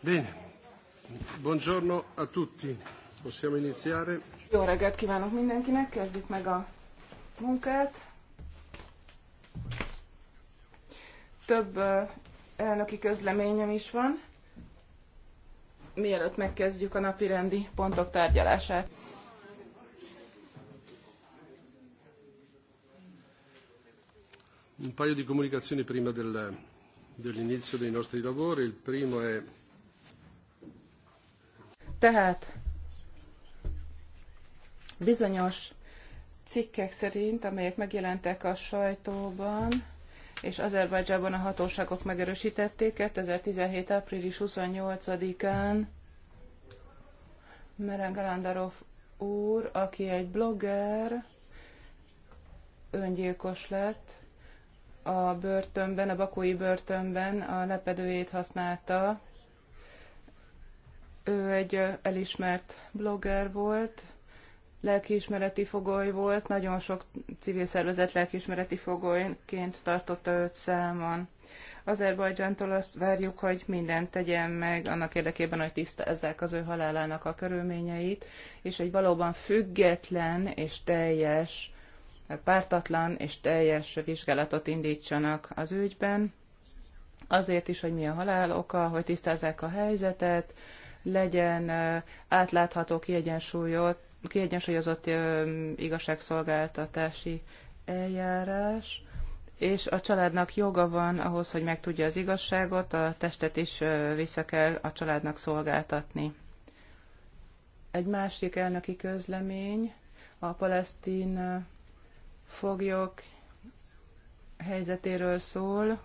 Bene. Buongiorno a tutti. Possiamo iniziare. Jó reggelt kívánok mindenkinek, kezdjük meg a munkát. Több elnöki közleményem is van, mielőtt megkezdjük a napi rendi pontok tárgyalását. Un paio di comunicazioni prima del, dell'inizio dei nostri lavori. Il primo è tehát bizonyos cikkek szerint, amelyek megjelentek a sajtóban, és Azerbajdzsában a hatóságok megerősítették 2017. április 28-án Meren Galandarov úr, aki egy blogger, öngyilkos lett, a börtönben, a bakói börtönben a lepedőjét használta ő egy elismert blogger volt, lelkiismereti fogoly volt, nagyon sok civil szervezet lelkiismereti fogolyként tartotta őt számon. Azerbajdzsántól azt várjuk, hogy mindent tegyen meg annak érdekében, hogy tisztázzák az ő halálának a körülményeit, és egy valóban független és teljes, pártatlan és teljes vizsgálatot indítsanak az ügyben. Azért is, hogy mi a halál oka, hogy tisztázzák a helyzetet, legyen átlátható, kiegyensúlyozott igazságszolgáltatási eljárás, és a családnak joga van ahhoz, hogy megtudja az igazságot, a testet is vissza kell a családnak szolgáltatni. Egy másik elnöki közlemény a palesztin foglyok helyzetéről szól.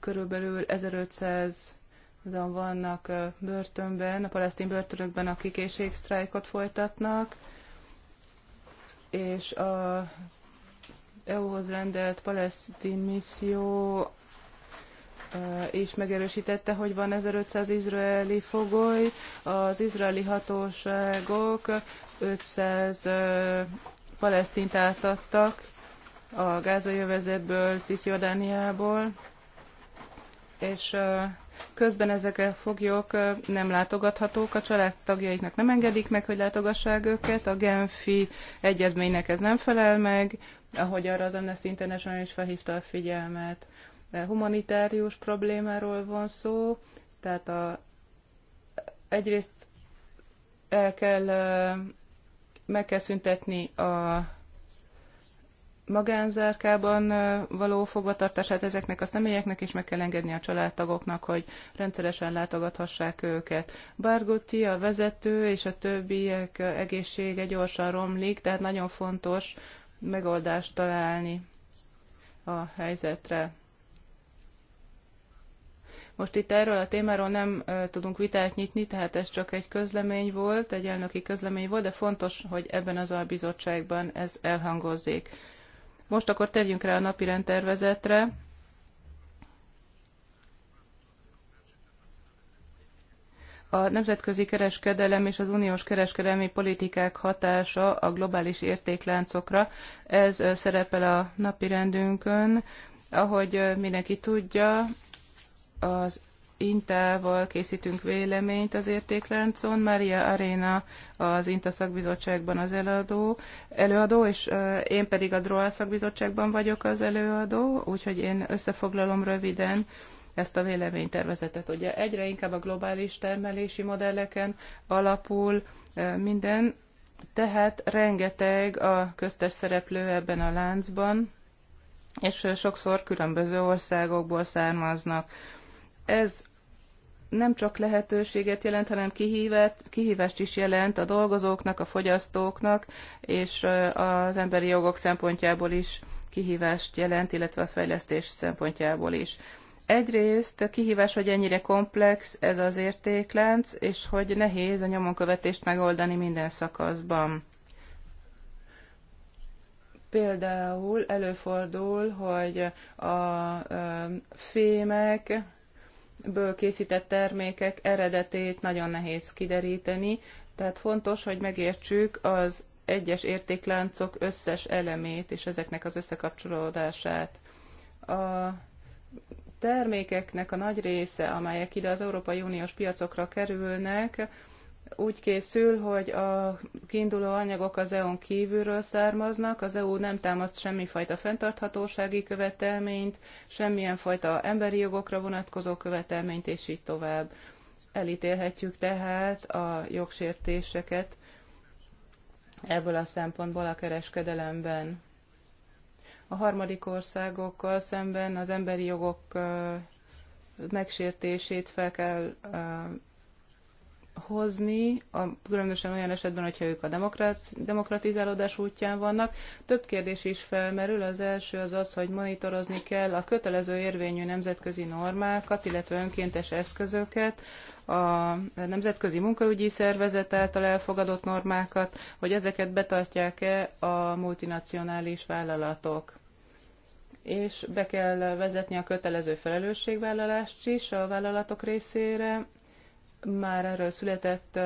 körülbelül 1500 azon vannak börtönben, a palesztin börtönökben, akik éjségsztrájkot folytatnak, és a EU-hoz rendelt palesztin misszió és megerősítette, hogy van 1500 izraeli fogoly, az izraeli hatóságok 500 palesztint átadtak a övezetből, Cisjordániából, és közben ezek a foglyok nem látogathatók, a családtagjaiknak nem engedik meg, hogy látogassák őket, a Genfi egyezménynek ez nem felel meg, ahogy arra az Amnesty International is felhívta a figyelmet. De humanitárius problémáról van szó, tehát a, egyrészt el kell, meg kell szüntetni a magánzárkában való fogvatartását ezeknek a személyeknek, és meg kell engedni a családtagoknak, hogy rendszeresen látogathassák őket. Bargutti, a vezető és a többiek egészsége gyorsan romlik, tehát nagyon fontos megoldást találni a helyzetre. Most itt erről a témáról nem tudunk vitát nyitni, tehát ez csak egy közlemény volt, egy elnöki közlemény volt, de fontos, hogy ebben az albizottságban ez elhangozzék. Most akkor térjünk rá a napi rendtervezetre. A nemzetközi kereskedelem és az uniós kereskedelmi politikák hatása a globális értékláncokra, ez szerepel a napi rendünkön. Ahogy mindenki tudja, az Intával készítünk véleményt az értékláncon. Maria Arena az Inta szakbizottságban az előadó, előadó és én pedig a DROA szakbizottságban vagyok az előadó, úgyhogy én összefoglalom röviden ezt a véleménytervezetet. Ugye egyre inkább a globális termelési modelleken alapul minden, tehát rengeteg a köztes szereplő ebben a láncban, és sokszor különböző országokból származnak. Ez nem csak lehetőséget jelent, hanem kihívet, kihívást is jelent a dolgozóknak, a fogyasztóknak, és az emberi jogok szempontjából is kihívást jelent, illetve a fejlesztés szempontjából is. Egyrészt a kihívás, hogy ennyire komplex ez az értéklánc, és hogy nehéz a nyomonkövetést megoldani minden szakaszban. Például előfordul, hogy a fémek ből készített termékek eredetét nagyon nehéz kideríteni, tehát fontos, hogy megértsük az egyes értékláncok összes elemét és ezeknek az összekapcsolódását. A termékeknek a nagy része, amelyek ide az Európai Uniós piacokra kerülnek, úgy készül, hogy a kiinduló anyagok az EU-n kívülről származnak, az EU nem támaszt semmifajta fenntarthatósági követelményt, semmilyen fajta emberi jogokra vonatkozó követelményt, és így tovább. Elítélhetjük tehát a jogsértéseket ebből a szempontból a kereskedelemben. A harmadik országokkal szemben az emberi jogok megsértését fel kell hozni, a, különösen olyan esetben, hogyha ők a demokrat, demokratizálódás útján vannak. Több kérdés is felmerül. Az első az az, hogy monitorozni kell a kötelező érvényű nemzetközi normákat, illetve önkéntes eszközöket, a Nemzetközi Munkaügyi Szervezet által elfogadott normákat, hogy ezeket betartják-e a multinacionális vállalatok és be kell vezetni a kötelező felelősségvállalást is a vállalatok részére, már erről született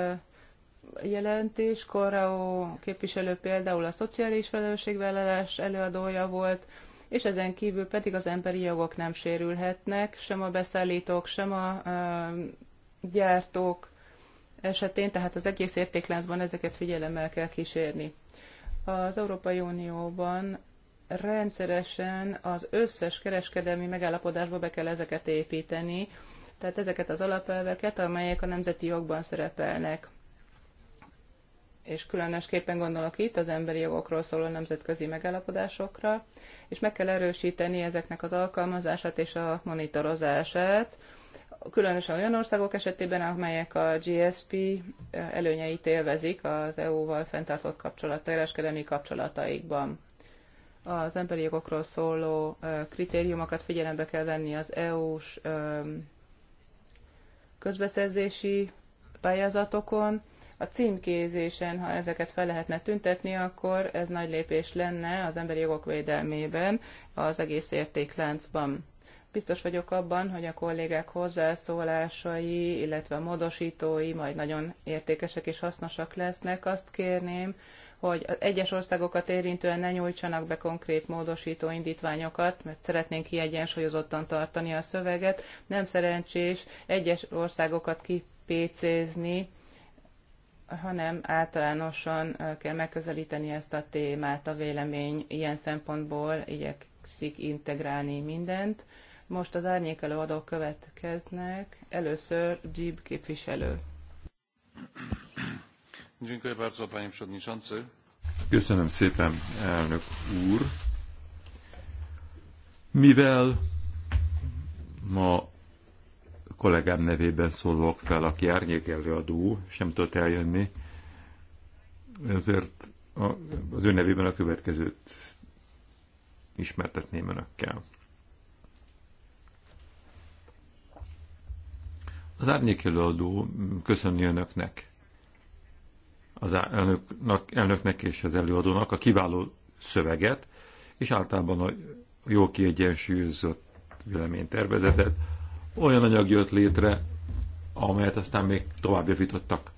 jelentés, Korraó képviselő például a szociális felelősségvállalás előadója volt, és ezen kívül pedig az emberi jogok nem sérülhetnek, sem a beszállítók, sem a gyártók esetén, tehát az egész értékláncban ezeket figyelemmel kell kísérni. Az Európai Unióban rendszeresen az összes kereskedelmi megállapodásba be kell ezeket építeni, tehát ezeket az alapelveket, amelyek a nemzeti jogban szerepelnek. És különösképpen gondolok itt az emberi jogokról szóló nemzetközi megállapodásokra, és meg kell erősíteni ezeknek az alkalmazását és a monitorozását, különösen olyan országok esetében, amelyek a GSP előnyeit élvezik az EU-val fenntartott kapcsolat, kereskedelmi kapcsolataikban. Az emberi jogokról szóló kritériumokat figyelembe kell venni az EU-s közbeszerzési pályázatokon, a címkézésen, ha ezeket fel lehetne tüntetni, akkor ez nagy lépés lenne az emberi jogok védelmében, az egész értékláncban. Biztos vagyok abban, hogy a kollégák hozzászólásai, illetve a módosítói majd nagyon értékesek és hasznosak lesznek. Azt kérném, hogy az egyes országokat érintően ne nyújtsanak be konkrét módosító indítványokat, mert szeretnénk kiegyensúlyozottan tartani a szöveget. Nem szerencsés egyes országokat kipécézni, hanem általánosan kell megközelíteni ezt a témát, a vélemény ilyen szempontból igyekszik integrálni mindent. Most az árnyékelőadók következnek, először Gib képviselő. Dziękuję bardzo, panie przewodniczący. Köszönöm szépen, elnök úr. Mivel ma kollégám nevében szólok fel, aki árnyék előadó, sem tudott eljönni, ezért a, az ő nevében a következőt ismertetném önökkel. Az árnyék előadó köszönni önöknek az elnöknek, elnöknek és az előadónak a kiváló szöveget, és általában a jó kiegyensúlyozott véleménytervezetet. Olyan anyag jött létre, amelyet aztán még tovább javítottak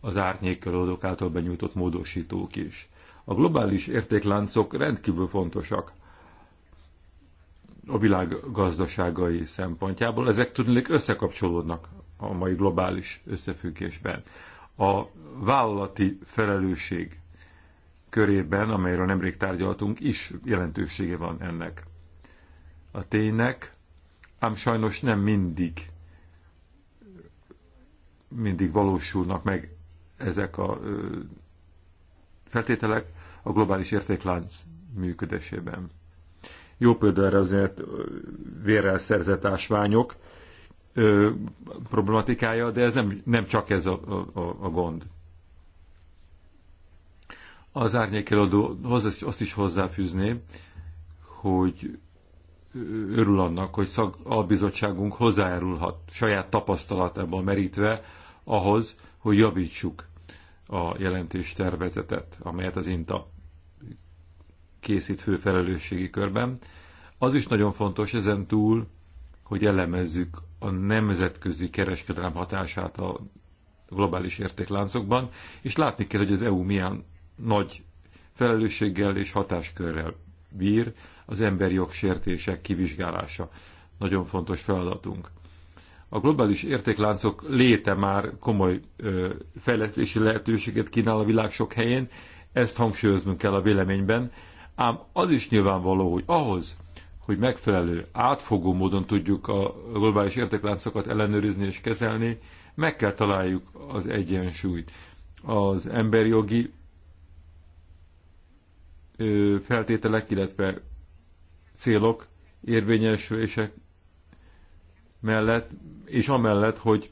az árnyékelődők által benyújtott módosítók is. A globális értékláncok rendkívül fontosak a világ gazdaságai szempontjából. Ezek tudnék összekapcsolódnak a mai globális összefüggésben a vállalati felelősség körében, amelyről nemrég tárgyaltunk, is jelentősége van ennek a ténynek, ám sajnos nem mindig mindig valósulnak meg ezek a feltételek a globális értéklánc működésében. Jó példa erre azért vérrel szerzett ásványok, ö, problematikája, de ez nem, nem csak ez a, a, a gond. Az árnyékelőadóhoz azt is hozzáfűzné, hogy örül annak, hogy szag, bizottságunk hozzájárulhat saját tapasztalatából merítve ahhoz, hogy javítsuk a jelentés tervezetet, amelyet az INTA készít főfelelősségi körben. Az is nagyon fontos ezen túl, hogy elemezzük a nemzetközi kereskedelem hatását a globális értékláncokban, és látni kell, hogy az EU milyen nagy felelősséggel és hatáskörrel bír az emberi jogsértések kivizsgálása. Nagyon fontos feladatunk. A globális értékláncok léte már komoly ö, fejlesztési lehetőséget kínál a világ sok helyén, ezt hangsúlyoznunk kell a véleményben, ám az is nyilvánvaló, hogy ahhoz, hogy megfelelő, átfogó módon tudjuk a globális értékláncokat ellenőrizni és kezelni, meg kell találjuk az egyensúlyt. Az emberjogi feltételek, illetve célok érvényesülések mellett, és amellett, hogy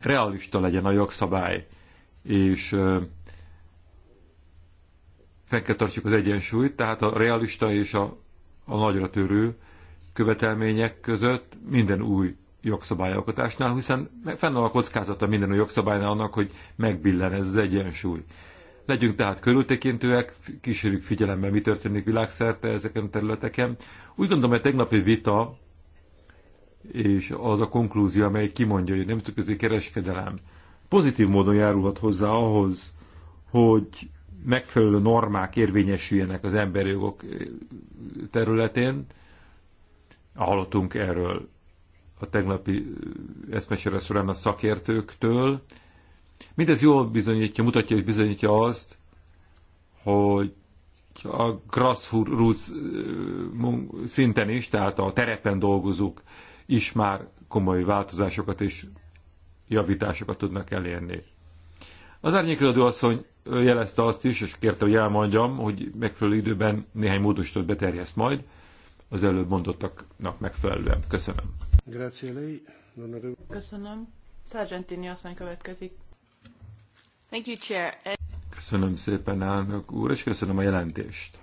realista legyen a jogszabály, és fenn kell tartsuk az egyensúlyt, tehát a realista és a a nagyra törő követelmények között minden új jogszabályalkotásnál, hiszen fennáll a kockázata minden új jogszabálynál annak, hogy megbillen ez az egyensúly. Legyünk tehát körültekintőek, kísérjük figyelemben, mi történik világszerte ezeken a területeken. Úgy gondolom, hogy tegnapi vita és az a konklúzió, amely kimondja, hogy nemzetközi kereskedelem pozitív módon járulhat hozzá ahhoz, hogy megfelelő normák érvényesüljenek az emberi jogok területén. Hallottunk erről a tegnapi eszmesére során a szakértőktől. Mindez jól bizonyítja, mutatja és bizonyítja azt, hogy a grassroots szinten is, tehát a terepen dolgozók is már komoly változásokat és javításokat tudnak elérni. Az árnyékelődő asszony jelezte azt is, és kérte, hogy elmondjam, hogy megfelelő időben néhány módosítót beterjeszt majd az előbb mondottaknak megfelelően. Köszönöm. Köszönöm. Sargentini asszony következik. Thank you, Chair. Köszönöm szépen, elnök úr, és köszönöm a jelentést.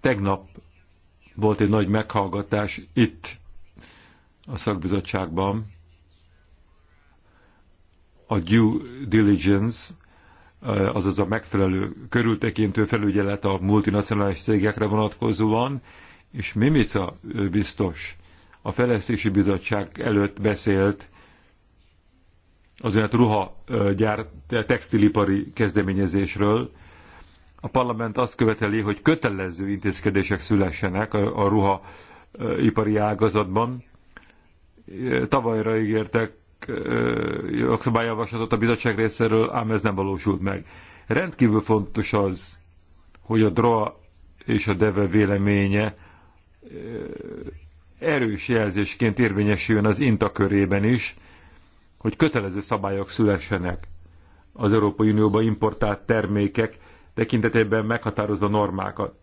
Tegnap volt egy nagy meghallgatás itt a szakbizottságban a due diligence, eh, azaz a megfelelő körültekintő felügyelet a multinacionális cégekre vonatkozóan, és Mimica eh, biztos a Fejlesztési Bizottság előtt beszélt az olyan ruha eh, gyár, textilipari kezdeményezésről. A parlament azt követeli, hogy kötelező intézkedések szülessenek a, a ruha ipari ágazatban. Tavalyra ígértek jogszabályjavaslatot a bizottság részéről, ám ez nem valósult meg. Rendkívül fontos az, hogy a DRA és a DEVE véleménye erős jelzésként érvényesüljön az INTA körében is, hogy kötelező szabályok szülessenek az Európai Unióba importált termékek tekintetében meghatározva normákat.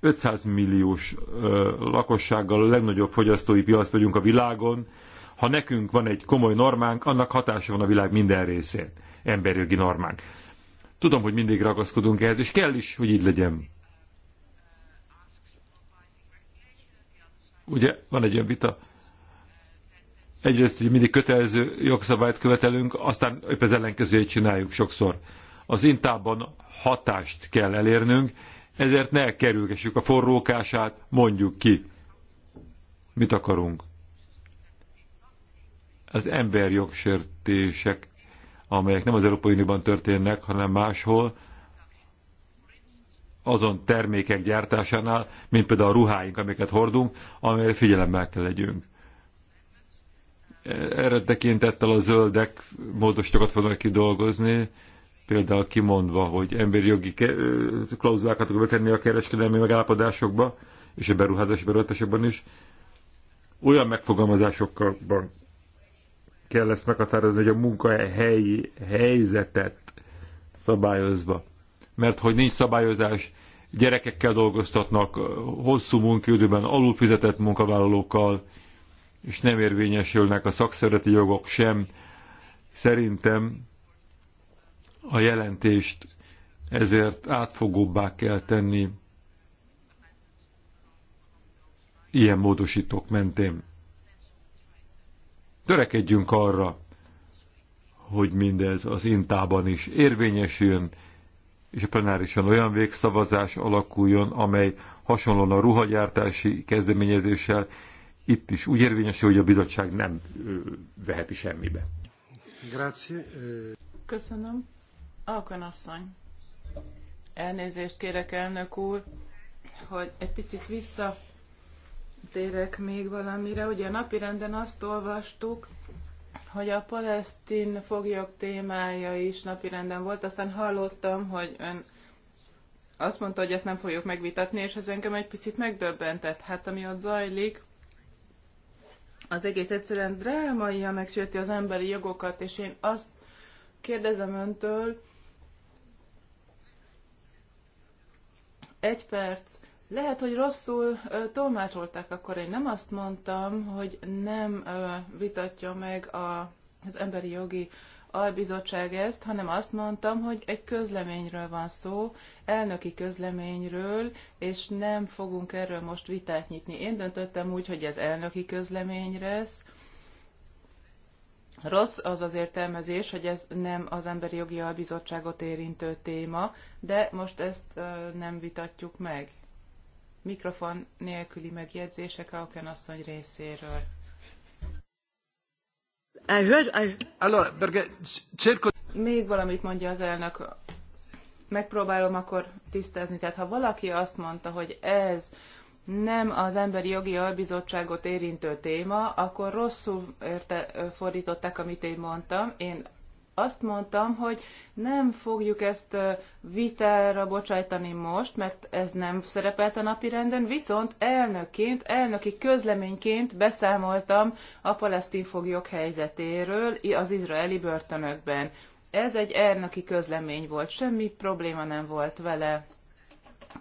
500 milliós ö, lakossággal a legnagyobb fogyasztói piac vagyunk a világon, ha nekünk van egy komoly normánk, annak hatása van a világ minden részén. Emberjogi normánk. Tudom, hogy mindig ragaszkodunk ehhez, és kell is, hogy így legyen. Ugye van egy olyan vita, egyrészt, hogy mindig kötelező jogszabályt követelünk, aztán épp az ellenkezőjét csináljuk sokszor. Az intában hatást kell elérnünk, ezért ne kerülgessük a forrókását, mondjuk ki, mit akarunk az emberjogsértések, amelyek nem az Európai Unióban történnek, hanem máshol, azon termékek gyártásánál, mint például a ruháink, amiket hordunk, amelyre figyelemmel kell legyünk. Erre tekintettel a zöldek módosítókat fognak kidolgozni, például kimondva, hogy emberi jogi klauzulákat követelni a kereskedelmi megállapodásokba, és a beruházás beruházásokban is, olyan megfogalmazásokban kell ezt meghatározni, hogy a munkahelyi helyzetet szabályozva. Mert hogy nincs szabályozás, gyerekekkel dolgoztatnak, hosszú munkaidőben alulfizetett munkavállalókkal, és nem érvényesülnek a szakszereti jogok sem. Szerintem a jelentést ezért átfogóbbá kell tenni ilyen módosítók mentén. Törekedjünk arra, hogy mindez az intában is érvényesüljön, és a plenárisan olyan végszavazás alakuljon, amely hasonlóan a ruhagyártási kezdeményezéssel itt is úgy érvényesül, hogy a bizottság nem veheti semmibe. Grazie. Köszönöm. Alkan asszony. Elnézést kérek, elnök úr, hogy egy picit vissza térek még valamire. Ugye a napi renden azt olvastuk, hogy a palesztin foglyok témája is napirenden volt, aztán hallottam, hogy ön azt mondta, hogy ezt nem fogjuk megvitatni, és ez engem egy picit megdöbbentett. Hát ami ott zajlik, az egész egyszerűen drámai, megsérti az emberi jogokat, és én azt kérdezem öntől, egy perc lehet, hogy rosszul ö, tolmácsolták, akkor én nem azt mondtam, hogy nem ö, vitatja meg a, az emberi jogi albizottság ezt, hanem azt mondtam, hogy egy közleményről van szó, elnöki közleményről, és nem fogunk erről most vitát nyitni. Én döntöttem úgy, hogy ez elnöki közlemény lesz. Rossz az az értelmezés, hogy ez nem az Emberi Jogi Albizottságot érintő téma, de most ezt nem vitatjuk meg. Mikrofon nélküli megjegyzések a asszony részéről. I heard, I... Allora, perché cerco... Még valamit mondja az elnök. Megpróbálom akkor tisztázni. Tehát ha valaki azt mondta, hogy ez nem az Emberi Jogi Albizottságot érintő téma, akkor rosszul érte, fordították, amit én mondtam. Én azt mondtam, hogy nem fogjuk ezt vitára bocsájtani most, mert ez nem szerepelt a napirenden, viszont elnökként, elnöki közleményként beszámoltam a palesztin foglyok helyzetéről az izraeli börtönökben. Ez egy elnöki közlemény volt, semmi probléma nem volt vele.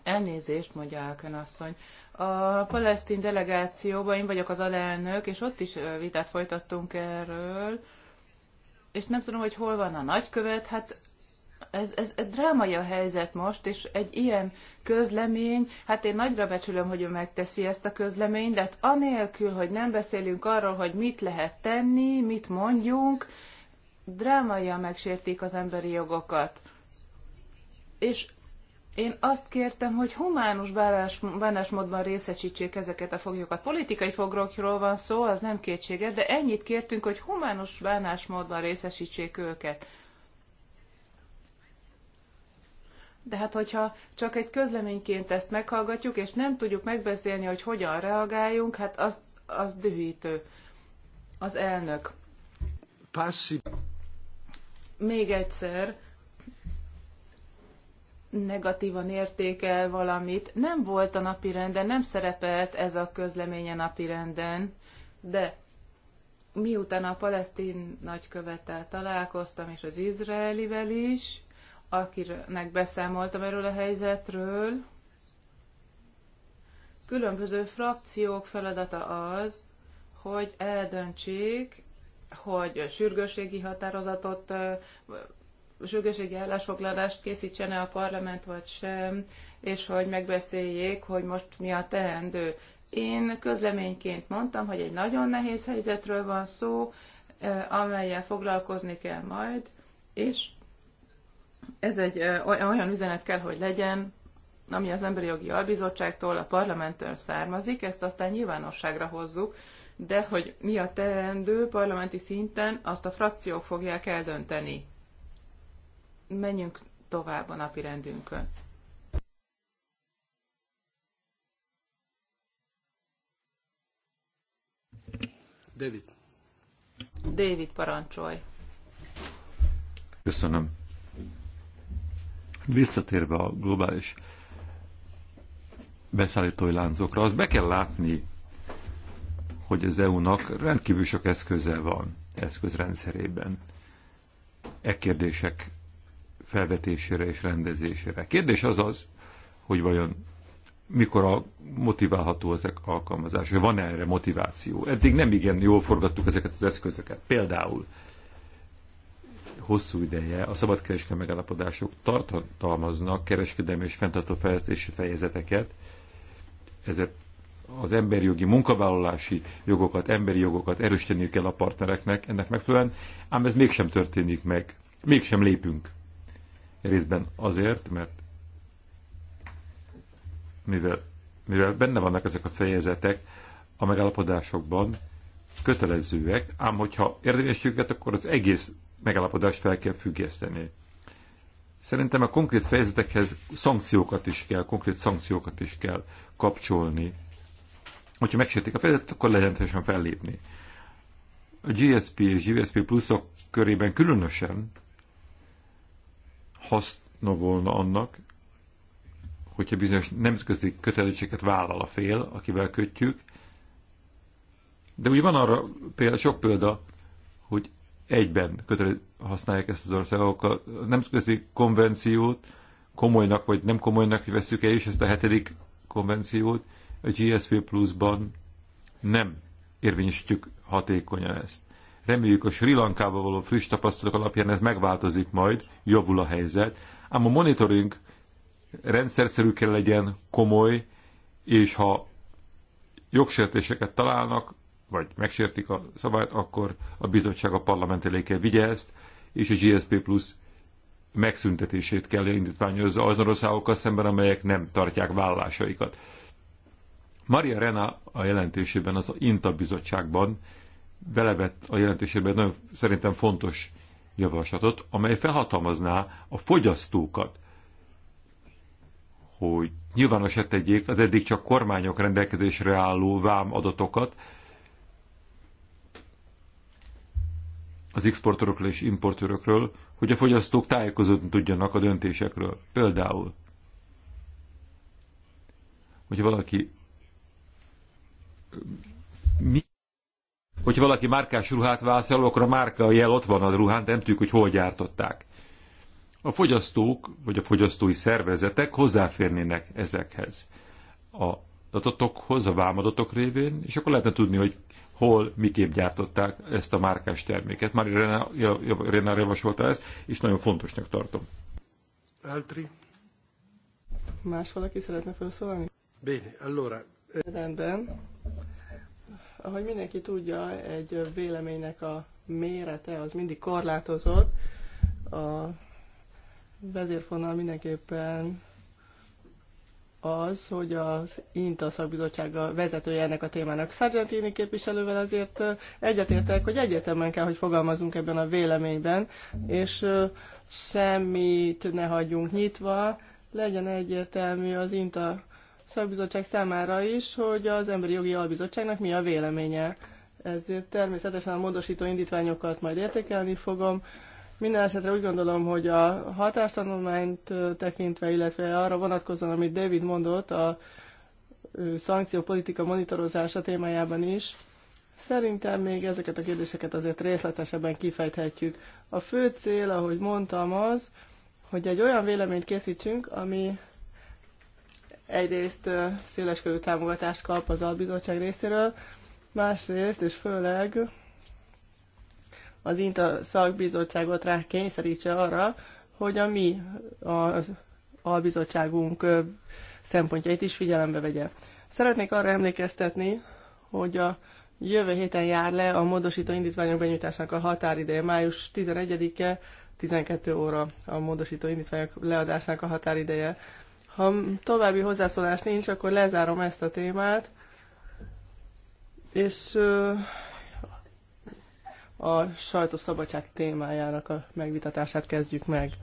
Elnézést, mondja Álkön asszony. A palesztin delegációban én vagyok az alelnök, és ott is vitát folytattunk erről és nem tudom, hogy hol van a nagykövet, hát ez, ez, ez drámai a helyzet most, és egy ilyen közlemény, hát én nagyra becsülöm, hogy ő megteszi ezt a közleményt, de hát anélkül, hogy nem beszélünk arról, hogy mit lehet tenni, mit mondjunk, drámaian megsértik az emberi jogokat. És én azt kértem, hogy humánus bánásmódban részesítsék ezeket a foglyokat. Politikai foglyokról van szó, az nem kétsége, de ennyit kértünk, hogy humánus bánásmódban részesítsék őket. De hát, hogyha csak egy közleményként ezt meghallgatjuk, és nem tudjuk megbeszélni, hogy hogyan reagáljunk, hát az, az dühítő. Az elnök. Passi. Még egyszer negatívan értékel valamit. Nem volt a napirenden, nem szerepelt ez a közlemény a napirenden, de miután a palesztin nagykövettel találkoztam, és az izraelivel is, akinek beszámoltam erről a helyzetről, különböző frakciók feladata az, hogy eldöntsék, hogy sürgőségi határozatot sürgőségi állásfoglalást készítsene a parlament vagy sem, és hogy megbeszéljék, hogy most mi a teendő. Én közleményként mondtam, hogy egy nagyon nehéz helyzetről van szó, eh, amelyel foglalkozni kell majd, és ez egy eh, olyan üzenet kell, hogy legyen, ami az Emberi Jogi Albizottságtól, a parlamenttől származik, ezt aztán nyilvánosságra hozzuk, de hogy mi a teendő parlamenti szinten, azt a frakciók fogják eldönteni menjünk tovább a napi rendünkön. David. David, parancsolj. Köszönöm. Visszatérve a globális beszállítói láncokra, azt be kell látni, hogy az EU-nak rendkívül sok eszköze van eszközrendszerében. E kérdések felvetésére és rendezésére. Kérdés az az, hogy vajon mikor a motiválható ezek hogy van -e erre motiváció. Eddig nem igen jól forgattuk ezeket az eszközöket. Például hosszú ideje a szabadkereskedelmi megállapodások tartalmaznak kereskedelmi és fenntartó fejlesztési fejezeteket, ezért az emberi jogi munkavállalási jogokat, emberi jogokat erősíteni kell a partnereknek ennek megfelelően, ám ez mégsem történik meg, mégsem lépünk Részben azért, mert mivel, mivel benne vannak ezek a fejezetek a megállapodásokban, kötelezőek, ám hogyha érvényes akkor az egész megállapodást fel kell függeszteni. Szerintem a konkrét fejezetekhez szankciókat is kell, konkrét szankciókat is kell kapcsolni. Hogyha megsértik a fejezetet, akkor legyen teljesen fellépni. A GSP és GSP pluszok körében különösen haszna volna annak, hogyha bizonyos nemzetközi kötelezettséget vállal a fél, akivel kötjük. De úgy van arra példa, sok példa, hogy egyben kötele, használják ezt az országok. A nemzetközi konvenciót komolynak vagy nem komolynak veszük el, és ezt a hetedik konvenciót a GSV Plus-ban nem érvényesítjük hatékonyan ezt. Reméljük a Sri Lankával való friss tapasztalatok alapján ez megváltozik majd, javul a helyzet, ám a monitoring rendszerszerű kell legyen, komoly, és ha jogsértéseket találnak, vagy megsértik a szabályt, akkor a bizottság a parlament elé kell vigye ezt, és a GSP Plus megszüntetését kell indítványozza azon országokkal szemben, amelyek nem tartják vállásaikat. Maria Rena a jelentésében az a INTA bizottságban belevett a jelentésében nagyon szerintem fontos javaslatot, amely felhatalmazná a fogyasztókat, hogy nyilvános tegyék az eddig csak kormányok rendelkezésre álló vám adatokat, az exportőrökről és importőrökről, hogy a fogyasztók tájékozódni tudjanak a döntésekről. Például, hogy valaki mi hogy valaki márkás ruhát vásárol, akkor a márka jel ott van a ruhán, de nem tudjuk, hogy hol gyártották. A fogyasztók, vagy a fogyasztói szervezetek hozzáférnének ezekhez a adatokhoz, a vámadatok révén, és akkor lehetne tudni, hogy hol, miképp gyártották ezt a márkás terméket. Már Rénár javasolta ezt, és nagyon fontosnak tartom. Altri? Más valaki szeretne felszólalni? Bene, allora. Eh, Rendben. Ahogy mindenki tudja, egy véleménynek a mérete az mindig korlátozott. A vezérfonal mindenképpen az, hogy az INTA szakbizottság a vezetője ennek a témának. Sargentini képviselővel azért egyetértek, hogy egyértelműen kell, hogy fogalmazunk ebben a véleményben, és semmit ne hagyjunk nyitva, legyen egyértelmű az INTA szakbizottság számára is, hogy az Emberi Jogi Albizottságnak mi a véleménye. Ezért természetesen a módosító indítványokat majd értékelni fogom. Minden esetre úgy gondolom, hogy a hatástanulmányt tekintve, illetve arra vonatkozóan, amit David mondott, a szankciópolitika monitorozása témájában is, szerintem még ezeket a kérdéseket azért részletesebben kifejthetjük. A fő cél, ahogy mondtam, az, hogy egy olyan véleményt készítsünk, ami Egyrészt széleskörű támogatást kap az albizottság részéről, másrészt és főleg az INTA szakbizottságot rá kényszerítse arra, hogy a mi az albizottságunk szempontjait is figyelembe vegye. Szeretnék arra emlékeztetni, hogy a jövő héten jár le a módosító indítványok benyújtásának a határideje, május 11-e 12 óra a módosító indítványok leadásának a határideje. Ha további hozzászólás nincs, akkor lezárom ezt a témát, és a sajtószabadság témájának a megvitatását kezdjük meg.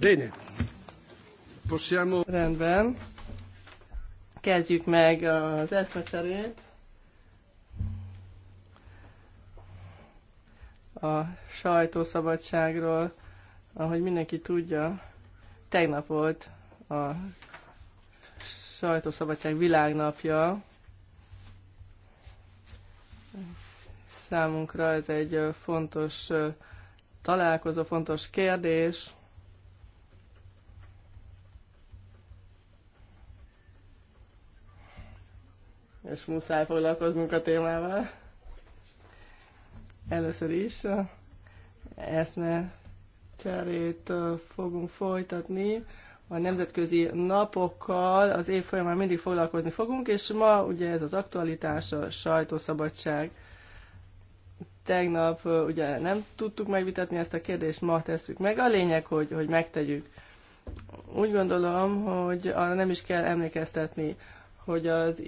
Bene. Possiamo... Rendben. Kezdjük meg az eszmecserét. A sajtószabadságról, ahogy mindenki tudja, tegnap volt a sajtószabadság világnapja. Számunkra ez egy fontos találkozó, fontos kérdés és muszáj foglalkoznunk a témával. Először is eszme cserét fogunk folytatni a nemzetközi napokkal az év folyamán mindig foglalkozni fogunk, és ma ugye ez az aktualitás, a sajtószabadság. Tegnap ugye nem tudtuk megvitatni ezt a kérdést, ma tesszük meg. A lényeg, hogy, hogy megtegyük. Úgy gondolom, hogy arra nem is kell emlékeztetni hogy az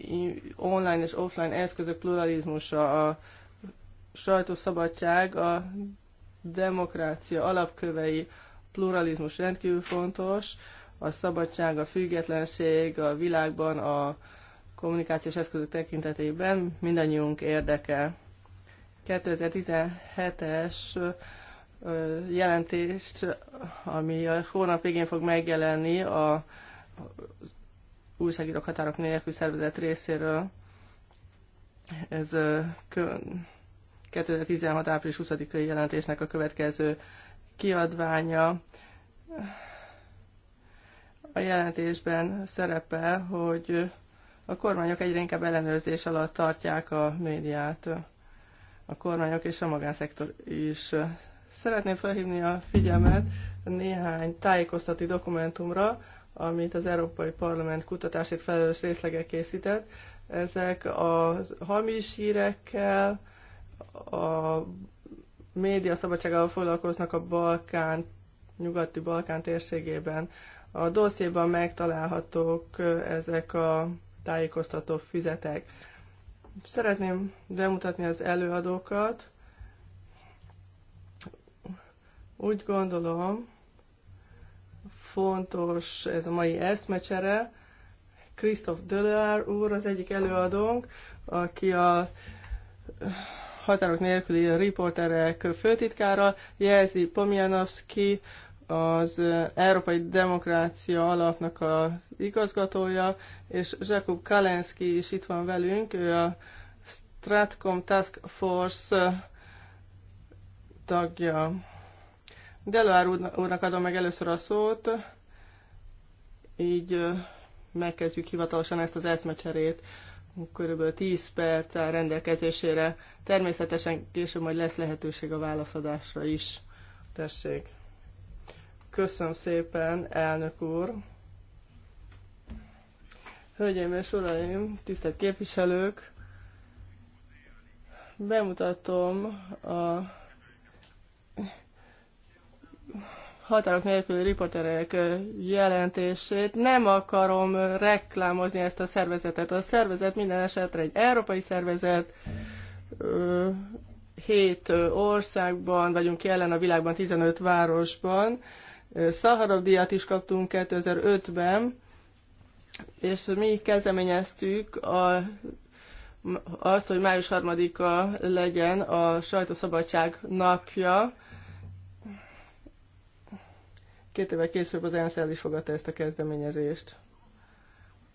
online és offline eszközök pluralizmusa, a sajtószabadság, a demokrácia alapkövei, pluralizmus rendkívül fontos, a szabadság, a függetlenség a világban, a kommunikációs eszközök tekintetében mindannyiunk érdeke. 2017-es jelentést, ami a hónap végén fog megjelenni a újságírók határok nélkül szervezet részéről. Ez 2016. április 20-ai jelentésnek a következő kiadványa. A jelentésben szerepel, hogy a kormányok egyre inkább ellenőrzés alatt tartják a médiát. A kormányok és a magánszektor is. Szeretném felhívni a figyelmet néhány tájékoztati dokumentumra, amit az Európai Parlament kutatásért felelős részlege készített. Ezek a hamis hírekkel, a média szabadságával foglalkoznak a Balkán, nyugati Balkán térségében. A dossziéban megtalálhatók eh, ezek a tájékoztató füzetek. Szeretném bemutatni az előadókat. Úgy gondolom, fontos ez a mai eszmecsere. Christoph Dölár úr az egyik előadónk, aki a határok nélküli riporterek főtitkára, Jelzi Pomianowski az Európai Demokrácia Alapnak a igazgatója, és Jakub Kalenski is itt van velünk, ő a Stratcom Task Force tagja. Deloár úrnak adom meg először a szót, így megkezdjük hivatalosan ezt az eszmecserét. Körülbelül 10 perc áll rendelkezésére. Természetesen később majd lesz lehetőség a válaszadásra is. Tessék. Köszönöm szépen, elnök úr. Hölgyeim és uraim, tisztelt képviselők! Bemutatom a határok nélküli riporterek jelentését. Nem akarom reklámozni ezt a szervezetet. A szervezet minden esetre egy európai szervezet, hét országban vagyunk jelen a világban, 15 városban. Szaharov díjat is kaptunk 2005-ben, és mi kezdeményeztük a, azt, hogy május 3-a legyen a sajtószabadság napja, Két évvel később az ENSZ el is fogadta ezt a kezdeményezést.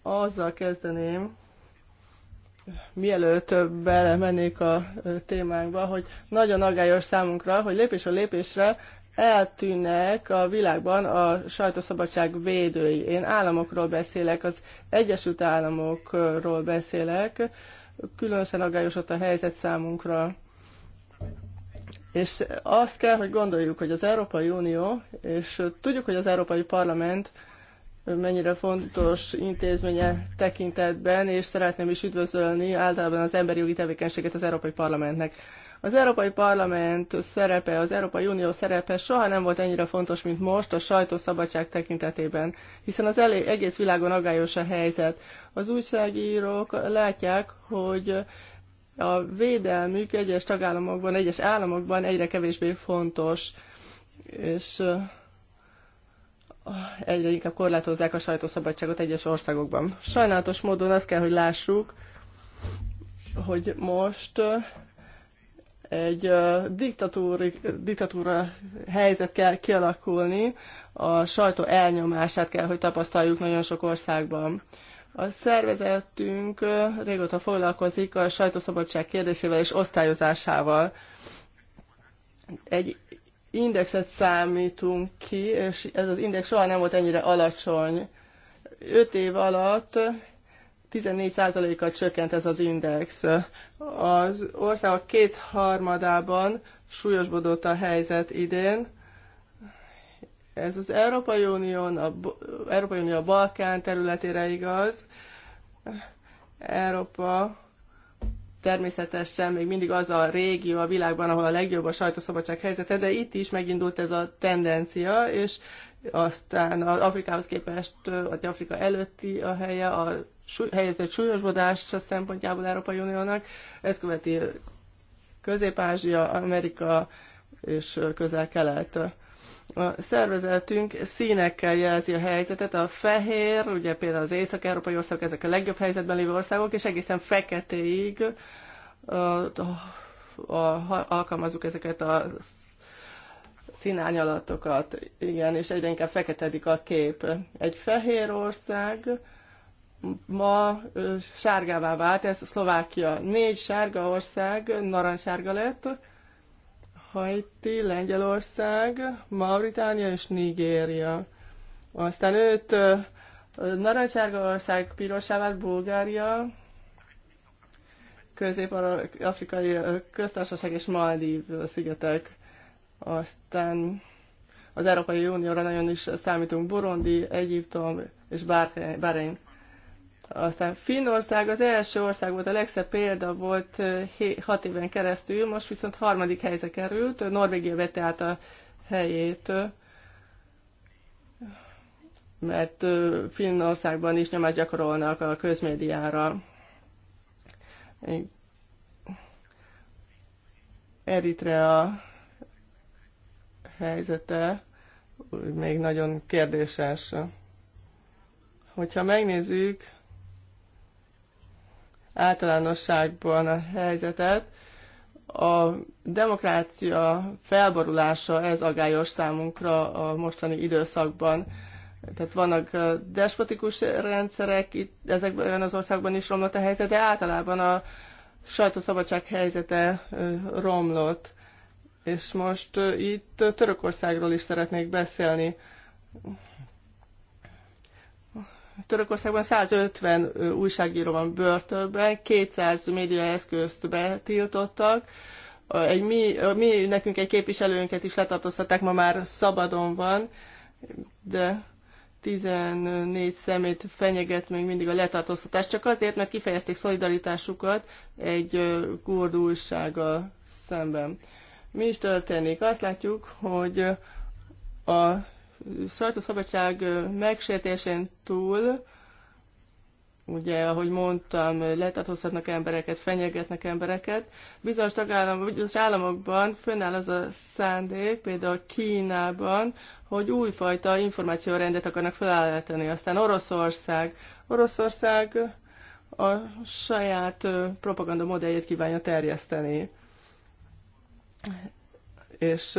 Azzal kezdeném, mielőtt belemennék a témánkba, hogy nagyon aggályos számunkra, hogy lépésről lépésre eltűnnek a világban a sajtószabadság védői. Én államokról beszélek, az Egyesült Államokról beszélek, különösen aggályos ott a helyzet számunkra. És azt kell, hogy gondoljuk, hogy az Európai Unió, és tudjuk, hogy az Európai Parlament mennyire fontos intézménye tekintetben, és szeretném is üdvözölni általában az emberi jogi tevékenységet az Európai Parlamentnek. Az Európai Parlament szerepe, az Európai Unió szerepe soha nem volt ennyire fontos, mint most a sajtószabadság tekintetében, hiszen az elég, egész világon agályos a helyzet. Az újságírók látják, hogy a védelmük egyes tagállamokban, egyes államokban egyre kevésbé fontos, és egyre inkább korlátozzák a sajtószabadságot egyes országokban. Sajnálatos módon azt kell, hogy lássuk, hogy most egy diktatúri, diktatúra helyzet kell kialakulni, a sajtó elnyomását kell, hogy tapasztaljuk nagyon sok országban. A szervezetünk régóta foglalkozik a sajtószabadság kérdésével és osztályozásával. Egy indexet számítunk ki, és ez az index soha nem volt ennyire alacsony. 5 év alatt 14%-kal csökkent ez az index. Az országok kétharmadában súlyosbodott a helyzet idén, ez az Európai Unió, a, Európai Unió a Balkán területére igaz. Európa természetesen még mindig az a régió a világban, ahol a legjobb a sajtószabadság helyzete, de itt is megindult ez a tendencia, és aztán az Afrikához képest, vagy Afrika előtti a helye, a helyzet súlyosbodás szempontjából Európai Uniónak, Ez követi Közép-Ázsia, Amerika és Közel-Kelet. A szervezetünk színekkel jelzi a helyzetet. A fehér, ugye például az észak-európai országok, ezek a legjobb helyzetben lévő országok, és egészen feketéig a, a, a, ezeket a színányalatokat, igen, és egyre inkább feketedik a kép. Egy fehér ország ma sárgává vált, ez Szlovákia. Négy sárga ország narancssárga lett, Haiti, Lengyelország, Mauritánia és Nigéria. Aztán őt Narancsárga ország pirosá vált Bulgária, Közép-Afrikai Köztársaság és Maldív szigetek. Aztán az Európai Unióra nagyon is számítunk Burundi, Egyiptom és Bahrein. Aztán Finnország az első ország volt, a legszebb példa volt 6 éven keresztül, most viszont harmadik helyre került, Norvégia vette át a helyét, mert Finnországban is nyomást gyakorolnak a közmédiára. Eritrea helyzete még nagyon kérdéses. Hogyha megnézzük, általánosságban a helyzetet. A demokrácia felborulása ez agályos számunkra a mostani időszakban. Tehát vannak despotikus rendszerek, itt, ezekben az országban is romlott a helyzet, de általában a sajtószabadság helyzete romlott. És most itt Törökországról is szeretnék beszélni. Törökországban 150 újságíró van börtönben, 200 médiaeszközt betiltottak, egy mi, mi, nekünk egy képviselőnket is letartóztatták, ma már szabadon van, de 14 szemét fenyeget még mindig a letartóztatás, csak azért, mert kifejezték szolidaritásukat egy kurd újsággal szemben. Mi is történik? Azt látjuk, hogy a sajtószabadság megsértésén túl, ugye, ahogy mondtam, letartóztatnak embereket, fenyegetnek embereket. Bizonyos tagállam, bizonyos államokban fönnáll az a szándék, például Kínában, hogy újfajta információrendet akarnak felállítani. Aztán Oroszország. Oroszország a saját propaganda modelljét kívánja terjeszteni. És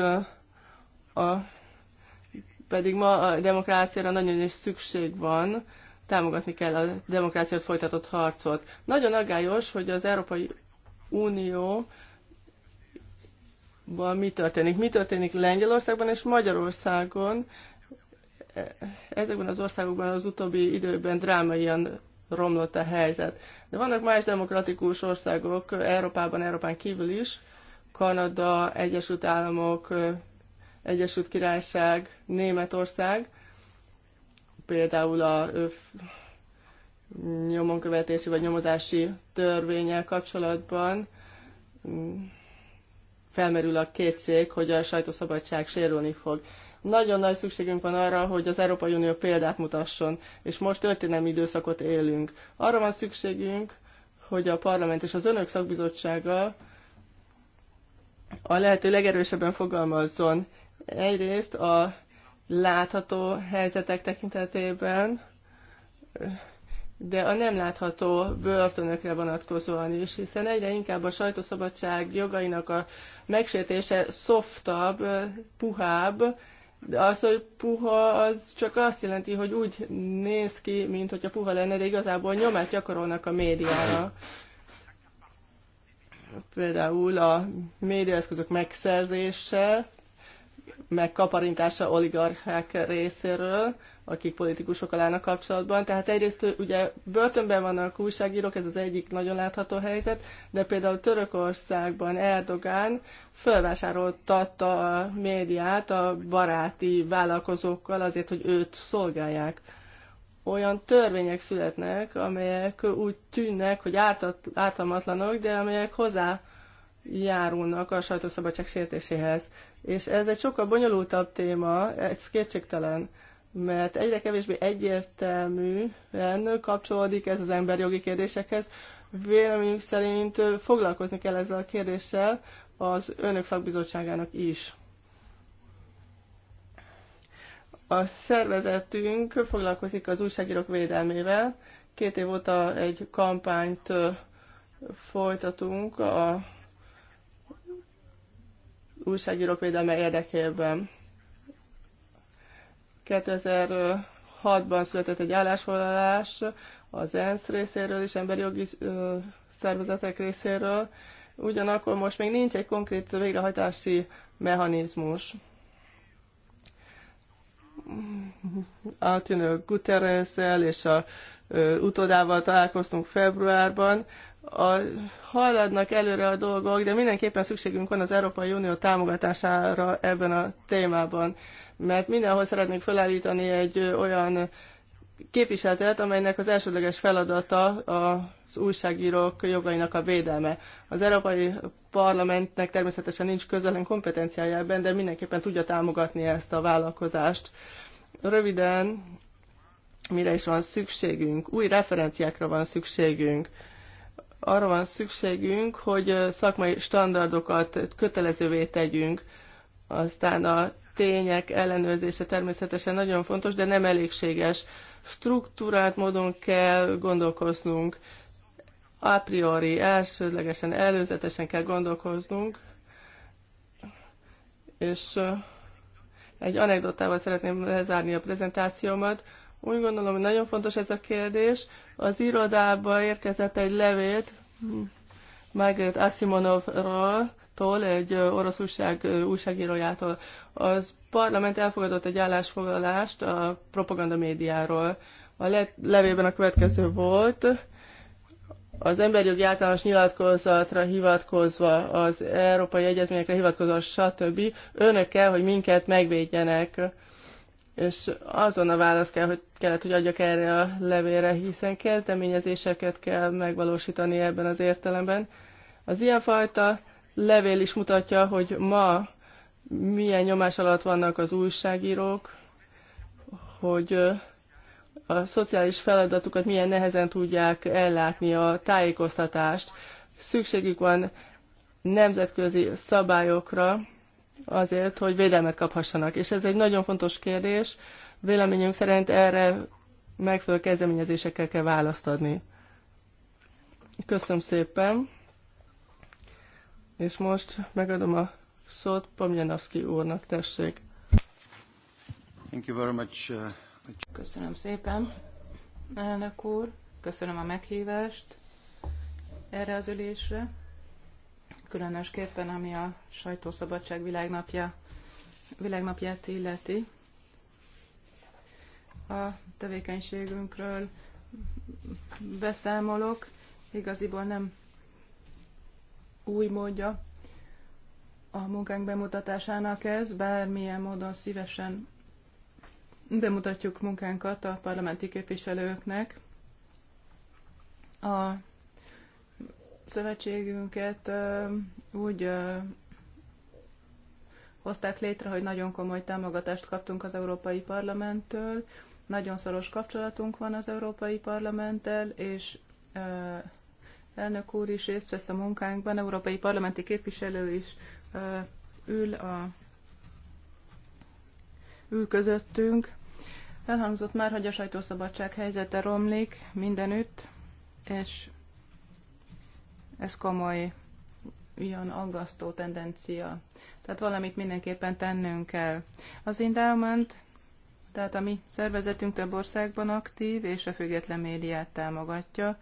a pedig ma a demokráciára nagyon is szükség van, támogatni kell a demokráciát folytatott harcot. Nagyon aggályos, hogy az Európai Unió mi történik. Mi történik Lengyelországban és Magyarországon? Ezekben az országokban az utóbbi időben drámaian romlott a helyzet. De vannak más demokratikus országok Európában, Európán kívül is, Kanada, Egyesült Államok, Egyesült Királyság, Németország, például a nyomonkövetési vagy nyomozási törvényel kapcsolatban mm, felmerül a kétség, hogy a sajtószabadság sérülni fog. Nagyon nagy szükségünk van arra, hogy az Európai Unió példát mutasson, és most történelmi időszakot élünk. Arra van szükségünk, hogy a parlament és az önök szakbizottsága a lehető legerősebben fogalmazzon, Egyrészt a látható helyzetek tekintetében, de a nem látható börtönökre vonatkozóan is, hiszen egyre inkább a sajtószabadság jogainak a megsértése szoftabb, puhább, de az, hogy puha, az csak azt jelenti, hogy úgy néz ki, mint hogyha puha lenne, de igazából nyomást gyakorolnak a médiára. Például a médiaeszközök megszerzése, megkaparintása oligarchák részéről, akik politikusokkal alának kapcsolatban. Tehát egyrészt ugye börtönben vannak újságírók, ez az egyik nagyon látható helyzet, de például Törökországban Erdogán felvásároltatta a médiát a baráti vállalkozókkal azért, hogy őt szolgálják. Olyan törvények születnek, amelyek úgy tűnnek, hogy ártat, ártalmatlanok, de amelyek hozzá járulnak a sajtószabadság sértéséhez. És ez egy sokkal bonyolultabb téma, egy kétségtelen, mert egyre kevésbé egyértelműen kapcsolódik ez az emberjogi kérdésekhez. Véleményünk szerint foglalkozni kell ezzel a kérdéssel az önök szakbizottságának is. A szervezetünk foglalkozik az újságírók védelmével. Két év óta egy kampányt folytatunk a újságírók védelme érdekében. 2006-ban született egy állásfoglalás az ENSZ részéről és emberi jogi szervezetek részéről, ugyanakkor most még nincs egy konkrét végrehajtási mechanizmus. Altino Guterres-el és a utódával találkoztunk februárban, a, haladnak előre a dolgok, de mindenképpen szükségünk van az Európai Unió támogatására ebben a témában, mert mindenhol szeretnénk felállítani egy olyan képviseletet, amelynek az elsődleges feladata az újságírók jogainak a védelme. Az Európai Parlamentnek természetesen nincs közelen kompetenciája de mindenképpen tudja támogatni ezt a vállalkozást. Röviden, mire is van szükségünk? Új referenciákra van szükségünk arra van szükségünk, hogy szakmai standardokat kötelezővé tegyünk, aztán a tények ellenőrzése természetesen nagyon fontos, de nem elégséges. Struktúrált módon kell gondolkoznunk, a priori, elsődlegesen, előzetesen kell gondolkoznunk, és egy anekdotával szeretném lezárni a prezentációmat. Úgy gondolom, hogy nagyon fontos ez a kérdés. Az irodába érkezett egy levélt Margaret Asimonovról, Tól, egy orosz újság újságírójától. Az parlament elfogadott egy állásfoglalást a propaganda médiáról. A le- levélben a következő volt, az emberjogi általános nyilatkozatra hivatkozva, az európai egyezményekre hivatkozva, stb. Önök kell, hogy minket megvédjenek. És azon a válasz kell, hogy kellett, hogy adjak erre a levélre, hiszen kezdeményezéseket kell megvalósítani ebben az értelemben. Az ilyenfajta levél is mutatja, hogy ma milyen nyomás alatt vannak az újságírók, hogy a szociális feladatukat milyen nehezen tudják ellátni a tájékoztatást. Szükségük van nemzetközi szabályokra azért, hogy védelmet kaphassanak. És ez egy nagyon fontos kérdés, Véleményünk szerint erre megfelelő kezdeményezésekkel kell választ adni. Köszönöm szépen, és most megadom a szót Pomjanovszki úrnak, tessék. Thank you very much. Uh, köszönöm szépen, elnök úr, köszönöm a meghívást erre az ülésre, különösképpen ami a sajtószabadság világnapja, világnapját illeti a tevékenységünkről beszámolok. Igaziból nem új módja a munkánk bemutatásának ez, bármilyen módon szívesen bemutatjuk munkánkat a parlamenti képviselőknek. A szövetségünket úgy hozták létre, hogy nagyon komoly támogatást kaptunk az Európai Parlamenttől, nagyon szoros kapcsolatunk van az Európai Parlamenttel, és elnök úr is részt vesz a munkánkban, európai parlamenti képviselő is ül, a, ül közöttünk. Elhangzott már, hogy a sajtószabadság helyzete romlik mindenütt, és ez komoly, ilyen aggasztó tendencia. Tehát valamit mindenképpen tennünk kell. Az endowment tehát a mi szervezetünk több országban aktív, és a független médiát támogatja,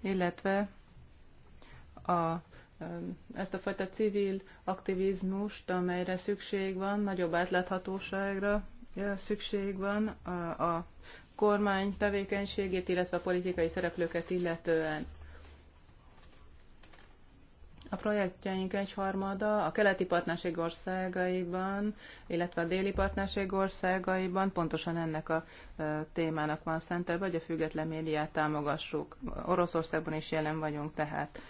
illetve a, ezt a fajta civil aktivizmust, amelyre szükség van, nagyobb átláthatóságra szükség van a, a kormány tevékenységét, illetve a politikai szereplőket illetően. A projektjeink egyharmada a keleti partnerség országaiban, illetve a déli partnerség országaiban pontosan ennek a témának van szentel, vagy a független médiát támogassuk. Oroszországban is jelen vagyunk tehát.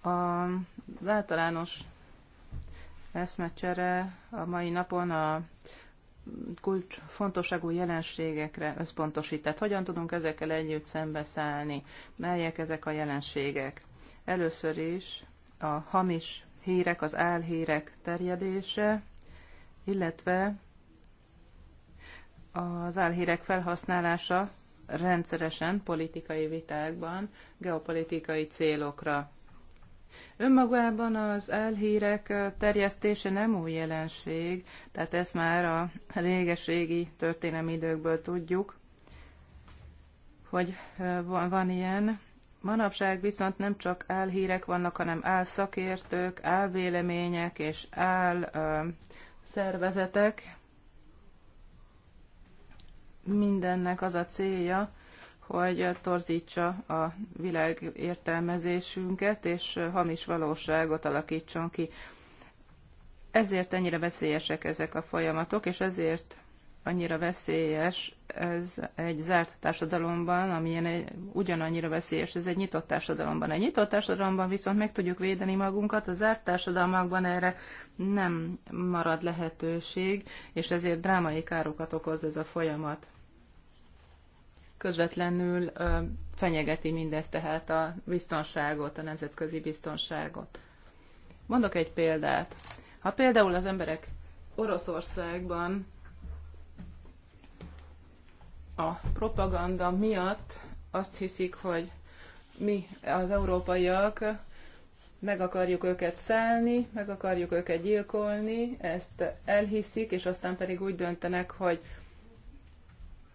Az általános eszmecsere a mai napon a kulcs fontosságú jelenségekre összpontosít. Tehát hogyan tudunk ezekkel együtt szembeszállni? Melyek ezek a jelenségek? Először is a hamis hírek, az álhírek terjedése, illetve az álhírek felhasználása rendszeresen politikai vitákban, geopolitikai célokra. Önmagában az elhírek terjesztése nem új jelenség, tehát ezt már a réges-régi történelmi időkből tudjuk, hogy van, van ilyen, Manapság viszont nem csak álhírek vannak, hanem álszakértők, álvélemények és áll ö, szervezetek. Mindennek az a célja, hogy torzítsa a világ értelmezésünket, és hamis valóságot alakítson ki. Ezért ennyire veszélyesek ezek a folyamatok, és ezért annyira veszélyes ez egy zárt társadalomban, amilyen egy, ugyanannyira veszélyes ez egy nyitott társadalomban. Egy nyitott társadalomban viszont meg tudjuk védeni magunkat, a zárt társadalmakban erre nem marad lehetőség, és ezért drámai károkat okoz ez a folyamat. Közvetlenül ö, fenyegeti mindez tehát a biztonságot, a nemzetközi biztonságot. Mondok egy példát. Ha például az emberek Oroszországban a propaganda miatt azt hiszik, hogy mi az európaiak meg akarjuk őket szállni, meg akarjuk őket gyilkolni, ezt elhiszik, és aztán pedig úgy döntenek, hogy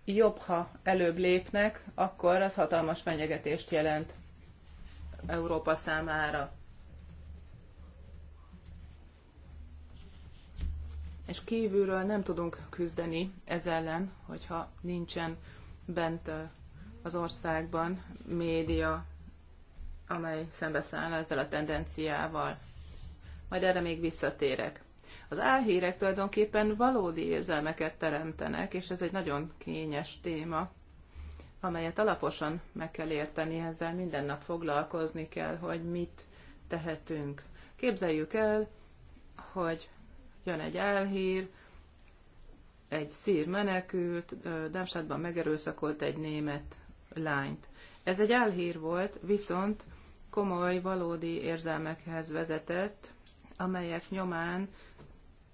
jobb, ha előbb lépnek, akkor az hatalmas fenyegetést jelent Európa számára. és kívülről nem tudunk küzdeni ez ellen, hogyha nincsen bent az országban média, amely szembeszáll ezzel a tendenciával. Majd erre még visszatérek. Az álhírek tulajdonképpen valódi érzelmeket teremtenek, és ez egy nagyon kényes téma, amelyet alaposan meg kell érteni, ezzel minden nap foglalkozni kell, hogy mit tehetünk. Képzeljük el, hogy jön egy álhír, egy szír menekült, Darmstadtban megerőszakolt egy német lányt. Ez egy álhír volt, viszont komoly, valódi érzelmekhez vezetett, amelyek nyomán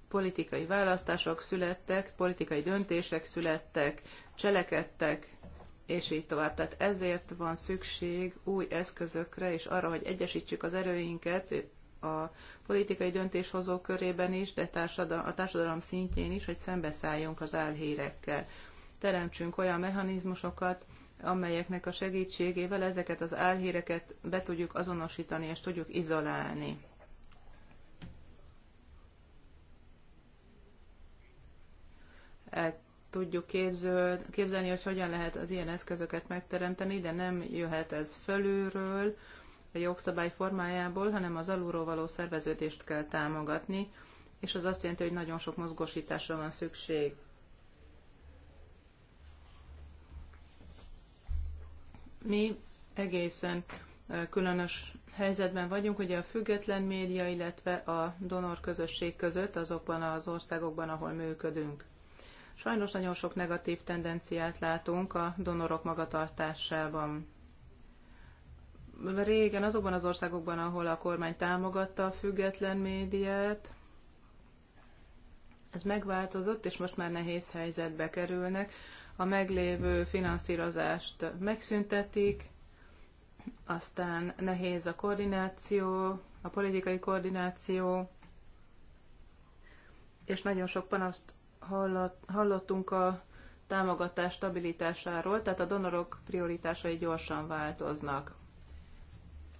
politikai választások születtek, politikai döntések születtek, cselekedtek, és így tovább. Tehát ezért van szükség új eszközökre, és arra, hogy egyesítsük az erőinket, a politikai döntéshozók körében is, de társadal- a társadalom szintjén is, hogy szembeszálljunk az álhírekkel. Teremtsünk olyan mechanizmusokat, amelyeknek a segítségével ezeket az álhíreket be tudjuk azonosítani és tudjuk izolálni. El tudjuk képzöl, képzelni, hogy hogyan lehet az ilyen eszközöket megteremteni, de nem jöhet ez fölülről, jogszabály formájából, hanem az alulról való szerveződést kell támogatni, és az azt jelenti, hogy nagyon sok mozgósításra van szükség. Mi egészen különös helyzetben vagyunk, ugye a független média, illetve a donor közösség között azokban az országokban, ahol működünk. Sajnos nagyon sok negatív tendenciát látunk a donorok magatartásában régen azokban az országokban, ahol a kormány támogatta a független médiát, ez megváltozott, és most már nehéz helyzetbe kerülnek. A meglévő finanszírozást megszüntetik, aztán nehéz a koordináció, a politikai koordináció, és nagyon sok panaszt hallottunk a támogatás stabilitásáról, tehát a donorok prioritásai gyorsan változnak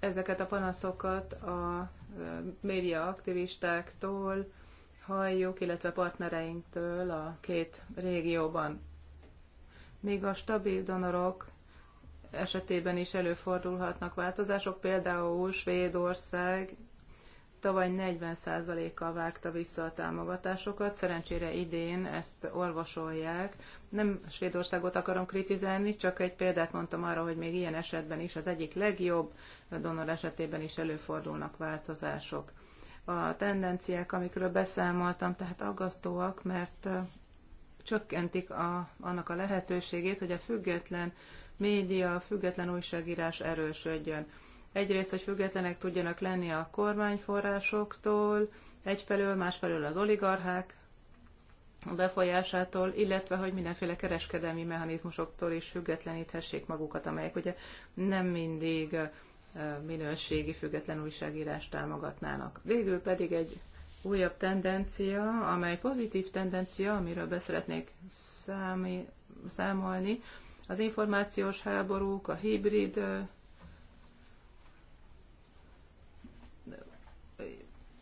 ezeket a panaszokat a média aktivistáktól halljuk, illetve partnereinktől a két régióban. Még a stabil donorok esetében is előfordulhatnak változások, például Svédország tavaly 40%-kal vágta vissza a támogatásokat, szerencsére idén ezt orvosolják. Nem Svédországot akarom kritizálni, csak egy példát mondtam arra, hogy még ilyen esetben is az egyik legjobb donor esetében is előfordulnak változások. A tendenciák, amikről beszámoltam, tehát aggasztóak, mert csökkentik a, annak a lehetőségét, hogy a független média, a független újságírás erősödjön. Egyrészt, hogy függetlenek tudjanak lenni a kormányforrásoktól, egyfelől, másfelől az oligarchák befolyásától, illetve hogy mindenféle kereskedelmi mechanizmusoktól is függetleníthessék magukat, amelyek ugye nem mindig minőségi független újságírást támogatnának. Végül pedig egy újabb tendencia, amely pozitív tendencia, amiről beszeretnék számi, számolni, az információs háborúk, a hibrid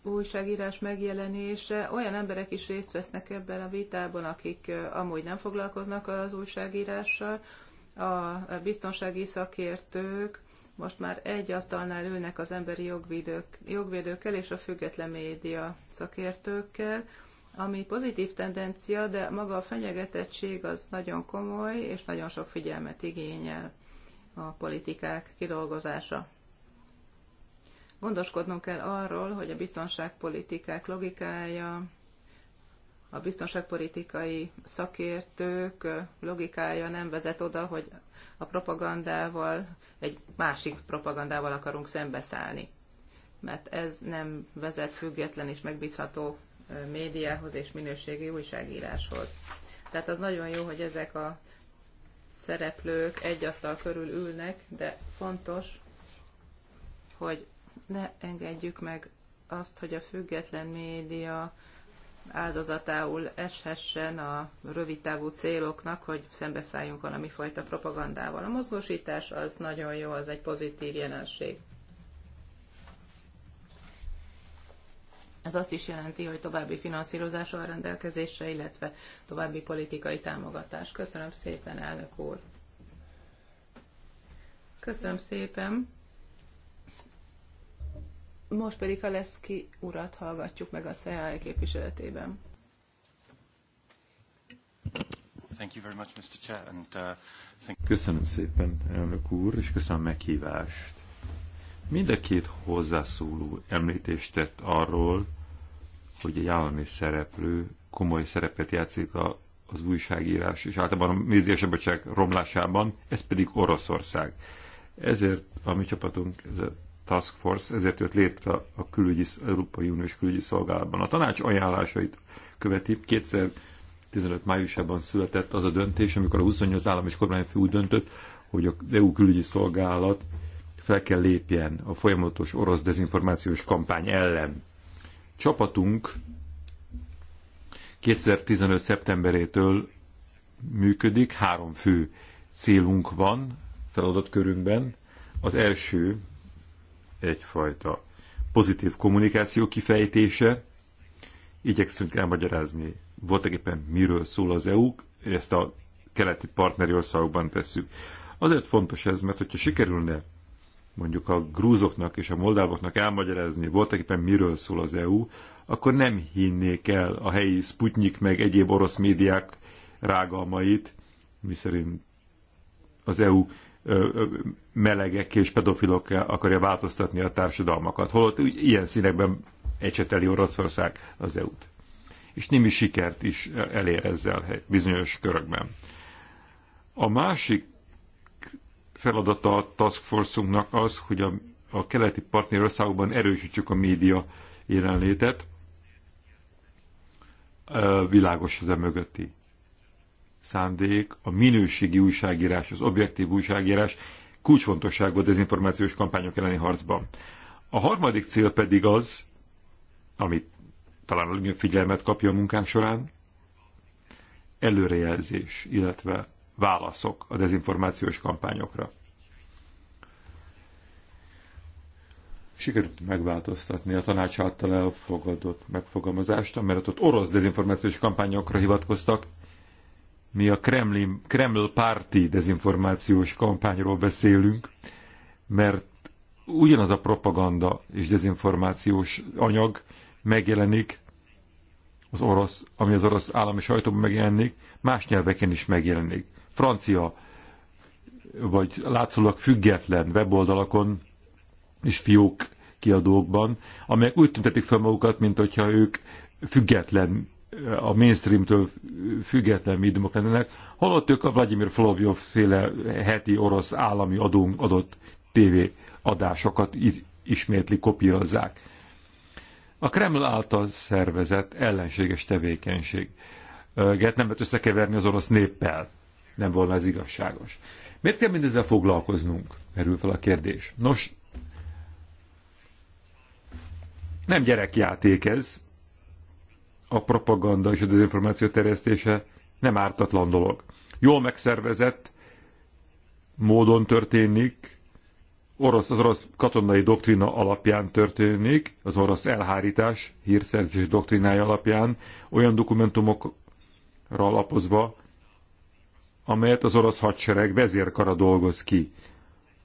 újságírás megjelenése, olyan emberek is részt vesznek ebben a vitában, akik amúgy nem foglalkoznak az újságírással, a biztonsági szakértők, most már egy asztalnál ülnek az emberi jogvédők, jogvédőkkel és a független média szakértőkkel, ami pozitív tendencia, de maga a fenyegetettség az nagyon komoly, és nagyon sok figyelmet igényel a politikák kidolgozása. Gondoskodnunk kell arról, hogy a biztonságpolitikák logikája, a biztonságpolitikai szakértők logikája nem vezet oda, hogy a propagandával egy másik propagandával akarunk szembeszállni. Mert ez nem vezet független és megbízható médiához és minőségi újságíráshoz. Tehát az nagyon jó, hogy ezek a szereplők egy asztal körül ülnek, de fontos, hogy ne engedjük meg azt, hogy a független média áldozatául eshessen a rövidtávú céloknak, hogy szembeszálljunk valami fajta propagandával. A mozgósítás az nagyon jó, az egy pozitív jelenség. Ez azt is jelenti, hogy további finanszírozás a rendelkezésre, illetve további politikai támogatás. Köszönöm szépen, elnök úr! Köszönöm szépen! Most pedig a Leszki urat hallgatjuk meg a SZEAE képviseletében. Uh, köszönöm szépen, elnök úr, és köszönöm a meghívást. Mind a két hozzászóló említést tett arról, hogy egy állami szereplő komoly szerepet játszik a, az újságírás és általában a médiasabadság romlásában, ez pedig Oroszország. Ezért a mi csapatunk ez a Task Force, ezért jött létre a külügyi, Európai Uniós külügyi szolgálatban. A tanács ajánlásait követi. 2015 májusában született az a döntés, amikor a 28 állam és kormányfő úgy döntött, hogy a EU külügyi szolgálat fel kell lépjen a folyamatos orosz dezinformációs kampány ellen. Csapatunk 2015. szeptemberétől működik, három fő célunk van feladatkörünkben. Az első egyfajta pozitív kommunikáció kifejtése. Igyekszünk elmagyarázni voltak éppen miről szól az EU, ezt a keleti partneri országokban tesszük. Azért fontos ez, mert hogyha sikerülne mondjuk a grúzoknak és a moldávoknak elmagyarázni voltak éppen miről szól az EU, akkor nem hinnék el a helyi Sputnik meg egyéb orosz médiák rágalmait, miszerint az EU melegek és pedofilok akarja változtatni a társadalmakat. Holott ilyen színekben ecseteli Oroszország az EU-t. És némi sikert is elér ezzel bizonyos körökben. A másik feladata a Task Force-unknak az, hogy a, a keleti partnerországokban erősítsük a média jelenlétet. Világos az e mögötti szándék, a minőségi újságírás, az objektív újságírás kulcsfontosságú a dezinformációs kampányok elleni harcban. A harmadik cél pedig az, amit talán a legnagyobb figyelmet kapja a munkám során, előrejelzés, illetve válaszok a dezinformációs kampányokra. sikerült megváltoztatni a tanács által elfogadott megfogalmazást, mert ott orosz dezinformációs kampányokra hivatkoztak, mi a Kremlin, Kreml párti dezinformációs kampányról beszélünk, mert ugyanaz a propaganda és dezinformációs anyag megjelenik az orosz, ami az orosz állami sajtóban megjelenik, más nyelveken is megjelenik. Francia, vagy látszólag független weboldalakon és fiók kiadókban, amelyek úgy tüntetik fel magukat, mint hogyha ők független a mainstreamtől független médiumok lennének, holott ők a Vladimir Flovjov féle heti orosz állami adónk adott TV adásokat ismétli, kopírozzák. A Kreml által szervezett ellenséges tevékenység. Get nem lehet összekeverni az orosz néppel. Nem volna ez igazságos. Miért kell mindezzel foglalkoznunk? Merül fel a kérdés. Nos, nem gyerekjáték ez, a propaganda és a dezinformáció terjesztése nem ártatlan dolog. Jól megszervezett módon történik, orosz, az orosz katonai doktrina alapján történik, az orosz elhárítás, hírszerzés doktrinája alapján, olyan dokumentumokra alapozva, amelyet az orosz hadsereg vezérkara dolgoz ki,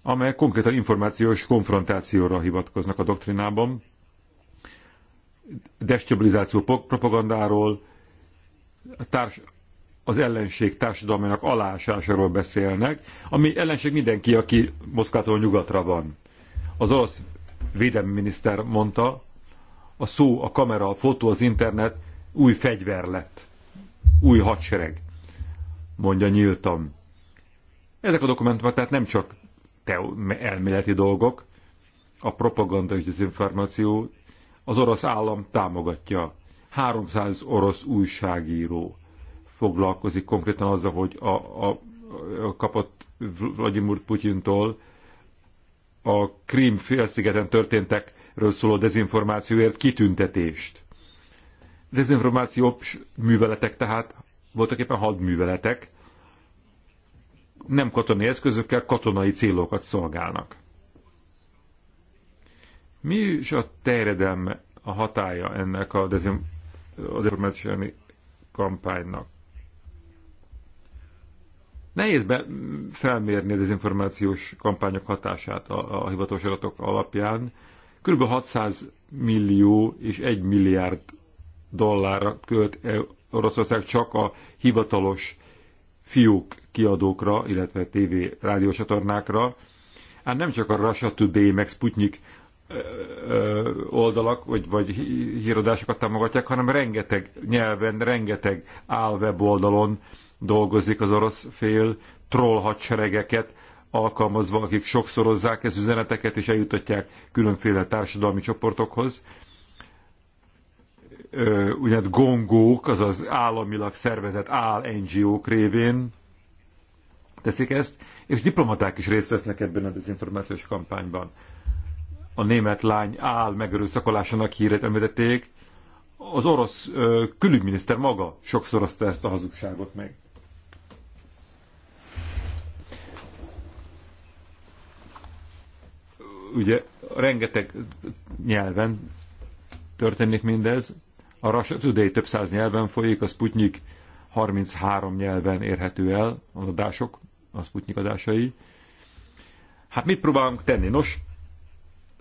amely konkrétan információs konfrontációra hivatkoznak a doktrinában, destabilizáció propagandáról, a társ, az ellenség társadalmának alásásáról beszélnek, ami ellenség mindenki, aki Moszkvától nyugatra van. Az orosz védelmi miniszter mondta, a szó, a kamera, a fotó, az internet új fegyver lett. Új hadsereg. Mondja nyíltan. Ezek a dokumentumok tehát nem csak te elméleti dolgok, a propaganda és dezinformáció az orosz állam támogatja. 300 orosz újságíró foglalkozik konkrétan azzal, hogy a, a, a kapott Vladimir Putyintól a Krím félszigeten történtekről szóló dezinformációért kitüntetést. dezinformációs műveletek tehát voltak éppen hadműveletek, nem katonai eszközökkel katonai célokat szolgálnak. Mi is a terjedelme, a hatája ennek a, dezinformációs kampánynak? Nehéz be, felmérni a dezinformációs kampányok hatását a, a hivatalos adatok alapján. Körülbelül 600 millió és 1 milliárd dollárra költ e-, Oroszország csak a hivatalos fiók kiadókra, illetve TV rádiósatornákra. Hát nem csak a Russia Today, meg Sputnik oldalak, vagy, vagy híradásokat támogatják, hanem rengeteg nyelven, rengeteg oldalon dolgozik az orosz fél, troll hadseregeket alkalmazva, akik sokszorozzák ez üzeneteket, és eljutatják különféle társadalmi csoportokhoz. Ugyanett gongók, azaz államilag szervezett áll NGO-k révén teszik ezt, és diplomaták is részt vesznek ebben a dezinformációs kampányban a német lány áll megerőszakolásának híret említették, az orosz ö, külügyminiszter maga sokszor azt ezt a hazugságot meg. Ugye rengeteg nyelven történik mindez, a Russia Today több száz nyelven folyik, a Sputnik 33 nyelven érhető el az adások, a Sputnik adásai. Hát mit próbálunk tenni? Nos,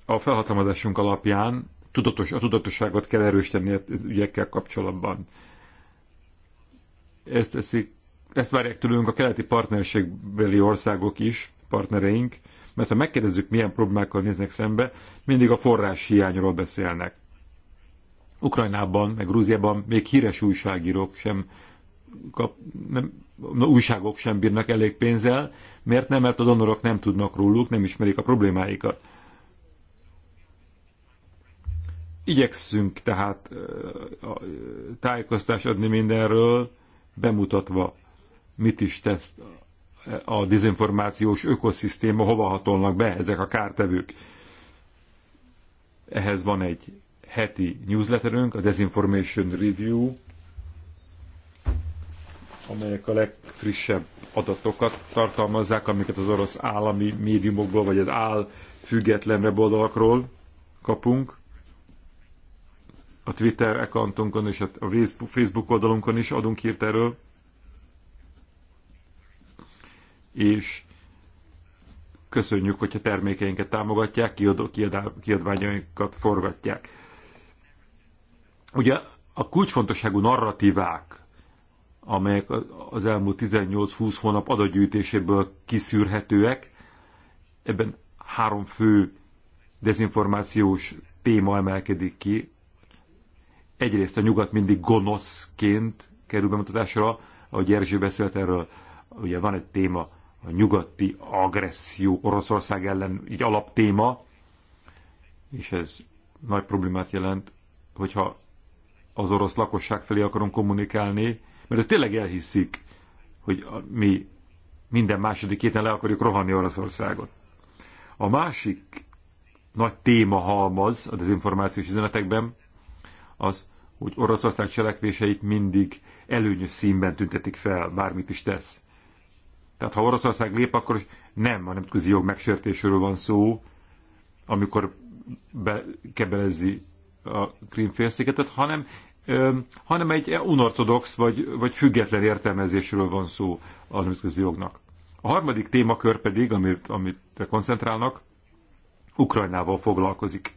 a felhatalmazásunk alapján tudatos, a tudatosságot kell erősíteni az ügyekkel kapcsolatban. Ezt, teszik, ezt várják tőlünk a keleti partnerségbeli országok is, partnereink, mert ha megkérdezzük, milyen problémákkal néznek szembe, mindig a forrás hiányról beszélnek. Ukrajnában, meg Grúziában még híres újságírók sem kap, nem, na, újságok sem bírnak elég pénzzel. Miért nem? Mert a donorok nem tudnak róluk, nem ismerik a problémáikat. Igyekszünk tehát tájékoztást adni mindenről, bemutatva, mit is tesz a dezinformációs ökoszisztéma, hova hatolnak be ezek a kártevők. Ehhez van egy heti newsletterünk, a Desinformation Review, amelyek a legfrissebb adatokat tartalmazzák, amiket az orosz állami médiumokból, vagy az áll független weboldalakról kapunk a Twitter accountunkon és a Facebook oldalunkon is adunk hírt erről. És köszönjük, hogyha termékeinket támogatják, kiadó, kiadá, kiadványainkat forgatják. Ugye a kulcsfontosságú narratívák, amelyek az elmúlt 18-20 hónap adagyűjtéséből kiszűrhetőek, ebben három fő dezinformációs téma emelkedik ki, egyrészt a nyugat mindig gonoszként kerül bemutatásra, ahogy Erzső beszélt erről, ugye van egy téma, a nyugati agresszió Oroszország ellen így alaptéma, és ez nagy problémát jelent, hogyha az orosz lakosság felé akarunk kommunikálni, mert ő tényleg elhiszik, hogy mi minden második héten le akarjuk rohanni Oroszországot. A másik nagy téma halmaz a dezinformációs üzenetekben, az, hogy Oroszország cselekvéseit mindig előnyös színben tüntetik fel, bármit is tesz. Tehát ha Oroszország lép, akkor nem a nemzetközi jog megsértéséről van szó, amikor kebelezi a Krímfélszigetet, hanem, ö, hanem egy unortodox vagy, vagy független értelmezésről van szó a nemzetközi jognak. A harmadik témakör pedig, amit, amit koncentrálnak, Ukrajnával foglalkozik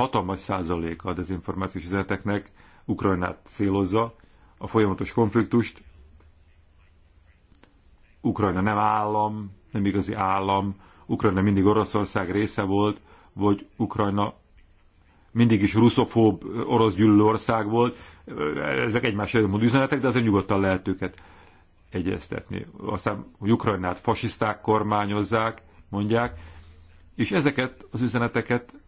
hatalmas százaléka a dezinformációs üzeneteknek Ukrajnát célozza, a folyamatos konfliktust. Ukrajna nem állam, nem igazi állam, Ukrajna mindig Oroszország része volt, vagy Ukrajna mindig is ruszofób, orosz gyűlölő ország volt. Ezek egymás ellentmondó üzenetek, de azért nyugodtan lehet őket egyeztetni. Aztán, hogy Ukrajnát fasiszták kormányozzák, mondják, és ezeket az üzeneteket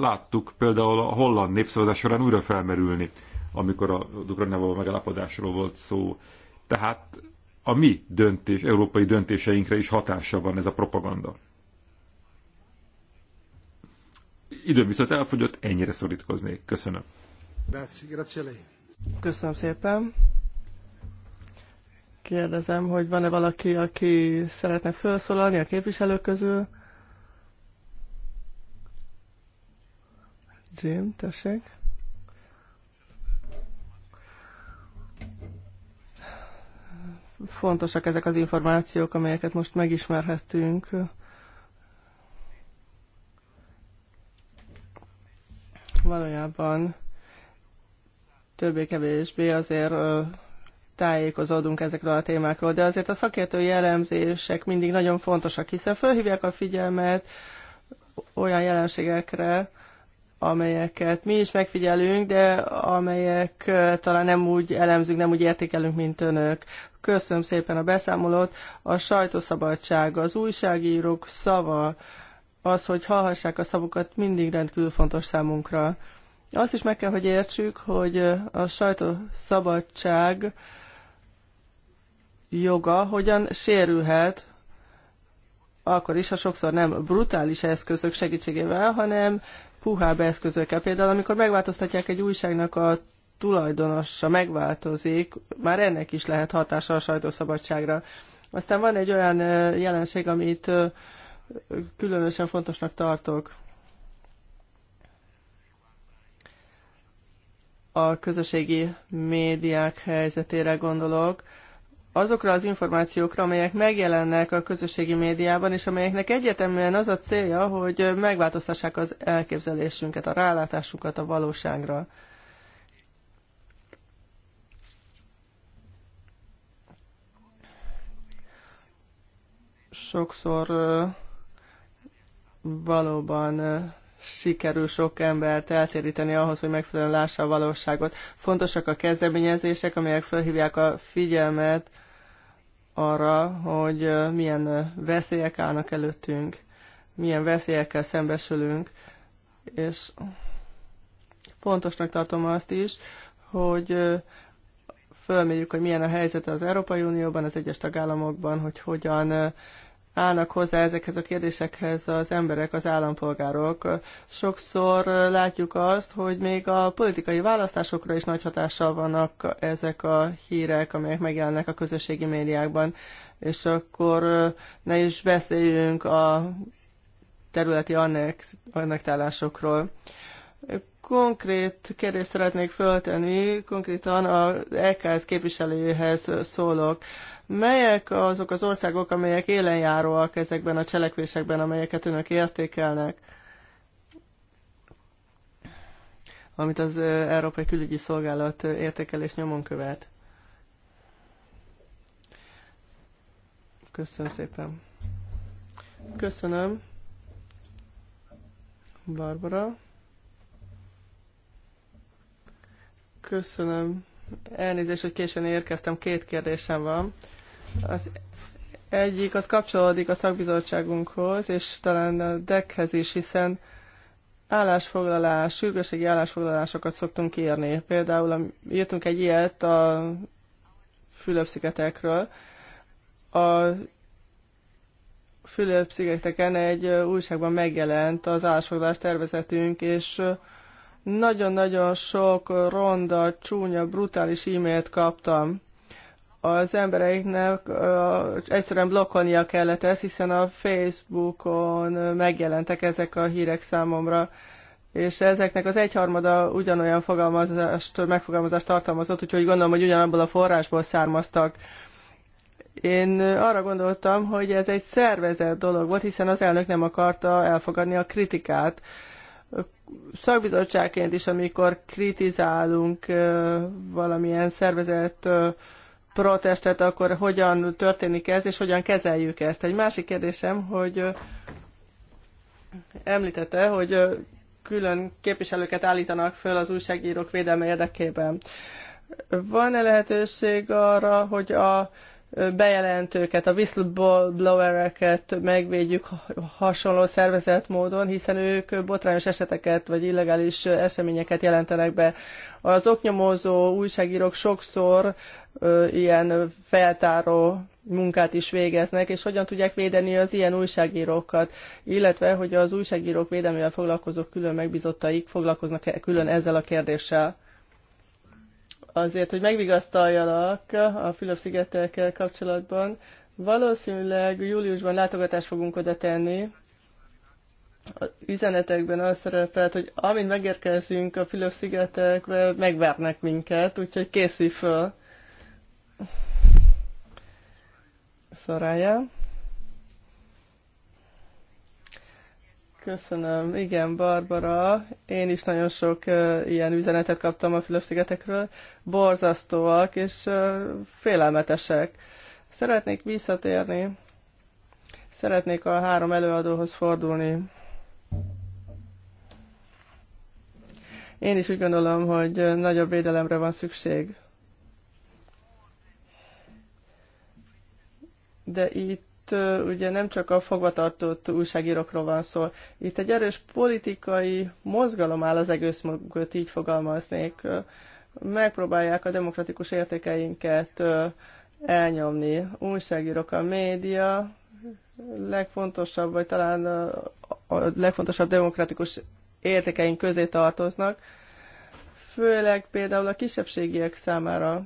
láttuk például a holland népszavazás során újra felmerülni, amikor a Ukrajnával megállapodásról volt szó. Tehát a mi döntés, európai döntéseinkre is hatása van ez a propaganda. Időm viszont elfogyott, ennyire szorítkoznék. Köszönöm. Köszönöm szépen. Kérdezem, hogy van-e valaki, aki szeretne felszólalni a képviselők közül? Jim, tessék. Fontosak ezek az információk, amelyeket most megismerhettünk. Valójában többé-kevésbé azért tájékozódunk ezekről a témákról, de azért a szakértői jellemzések mindig nagyon fontosak, hiszen fölhívják a figyelmet olyan jelenségekre, amelyeket mi is megfigyelünk, de amelyek talán nem úgy elemzünk, nem úgy értékelünk, mint önök. Köszönöm szépen a beszámolót. A sajtószabadság, az újságírók szava, az, hogy hallhassák a szavukat, mindig rendkívül fontos számunkra. Azt is meg kell, hogy értsük, hogy a sajtószabadság joga hogyan sérülhet, akkor is, ha sokszor nem brutális eszközök segítségével, hanem puhább eszközökkel. Például amikor megváltoztatják egy újságnak a tulajdonosa megváltozik, már ennek is lehet hatása a sajtószabadságra. Aztán van egy olyan jelenség, amit különösen fontosnak tartok. A közösségi médiák helyzetére gondolok azokra az információkra, amelyek megjelennek a közösségi médiában, és amelyeknek egyértelműen az a célja, hogy megváltoztassák az elképzelésünket, a rálátásunkat a valóságra. Sokszor valóban sikerül sok embert eltéríteni ahhoz, hogy megfelelően lássa a valóságot. Fontosak a kezdeményezések, amelyek felhívják a figyelmet arra, hogy milyen veszélyek állnak előttünk, milyen veszélyekkel szembesülünk, és fontosnak tartom azt is, hogy fölmérjük, hogy milyen a helyzet az Európai Unióban, az egyes tagállamokban, hogy hogyan állnak hozzá ezekhez a kérdésekhez az emberek, az állampolgárok. Sokszor látjuk azt, hogy még a politikai választásokra is nagy hatással vannak ezek a hírek, amelyek megjelennek a közösségi médiákban. És akkor ne is beszéljünk a területi annektálásokról. Annek Konkrét kérdést szeretnék föltenni, konkrétan az EKS képviselőjéhez szólok. Melyek azok az országok, amelyek élenjáróak ezekben a cselekvésekben, amelyeket önök értékelnek? amit az Európai Külügyi Szolgálat értékelés nyomon követ. Köszönöm szépen. Köszönöm. Barbara. Köszönöm. Elnézést, hogy későn érkeztem. Két kérdésem van. Az egyik az kapcsolódik a szakbizottságunkhoz, és talán a dekhez is, hiszen állásfoglalás, sürgőségi állásfoglalásokat szoktunk írni. Például írtunk egy ilyet a Fülöp-szigetekről. A Fülöp-szigeteken egy újságban megjelent az állásfoglalás tervezetünk, és nagyon-nagyon sok ronda, csúnya, brutális e-mailt kaptam. Az embereiknek uh, egyszerűen blokkolnia kellett ezt, hiszen a Facebookon megjelentek ezek a hírek számomra és ezeknek az egyharmada ugyanolyan fogalmazást, megfogalmazást tartalmazott, úgyhogy gondolom, hogy ugyanabból a forrásból származtak. Én arra gondoltam, hogy ez egy szervezett dolog volt, hiszen az elnök nem akarta elfogadni a kritikát szakbizottságként is, amikor kritizálunk valamilyen szervezett protestet, akkor hogyan történik ez, és hogyan kezeljük ezt. Egy másik kérdésem, hogy említette, hogy külön képviselőket állítanak föl az újságírók védelme érdekében. Van-e lehetőség arra, hogy a bejelentőket, a whistleblowereket megvédjük hasonló szervezett módon, hiszen ők botrányos eseteket vagy illegális eseményeket jelentenek be. Az oknyomozó újságírók sokszor ö, ilyen feltáró munkát is végeznek, és hogyan tudják védeni az ilyen újságírókat, illetve hogy az újságírók védelmével foglalkozó külön megbizottaik foglalkoznak -e külön ezzel a kérdéssel azért, hogy megvigasztaljalak a Fülöp-szigetekkel kapcsolatban. Valószínűleg júliusban látogatást fogunk oda tenni. A üzenetekben az szerepelt, hogy amint megérkezünk a Fülöp-szigetekbe, megvernek minket, úgyhogy készülj föl. Szorája. Köszönöm. Igen, Barbara, én is nagyon sok uh, ilyen üzenetet kaptam a Fülöp-szigetekről. Borzasztóak és uh, félelmetesek. Szeretnék visszatérni, szeretnék a három előadóhoz fordulni. Én is úgy gondolom, hogy nagyobb védelemre van szükség. De itt itt ugye nem csak a fogvatartott újságírókról van szó. Itt egy erős politikai mozgalom áll az egész mögött, így fogalmaznék. Megpróbálják a demokratikus értékeinket elnyomni. Újságírók a média, legfontosabb, vagy talán a legfontosabb demokratikus értékeink közé tartoznak, főleg például a kisebbségiek számára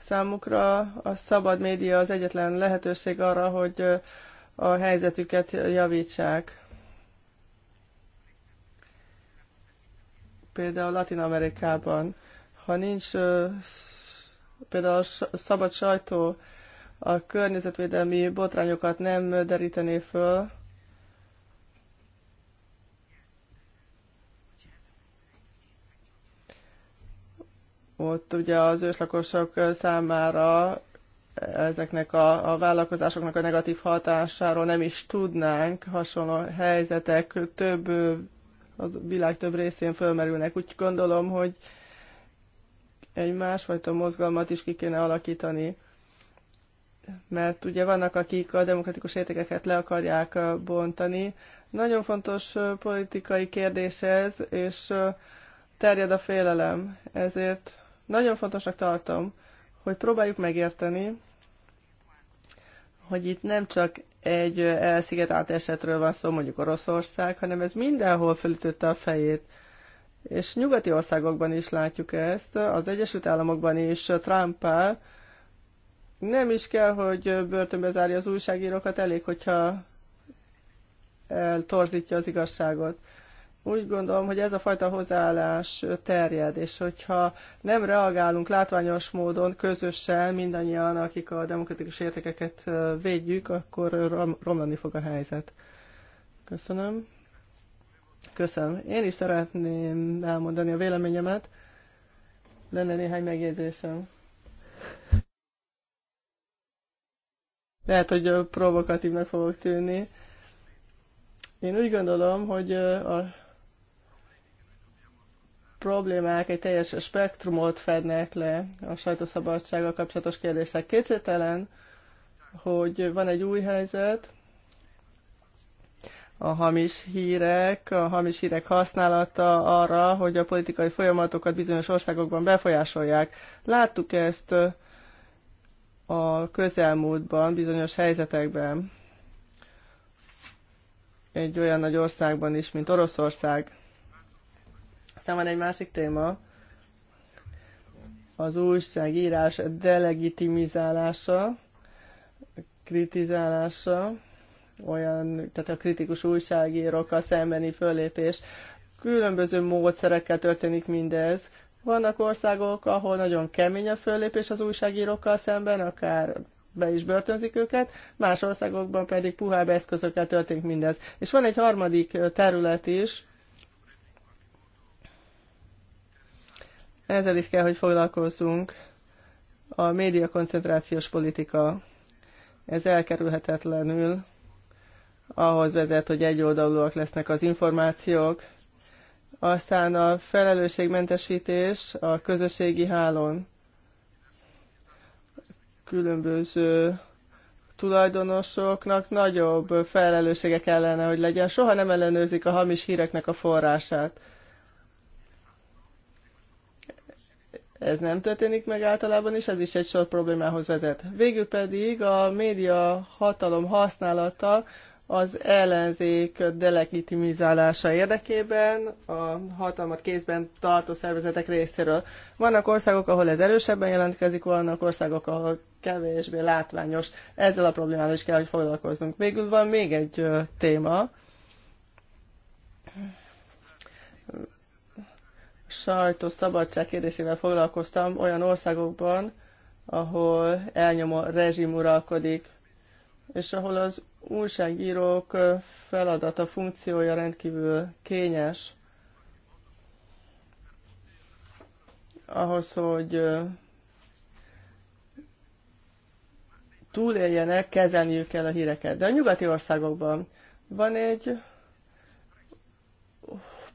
Számukra a szabad média az egyetlen lehetőség arra, hogy a helyzetüket javítsák. Például Latin Amerikában, ha nincs például a szabad sajtó, a környezetvédelmi botrányokat nem derítené föl, Ott ugye az őslakosok számára ezeknek a, a vállalkozásoknak a negatív hatásáról nem is tudnánk. Hasonló helyzetek több, az világ több részén fölmerülnek. Úgy gondolom, hogy egy másfajta mozgalmat is ki kéne alakítani. Mert ugye vannak, akik a demokratikus értékeket le akarják bontani. Nagyon fontos politikai kérdés ez, és terjed a félelem. Ezért nagyon fontosnak tartom, hogy próbáljuk megérteni, hogy itt nem csak egy elszigetelt esetről van szó, mondjuk Oroszország, hanem ez mindenhol felütötte a fejét. És nyugati országokban is látjuk ezt, az Egyesült Államokban is trump -el. Nem is kell, hogy börtönbe zárja az újságírókat, elég, hogyha eltorzítja az igazságot. Úgy gondolom, hogy ez a fajta hozzáállás terjed, és hogyha nem reagálunk látványos módon közösen mindannyian, akik a demokratikus értékeket védjük, akkor romlani fog a helyzet. Köszönöm. Köszönöm. Én is szeretném elmondani a véleményemet. Lenne néhány megjegyzésem. Lehet, hogy provokatívnak fogok tűnni. Én úgy gondolom, hogy a problémák egy teljes spektrumot fednek le a sajtószabadsággal kapcsolatos kérdések. Kétségtelen, hogy van egy új helyzet, a hamis hírek, a hamis hírek használata arra, hogy a politikai folyamatokat bizonyos országokban befolyásolják. Láttuk ezt a közelmúltban, bizonyos helyzetekben. Egy olyan nagy országban is, mint Oroszország. Aztán van egy másik téma, az újságírás delegitimizálása, kritizálása, olyan, tehát a kritikus újságírókkal szembeni fölépés Különböző módszerekkel történik mindez. Vannak országok, ahol nagyon kemény a föllépés az újságírókkal szemben, akár be is börtönzik őket, más országokban pedig puhább eszközökkel történik mindez. És van egy harmadik terület is, Ezzel is kell, hogy foglalkozzunk. A média koncentrációs politika, ez elkerülhetetlenül ahhoz vezet, hogy egyoldalúak lesznek az információk. Aztán a felelősségmentesítés a közösségi hálón különböző tulajdonosoknak nagyobb felelőssége kellene, hogy legyen. Soha nem ellenőrzik a hamis híreknek a forrását. Ez nem történik meg általában, és ez is egy sor problémához vezet. Végül pedig a média hatalom használata az ellenzék delegitimizálása érdekében a hatalmat kézben tartó szervezetek részéről. Vannak országok, ahol ez erősebben jelentkezik, vannak országok, ahol kevésbé látványos. Ezzel a problémával is kell, hogy foglalkoznunk. Végül van még egy téma sajtó szabadság kérdésével foglalkoztam olyan országokban, ahol elnyomó rezsim uralkodik, és ahol az újságírók feladata, funkciója rendkívül kényes. Ahhoz, hogy túléljenek, kezelniük kell a híreket. De a nyugati országokban van egy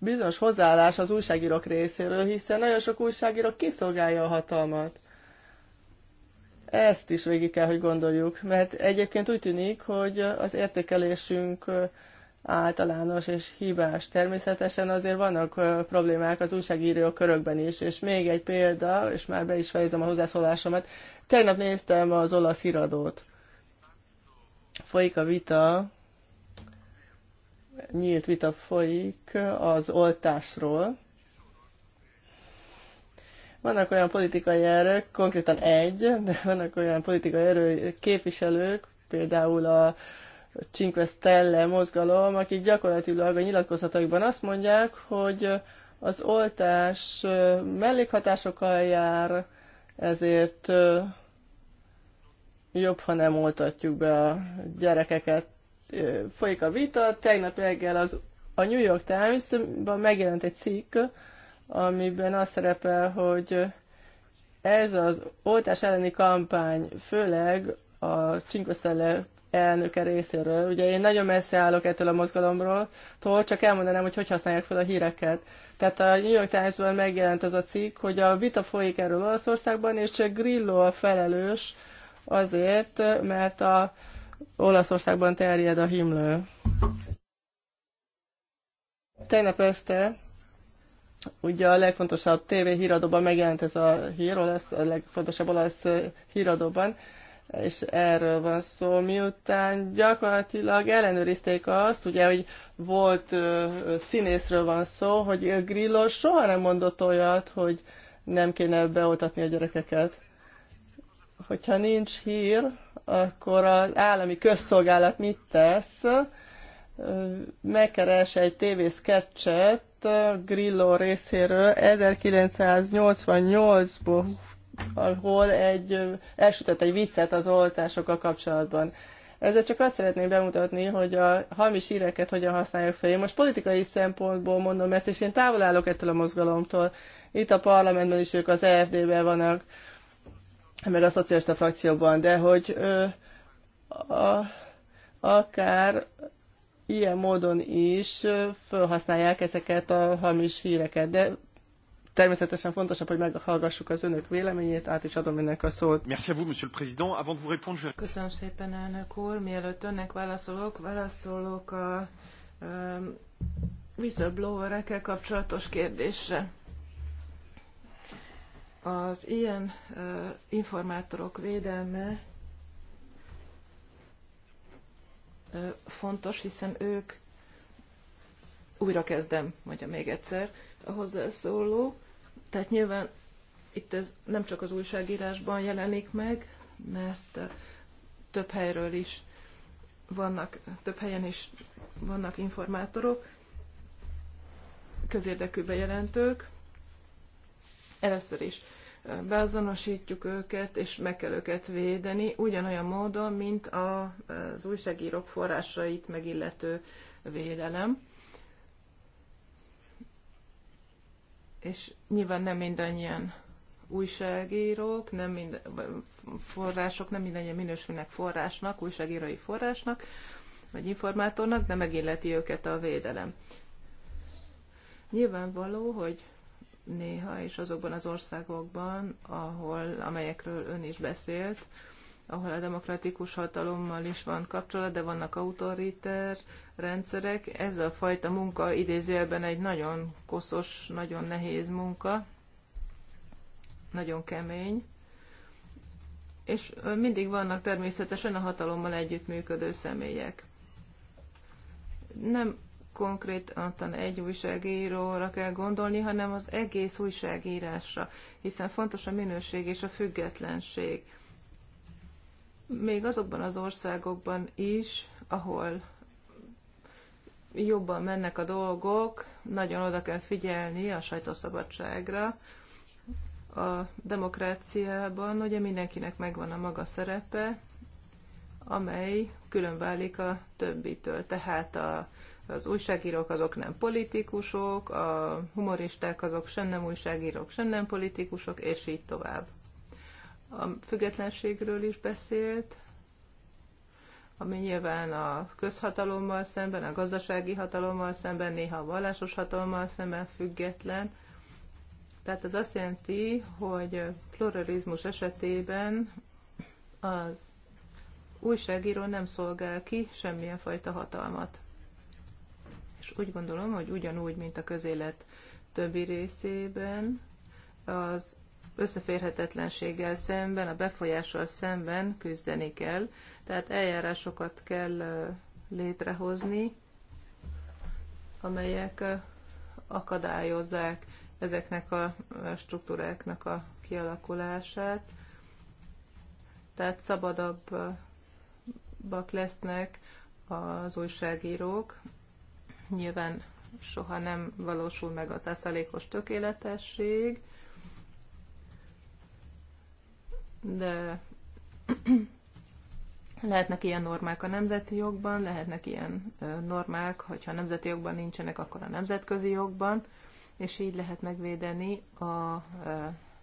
bizonyos hozzáállás az újságírók részéről, hiszen nagyon sok újságíró kiszolgálja a hatalmat. Ezt is végig kell, hogy gondoljuk, mert egyébként úgy tűnik, hogy az értékelésünk általános és hibás. Természetesen azért vannak problémák az újságíró körökben is, és még egy példa, és már be is fejezem a hozzászólásomat. Tegnap néztem az olasz iradót. Folyik a vita nyílt vita folyik az oltásról. Vannak olyan politikai erők, konkrétan egy, de vannak olyan politikai erő képviselők, például a Cinque Stelle mozgalom, akik gyakorlatilag a nyilatkozatokban azt mondják, hogy az oltás mellékhatásokkal jár, ezért jobb, ha nem oltatjuk be a gyerekeket folyik a vita. Tegnap reggel az, a New York Times-ban megjelent egy cikk, amiben az szerepel, hogy ez az oltás elleni kampány, főleg a Csinkosztelle elnöke részéről. Ugye én nagyon messze állok ettől a mozgalomról, tól csak elmondanám, hogy hogy használják fel a híreket. Tehát a New York Times-ban megjelent az a cikk, hogy a vita folyik erről Olaszországban, és Grillo a felelős azért, mert a Olaszországban terjed a himlő. Tegnap este ugye a legfontosabb TV híradóban megjelent ez a hír, olasz, a legfontosabb olasz híradóban, és erről van szó, miután gyakorlatilag ellenőrizték azt, ugye, hogy volt ö, színészről van szó, hogy Grillo soha nem mondott olyat, hogy nem kéne beoltatni a gyerekeket hogyha nincs hír, akkor az állami közszolgálat mit tesz? Megkeres egy tévészketcset Grillo részéről 1988-ból, ahol egy, elsütött egy viccet az oltásokkal kapcsolatban. Ezzel csak azt szeretném bemutatni, hogy a hamis híreket hogyan használják fel. Én most politikai szempontból mondom ezt, és én távol állok ettől a mozgalomtól. Itt a parlamentben is ők az EFD-ben vannak meg a szocialista frakcióban, de hogy ö, a, akár ilyen módon is felhasználják ezeket a hamis híreket, de természetesen fontosabb, hogy meghallgassuk az önök véleményét, át is adom önnek a szót. Merci vous, monsieur le président. Avant de vous répondre, je... Köszönöm szépen, elnök úr. Mielőtt önnek válaszolok, válaszolok a um, whistleblowerekkel kapcsolatos kérdésre. Az ilyen informátorok védelme fontos, hiszen ők újra kezdem, mondja még egyszer a hozzászóló. Tehát nyilván itt ez nem csak az újságírásban jelenik meg, mert több helyről is vannak, több helyen is vannak informátorok, közérdekű bejelentők, Először is beazonosítjuk őket, és meg kell őket védeni, ugyanolyan módon, mint az újságírók forrásait megillető védelem. És nyilván nem mindannyian újságírók, nem mind, források, nem mindannyian minősülnek forrásnak, újságírói forrásnak, vagy informátornak, de megilleti őket a védelem. Nyilvánvaló, hogy néha, és azokban az országokban, ahol, amelyekről ön is beszélt, ahol a demokratikus hatalommal is van kapcsolat, de vannak autoriter rendszerek. Ez a fajta munka idézőjelben egy nagyon koszos, nagyon nehéz munka, nagyon kemény. És mindig vannak természetesen a hatalommal együttműködő személyek. Nem konkrétan egy újságíróra kell gondolni, hanem az egész újságírásra, hiszen fontos a minőség és a függetlenség. Még azokban az országokban is, ahol jobban mennek a dolgok, nagyon oda kell figyelni a sajtószabadságra. A demokráciában ugye mindenkinek megvan a maga szerepe, amely különválik a többitől. Tehát a az újságírók azok nem politikusok, a humoristák azok sem nem újságírók, sem nem politikusok, és így tovább. A függetlenségről is beszélt, ami nyilván a közhatalommal szemben, a gazdasági hatalommal szemben, néha a vallásos hatalommal szemben független. Tehát ez azt jelenti, hogy pluralizmus esetében az újságíró nem szolgál ki semmilyen fajta hatalmat. És úgy gondolom, hogy ugyanúgy, mint a közélet többi részében, az összeférhetetlenséggel szemben, a befolyással szemben küzdeni kell. Tehát eljárásokat kell létrehozni, amelyek akadályozzák ezeknek a struktúráknak a kialakulását. Tehát szabadabbak lesznek az újságírók, Nyilván soha nem valósul meg az százalékos tökéletesség, de lehetnek ilyen normák a nemzeti jogban, lehetnek ilyen normák, hogyha a nemzeti jogban nincsenek, akkor a nemzetközi jogban, és így lehet megvédeni a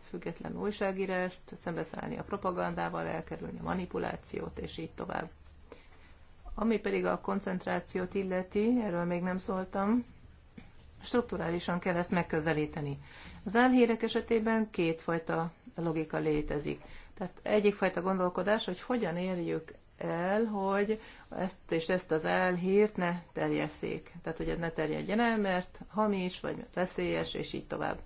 független újságírást, szembeszállni a propagandával, elkerülni a manipulációt, és így tovább. Ami pedig a koncentrációt illeti, erről még nem szóltam, strukturálisan kell ezt megközelíteni. Az álhírek esetében kétfajta logika létezik. Tehát egyik fajta gondolkodás, hogy hogyan érjük el, hogy ezt és ezt az álhírt ne terjesszék. Tehát, hogy ez ne terjedjen el, mert hamis, vagy veszélyes, és így tovább.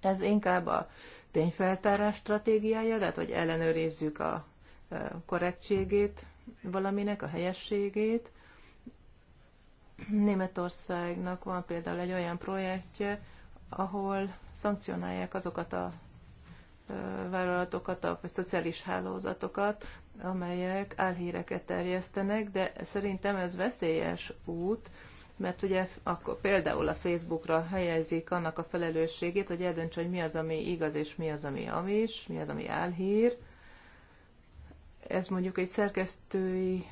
Ez inkább a tényfeltárás stratégiája, tehát, hogy ellenőrizzük a e, korrektségét valaminek a helyességét. Németországnak van például egy olyan projektje, ahol szankcionálják azokat a vállalatokat, a, vagy szociális hálózatokat, amelyek álhíreket terjesztenek, de szerintem ez veszélyes út, mert ugye akkor például a Facebookra helyezik annak a felelősségét, hogy eldöntse, hogy mi az, ami igaz, és mi az, ami amis, mi az, ami álhír, ez mondjuk egy szerkesztői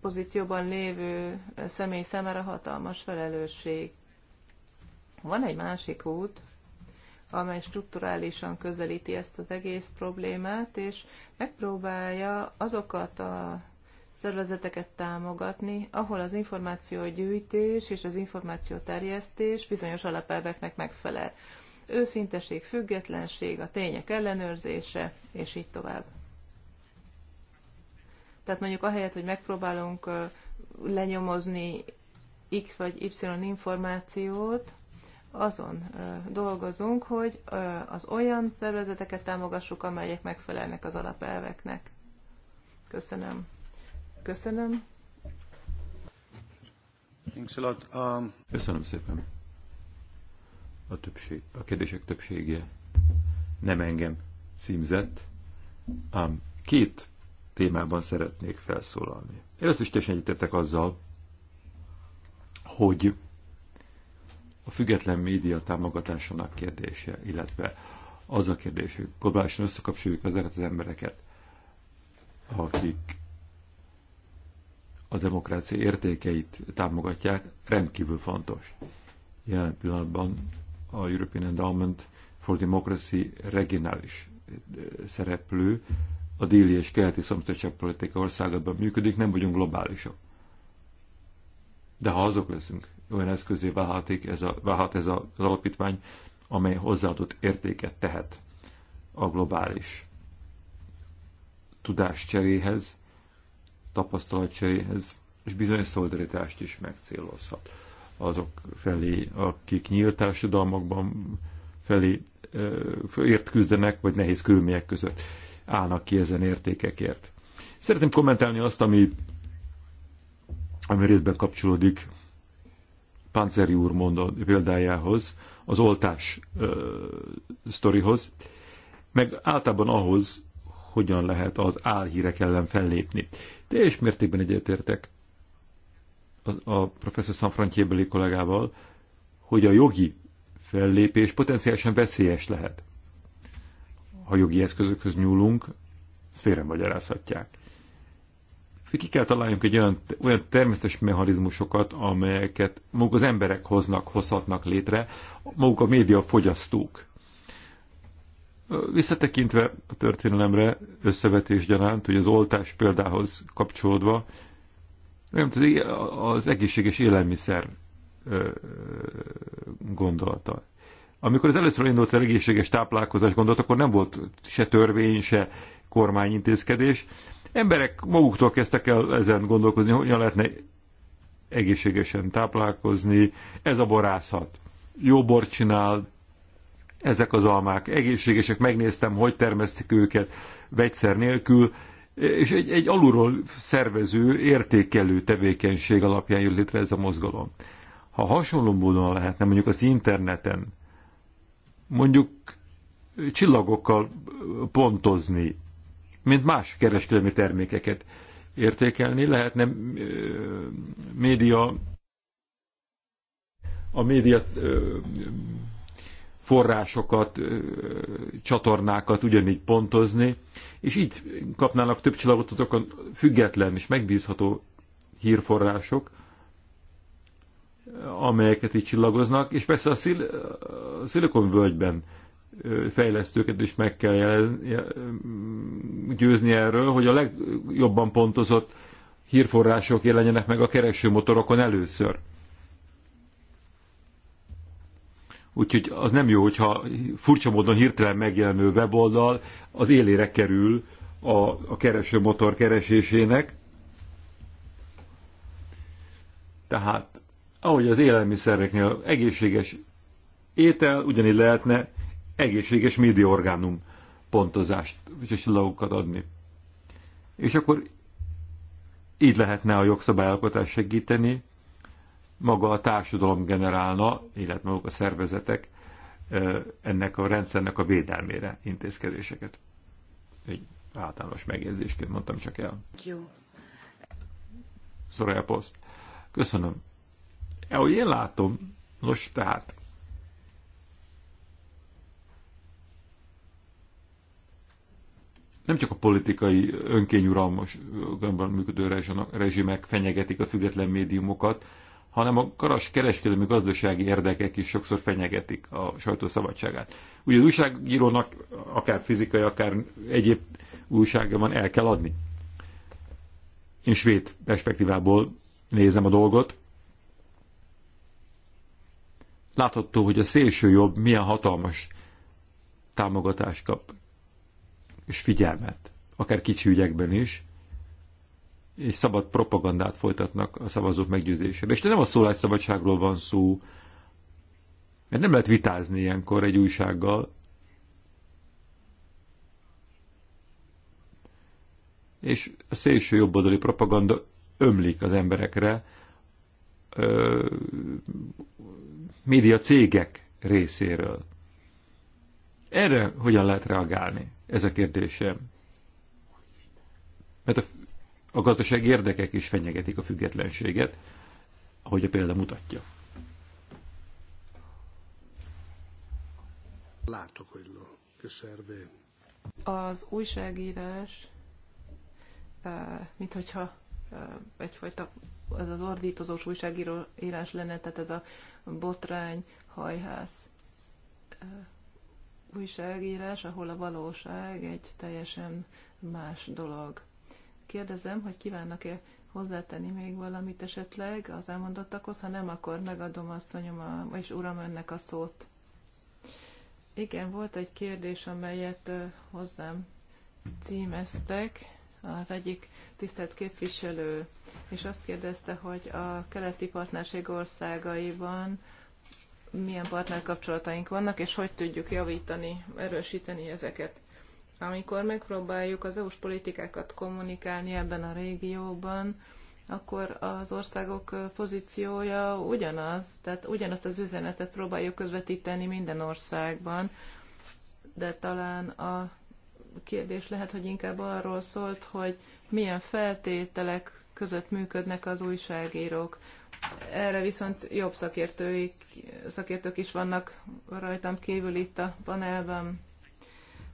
pozícióban lévő személy számára hatalmas felelősség. Van egy másik út, amely strukturálisan közelíti ezt az egész problémát, és megpróbálja azokat a szervezeteket támogatni, ahol az információgyűjtés és az információterjesztés bizonyos alapelveknek megfelel. Őszinteség, függetlenség, a tények ellenőrzése, és így tovább. Tehát mondjuk ahelyett, hogy megpróbálunk lenyomozni X vagy Y információt, azon dolgozunk, hogy az olyan szervezeteket támogassuk, amelyek megfelelnek az alapelveknek. Köszönöm. Köszönöm. Um, Köszönöm szépen. A, többség, a kérdések többsége nem engem címzett, ám két témában szeretnék felszólalni. Először is teljesen egyetettek azzal, hogy a független média támogatásának kérdése, illetve az a kérdés, hogy globálisan összekapcsoljuk az az embereket, akik a demokrácia értékeit támogatják, rendkívül fontos. Jelen pillanatban a European Endowment for Democracy regionális eh, szereplő, a déli és keleti szomszédságpolitika országában működik, nem vagyunk globálisak. De ha azok leszünk, olyan eszközé válhatik ez a, válhat ez az alapítvány, amely hozzáadott értéket tehet a globális tudás tapasztalat cseréhez, és bizonyos szolidaritást is megcélozhat azok felé, akik nyílt társadalmakban felé ért küzdenek, vagy nehéz körülmények között állnak ki ezen értékekért. Szeretném kommentálni azt, ami, ami részben kapcsolódik Panzeri úr mondott példájához, az oltás ö, sztorihoz, meg általában ahhoz, hogyan lehet az álhírek ellen fellépni. Teljes mértékben egyetértek a, a professzor Sanfranciébeli kollégával, hogy a jogi fellépés potenciálisan veszélyes lehet ha jogi eszközökhöz nyúlunk, szféren magyarázhatják. Ki kell találjunk egy olyan, olyan természetes mechanizmusokat, amelyeket maguk az emberek hoznak, hozhatnak létre, maguk a média fogyasztók. Visszatekintve a történelemre összevetés gyanánt, hogy az oltás példához kapcsolódva, nem az egészséges élelmiszer gondolata. Amikor az először indult az egészséges táplálkozás gondot, akkor nem volt se törvény, se kormányintézkedés. Emberek maguktól kezdtek el ezen gondolkozni, hogyan lehetne egészségesen táplálkozni. Ez a borászat. Jó bor csinál, ezek az almák egészségesek, megnéztem, hogy termesztik őket vegyszer nélkül, és egy, egy alulról szervező, értékelő tevékenység alapján jött létre ez a mozgalom. Ha hasonló módon lehetne mondjuk az interneten mondjuk csillagokkal pontozni, mint más kereskedelmi termékeket értékelni. Lehetne média a média forrásokat, csatornákat ugyanígy pontozni, és így kapnának több csillagot azok a független és megbízható hírforrások, amelyeket itt csillagoznak, és persze a, szil a szilikon völgyben fejlesztőket is meg kell jelen, mm, győzni erről, hogy a legjobban pontozott hírforrások jelenjenek meg a keresőmotorokon először. Úgyhogy az nem jó, hogyha furcsa módon hirtelen megjelenő weboldal az élére kerül a, a keresőmotor keresésének. Tehát ahogy az élelmiszereknél egészséges étel, ugyanígy lehetne egészséges médiorgánum pontozást, és csillagokat adni. És akkor így lehetne a jogszabályalkotás segíteni, maga a társadalom generálna, illetve maguk a szervezetek ennek a rendszernek a védelmére intézkedéseket. Egy általános megjegyzésként mondtam csak el. Jó. a poszt. Köszönöm. Ahogy én látom, nos tehát, nem csak a politikai önkényuralmas működő rezsimek fenyegetik a független médiumokat, hanem a karas kereskedelmi gazdasági érdekek is sokszor fenyegetik a sajtószabadságát. Ugye az újságírónak akár fizikai, akár egyéb van el kell adni. Én svéd perspektívából nézem a dolgot látható, hogy a szélső jobb milyen hatalmas támogatást kap, és figyelmet, akár kicsi ügyekben is, és szabad propagandát folytatnak a szavazók meggyőzésére. És nem a szólásszabadságról van szó, mert nem lehet vitázni ilyenkor egy újsággal. És a szélső jobboldali propaganda ömlik az emberekre, média cégek részéről. Erre hogyan lehet reagálni? Ez a kérdésem. Mert a, a gazdaság érdekek is fenyegetik a függetlenséget, ahogy a példa mutatja. Látok, hogy no, Az újságírás, mint hogyha egyfajta ez az ordítozós írás lenne, tehát ez a botrány, hajház újságírás, ahol a valóság egy teljesen más dolog. Kérdezem, hogy kívánnak-e hozzátenni még valamit esetleg az elmondottakhoz, ha nem, akkor megadom asszonyom a, és uram önnek a szót. Igen, volt egy kérdés, amelyet hozzám címeztek az egyik tisztelt képviselő, és azt kérdezte, hogy a keleti partnerség országaiban milyen partnerkapcsolataink vannak, és hogy tudjuk javítani, erősíteni ezeket. Amikor megpróbáljuk az EU-s politikákat kommunikálni ebben a régióban, akkor az országok pozíciója ugyanaz, tehát ugyanazt az üzenetet próbáljuk közvetíteni minden országban, de talán a kérdés lehet, hogy inkább arról szólt, hogy milyen feltételek között működnek az újságírók. Erre viszont jobb szakértőik, szakértők is vannak rajtam kívül itt a panelben.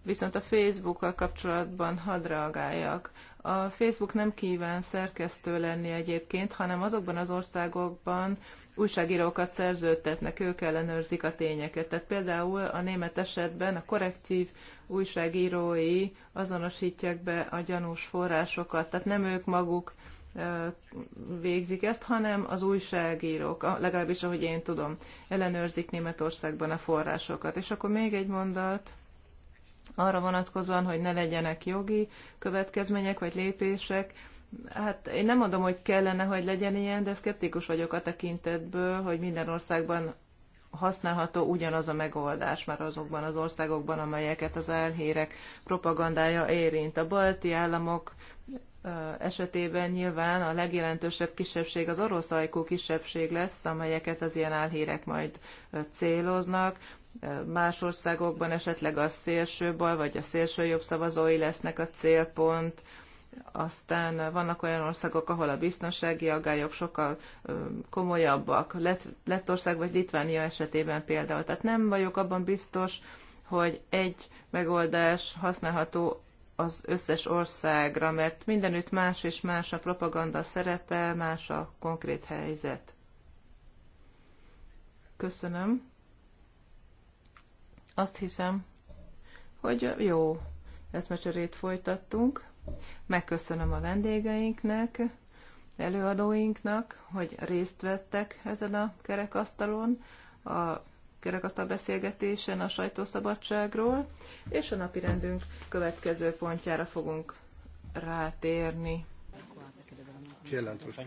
Viszont a Facebookkal kapcsolatban hadd reagáljak. A Facebook nem kíván szerkesztő lenni egyébként, hanem azokban az országokban újságírókat szerződtetnek, ők ellenőrzik a tényeket. Tehát például a német esetben a korrektív újságírói azonosítják be a gyanús forrásokat. Tehát nem ők maguk végzik ezt, hanem az újságírók, legalábbis ahogy én tudom, ellenőrzik Németországban a forrásokat. És akkor még egy mondat arra vonatkozóan, hogy ne legyenek jogi következmények vagy lépések. Hát én nem mondom, hogy kellene, hogy legyen ilyen, de szkeptikus vagyok a tekintetből, hogy minden országban használható ugyanaz a megoldás már azokban az országokban, amelyeket az elhérek propagandája érint. A balti államok esetében nyilván a legjelentősebb kisebbség az orosz ajkú kisebbség lesz, amelyeket az ilyen álhírek majd céloznak. Más országokban esetleg a szélső bal vagy a szélső jobb szavazói lesznek a célpont, aztán vannak olyan országok, ahol a biztonsági aggályok sokkal komolyabbak, Lett, Lettország vagy Litvánia esetében például. Tehát nem vagyok abban biztos, hogy egy megoldás használható az összes országra, mert mindenütt más és más a propaganda szerepe, más a konkrét helyzet. Köszönöm. Azt hiszem, hogy jó mecserét folytattunk. Megköszönöm a vendégeinknek, előadóinknak, hogy részt vettek ezen a kerekasztalon, a kerekasztal beszélgetésen a sajtószabadságról, és a napirendünk következő pontjára fogunk rátérni. Jelentős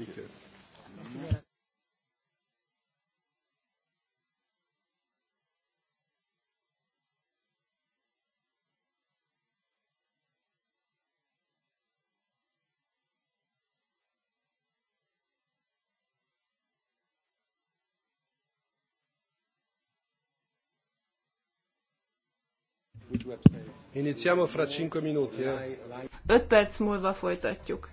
Iniziamo fra 5 minuti. Eh? perc múlva folytatjuk.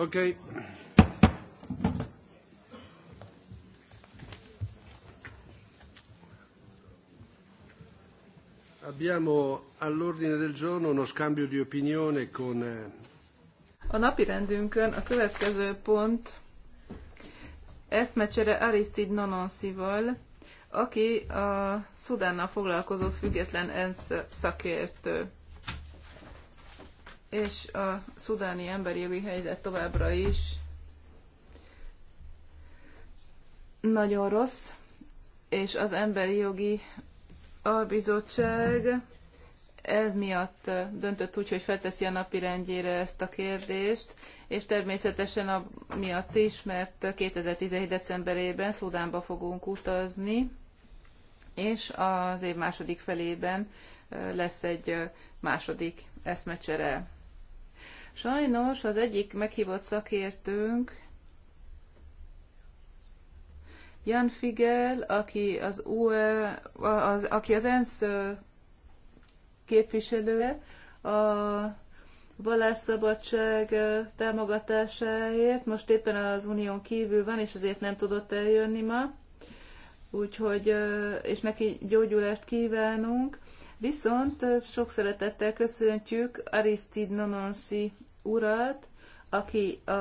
Okay. Abbiamo all'ordine del giorno uno scambio di opinione con... Eh, a napi rendünkön a következő pont eszmecsere Aristide Nononszival, aki a Szudánnal foglalkozó független ENSZ szakértő és a szudáni emberi jogi helyzet továbbra is nagyon rossz, és az emberi jogi albizottság ez miatt döntött úgy, hogy felteszi a napi rendjére ezt a kérdést, és természetesen a, miatt is, mert 2017. decemberében Szudánba fogunk utazni, és az év második felében lesz egy második eszmecsere Sajnos az egyik meghívott szakértőnk, Jan Figel, aki az, UE, az, aki az ENSZ képviselője, a vallásszabadság támogatásáért. Most éppen az unión kívül van, és ezért nem tudott eljönni ma. Úgyhogy, és neki gyógyulást kívánunk. Viszont sok szeretettel köszöntjük Aristide Nononsi urat, aki a,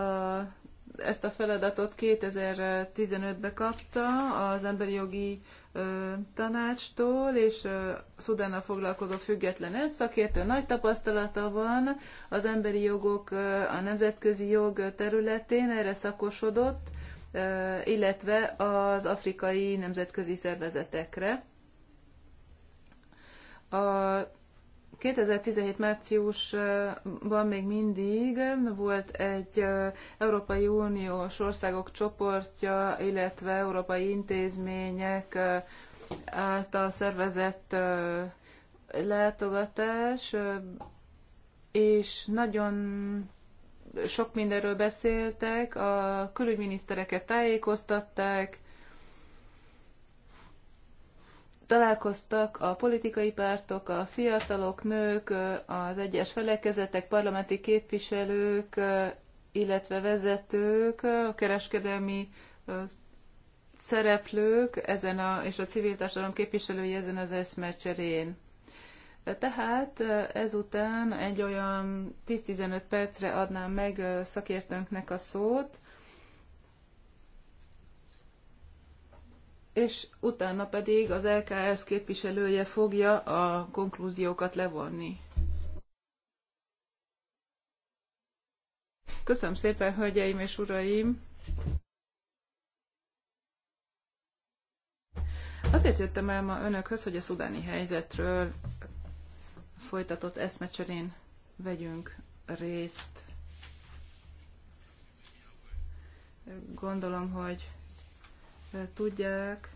ezt a feladatot 2015-ben kapta az emberi jogi ö, tanácstól, és ö, Szudánnal foglalkozó független szakértő nagy tapasztalata van az emberi jogok, ö, a nemzetközi jog területén, erre szakosodott, ö, illetve az afrikai nemzetközi szervezetekre. A 2017 márciusban még mindig volt egy Európai Uniós országok csoportja, illetve európai intézmények által szervezett látogatás, és nagyon sok mindenről beszéltek, a külügyminisztereket tájékoztatták, találkoztak a politikai pártok, a fiatalok, nők, az egyes felekezetek, parlamenti képviselők, illetve vezetők, a kereskedelmi szereplők ezen a, és a civil társadalom képviselői ezen az eszmecserén. Tehát ezután egy olyan 10-15 percre adnám meg szakértőnknek a szót, és utána pedig az LKS képviselője fogja a konklúziókat levonni. Köszönöm szépen, hölgyeim és uraim! Azért jöttem el ma önökhöz, hogy a szudáni helyzetről folytatott eszmecserén vegyünk részt. Gondolom, hogy tudják,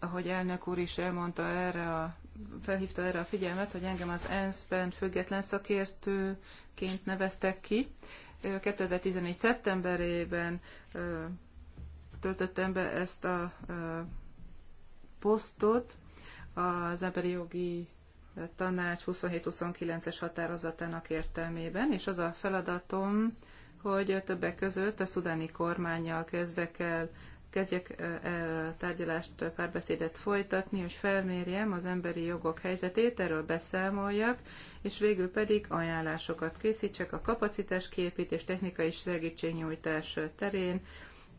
ahogy elnök úr is elmondta erre a felhívta erre a figyelmet, hogy engem az ENSZ-ben független szakértőként neveztek ki. 2014. szeptemberében töltöttem be ezt a posztot az emberi jogi tanács 27-29-es határozatának értelmében, és az a feladatom, hogy többek között a szudáni kormányjal kezdek el kezdjek el tárgyalást, párbeszédet folytatni, hogy felmérjem az emberi jogok helyzetét, erről beszámoljak, és végül pedig ajánlásokat készítsek a kapacitás technikai segítségnyújtás terén,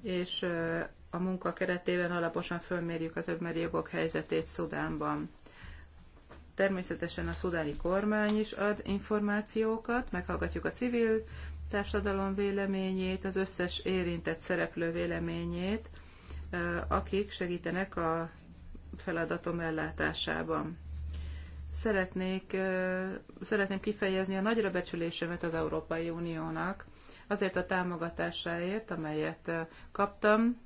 és a munka keretében alaposan fölmérjük az emberi jogok helyzetét Szudánban. Természetesen a szudáni kormány is ad információkat, meghallgatjuk a civil társadalom véleményét, az összes érintett szereplő véleményét, akik segítenek a feladatom ellátásában. Szeretnék, szeretném kifejezni a nagyra becsülésemet az Európai Uniónak, azért a támogatásáért, amelyet kaptam,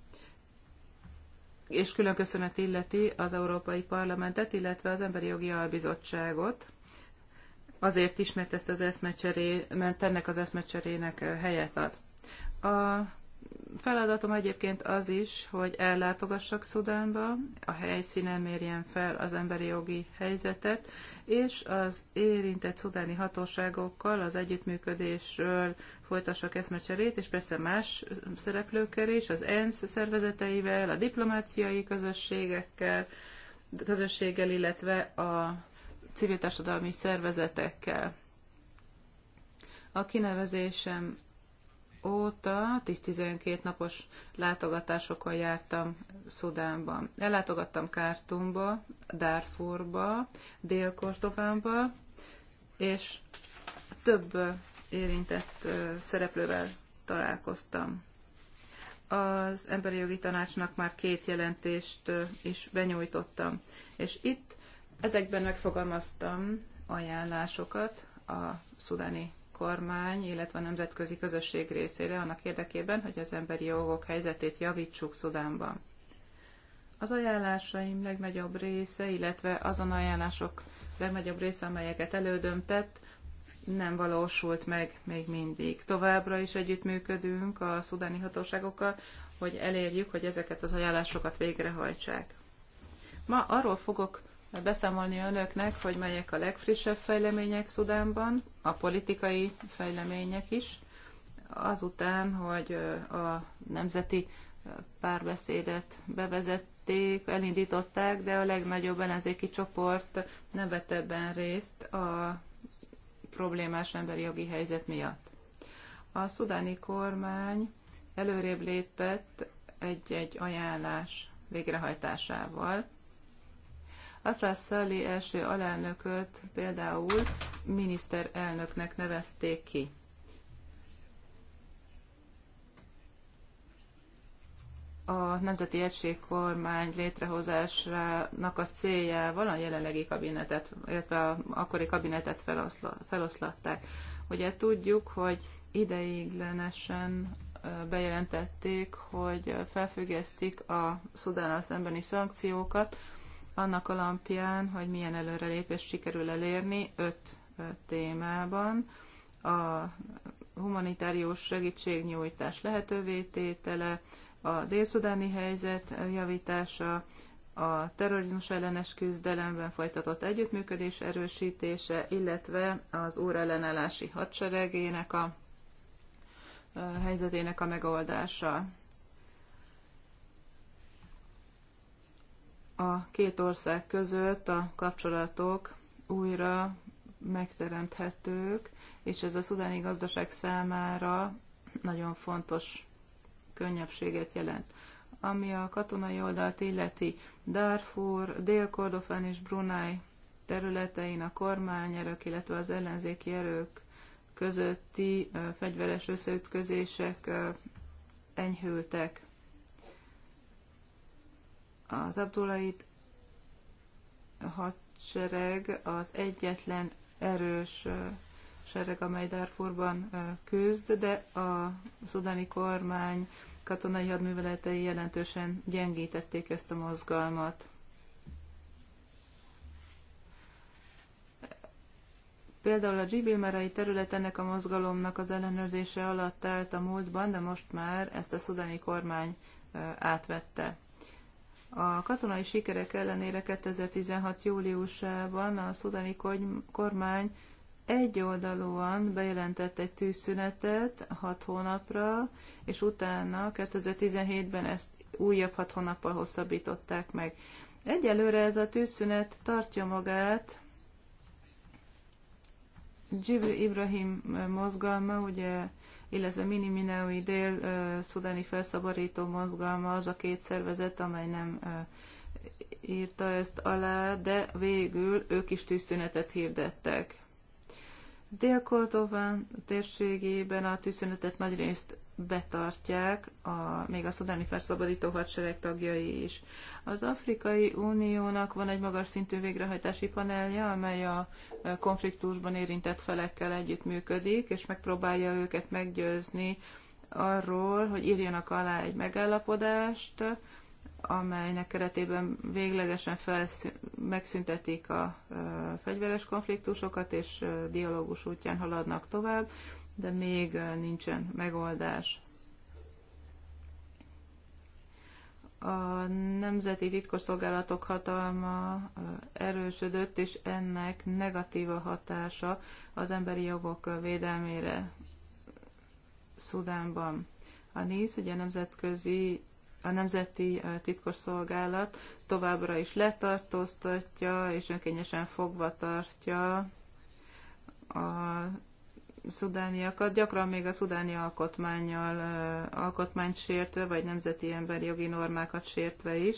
és külön köszönet illeti az Európai Parlamentet, illetve az Emberi Jogi Albizottságot, azért is, mert, ezt az eszmecseré, mert ennek az eszmecserének helyet ad. A feladatom egyébként az is, hogy ellátogassak Szudánba, a helyszínen mérjen fel az emberi jogi helyzetet, és az érintett szudáni hatóságokkal az együttműködésről folytassak eszmecserét, és persze más szereplőkkel is, az ENSZ szervezeteivel, a diplomáciai közösségekkel, közösséggel, illetve a civil társadalmi szervezetekkel. A kinevezésem óta 10-12 napos látogatásokon jártam Szudánban. Ellátogattam Kártumba, Darfurba, Dél-Kordobánba, és több érintett szereplővel találkoztam. Az Emberi Jogi Tanácsnak már két jelentést is benyújtottam, és itt Ezekben megfogalmaztam ajánlásokat a szudáni kormány, illetve a nemzetközi közösség részére annak érdekében, hogy az emberi jogok helyzetét javítsuk Szudánban. Az ajánlásaim legnagyobb része, illetve azon ajánlások legnagyobb része, amelyeket elődömtett, nem valósult meg még mindig. Továbbra is együttműködünk a szudáni hatóságokkal, hogy elérjük, hogy ezeket az ajánlásokat végrehajtsák. Ma arról fogok beszámolni önöknek, hogy melyek a legfrissebb fejlemények Szudánban, a politikai fejlemények is, azután, hogy a nemzeti párbeszédet bevezették, elindították, de a legnagyobb ellenzéki csoport nem vett ebben részt a problémás emberi jogi helyzet miatt. A szudáni kormány előrébb lépett egy-egy ajánlás végrehajtásával, Assas Szali első alelnököt például miniszterelnöknek nevezték ki. a Nemzeti Egység kormány létrehozásának a céljával a jelenlegi kabinetet, illetve a akkori kabinetet feloszla, feloszlatták. Ugye tudjuk, hogy ideiglenesen bejelentették, hogy felfüggesztik a Szudánnal szembeni szankciókat, annak alapján, hogy milyen előrelépést sikerül elérni öt témában. A humanitárius segítségnyújtás lehetővé tétele, a délszudáni helyzet javítása, a terrorizmus ellenes küzdelemben folytatott együttműködés erősítése, illetve az úrellenállási hadseregének a helyzetének a megoldása. a két ország között a kapcsolatok újra megteremthetők, és ez a szudáni gazdaság számára nagyon fontos könnyebbséget jelent. Ami a katonai oldalt illeti, Darfur, Dél-Kordofán és Brunei területein a kormányerők, illetve az ellenzéki erők közötti fegyveres összeütközések enyhültek. Az abdulait hadsereg az egyetlen erős sereg, amely Darfurban küzd, de a szudáni kormány katonai hadműveletei jelentősen gyengítették ezt a mozgalmat. Például a Dzsibilmerai terület ennek a mozgalomnak az ellenőrzése alatt állt a múltban, de most már ezt a szudáni kormány átvette. A katonai sikerek ellenére 2016. júliusában a szudáni kormány egyoldalúan bejelentett egy tűzszünetet hat hónapra, és utána 2017-ben ezt újabb hat hónappal hosszabbították meg. Egyelőre ez a tűzszünet tartja magát, Jibril Ibrahim mozgalma ugye illetve Mini Mineui dél-szudáni felszabadító mozgalma az a két szervezet, amely nem írta ezt alá, de végül ők is tűzszünetet hirdettek. Dél-Koldován térségében a tűzszünetet nagyrészt betartják, a, még a szudáni felszabadító hadsereg tagjai is. Az Afrikai Uniónak van egy magas szintű végrehajtási panelje, amely a e, konfliktusban érintett felekkel együttműködik, és megpróbálja őket meggyőzni arról, hogy írjanak alá egy megállapodást, amelynek keretében véglegesen felsz, megszüntetik a ö, e, fegyveres konfliktusokat, és ö, e, dialógus útján haladnak tovább, de még nincsen megoldás. a nemzeti titkosszolgálatok hatalma erősödött, és ennek negatív a hatása az emberi jogok védelmére Szudánban. A NISZ, ugye a nemzetközi a Nemzeti Titkosszolgálat továbbra is letartóztatja és önkényesen fogva tartja a szudániakat, gyakran még a szudáni alkotmányjal, alkotmányt sértve, vagy nemzeti emberi jogi normákat sértve is.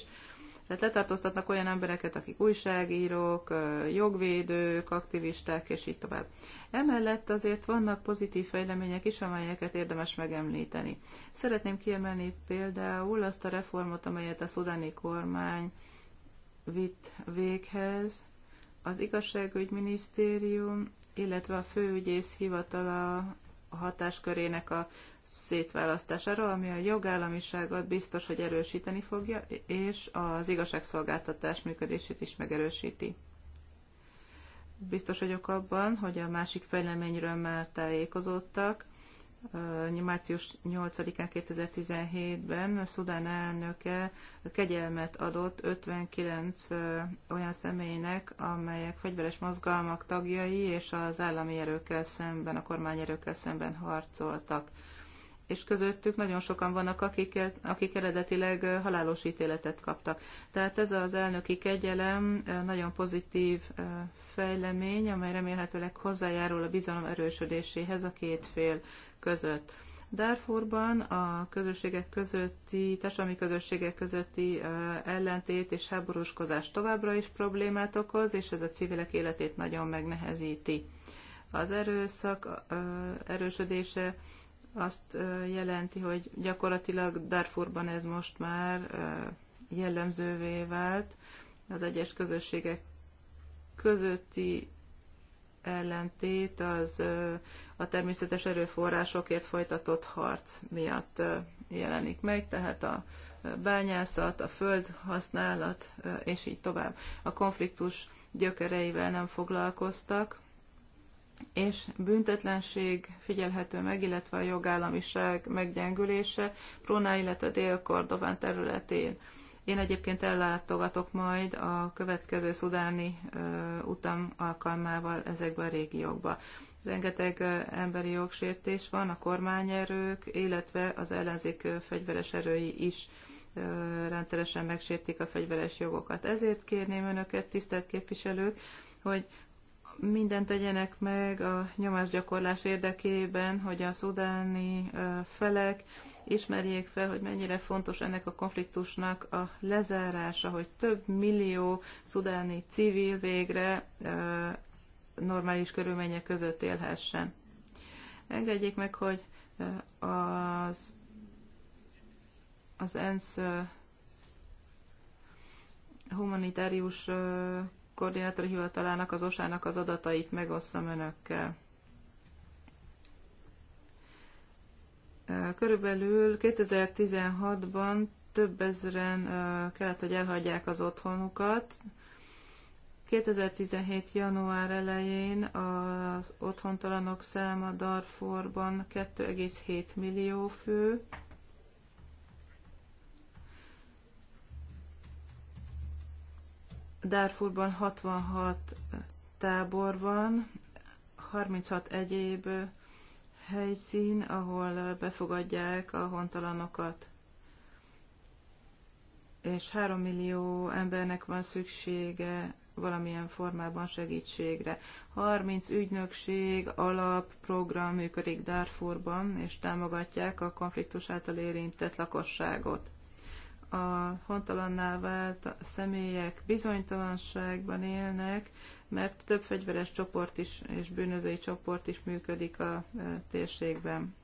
Tehát letartóztatnak olyan embereket, akik újságírók, jogvédők, aktivisták, és így tovább. Emellett azért vannak pozitív fejlemények is, amelyeket érdemes megemlíteni. Szeretném kiemelni például azt a reformot, amelyet a szudáni kormány vitt véghez. Az igazságügyminisztérium illetve a főügyész hivatala a hatáskörének a szétválasztásáról, ami a jogállamiságot biztos, hogy erősíteni fogja, és az igazságszolgáltatás működését is megerősíti. Biztos vagyok abban, hogy a másik fejleményről már tájékozódtak, március 8-án 2017-ben Szudán elnöke kegyelmet adott 59 olyan személynek, amelyek fegyveres mozgalmak tagjai és az állami erőkkel szemben, a kormányerőkkel szemben harcoltak. És közöttük nagyon sokan vannak, akik, akik eredetileg halálos ítéletet kaptak. Tehát ez az elnöki kegyelem nagyon pozitív fejlemény, amely remélhetőleg hozzájárul a bizalom erősödéséhez a két fél között. Darfurban a közösségek közötti, társadalmi közösségek közötti ellentét és háborúskozás továbbra is problémát okoz, és ez a civilek életét nagyon megnehezíti. Az erőszak erősödése azt jelenti, hogy gyakorlatilag Darfurban ez most már jellemzővé vált az egyes közösségek közötti ellentét az a természetes erőforrásokért folytatott harc miatt jelenik meg, tehát a bányászat, a föld használat, és így tovább. A konfliktus gyökereivel nem foglalkoztak, és büntetlenség figyelhető meg, illetve a jogállamiság meggyengülése Brunei, illetve Dél-Kordován területén. Én egyébként ellátogatok majd a következő szudáni utam alkalmával ezekbe a régiókba. Rengeteg emberi jogsértés van, a kormányerők, illetve az ellenzék fegyveres erői is rendszeresen megsértik a fegyveres jogokat. Ezért kérném önöket, tisztelt képviselők, hogy mindent tegyenek meg a nyomásgyakorlás érdekében, hogy a szudáni felek ismerjék fel, hogy mennyire fontos ennek a konfliktusnak a lezárása, hogy több millió szudáni civil végre normális körülmények között élhessen. Engedjék meg, hogy az, az ENSZ humanitárius koordinátori hivatalának, az osának az adatait megosszam önökkel. Körülbelül 2016-ban több ezeren kellett, hogy elhagyják az otthonukat. 2017. január elején az otthontalanok száma Darfurban 2,7 millió fő. Darfurban 66 tábor van, 36 egyéb helyszín, ahol befogadják a hontalanokat. És három millió embernek van szüksége valamilyen formában segítségre. 30 ügynökség, alapprogram működik Darfurban, és támogatják a konfliktus által érintett lakosságot. A hontalanná vált személyek bizonytalanságban élnek, mert több fegyveres csoport is és bűnözői csoport is működik a e, térségben.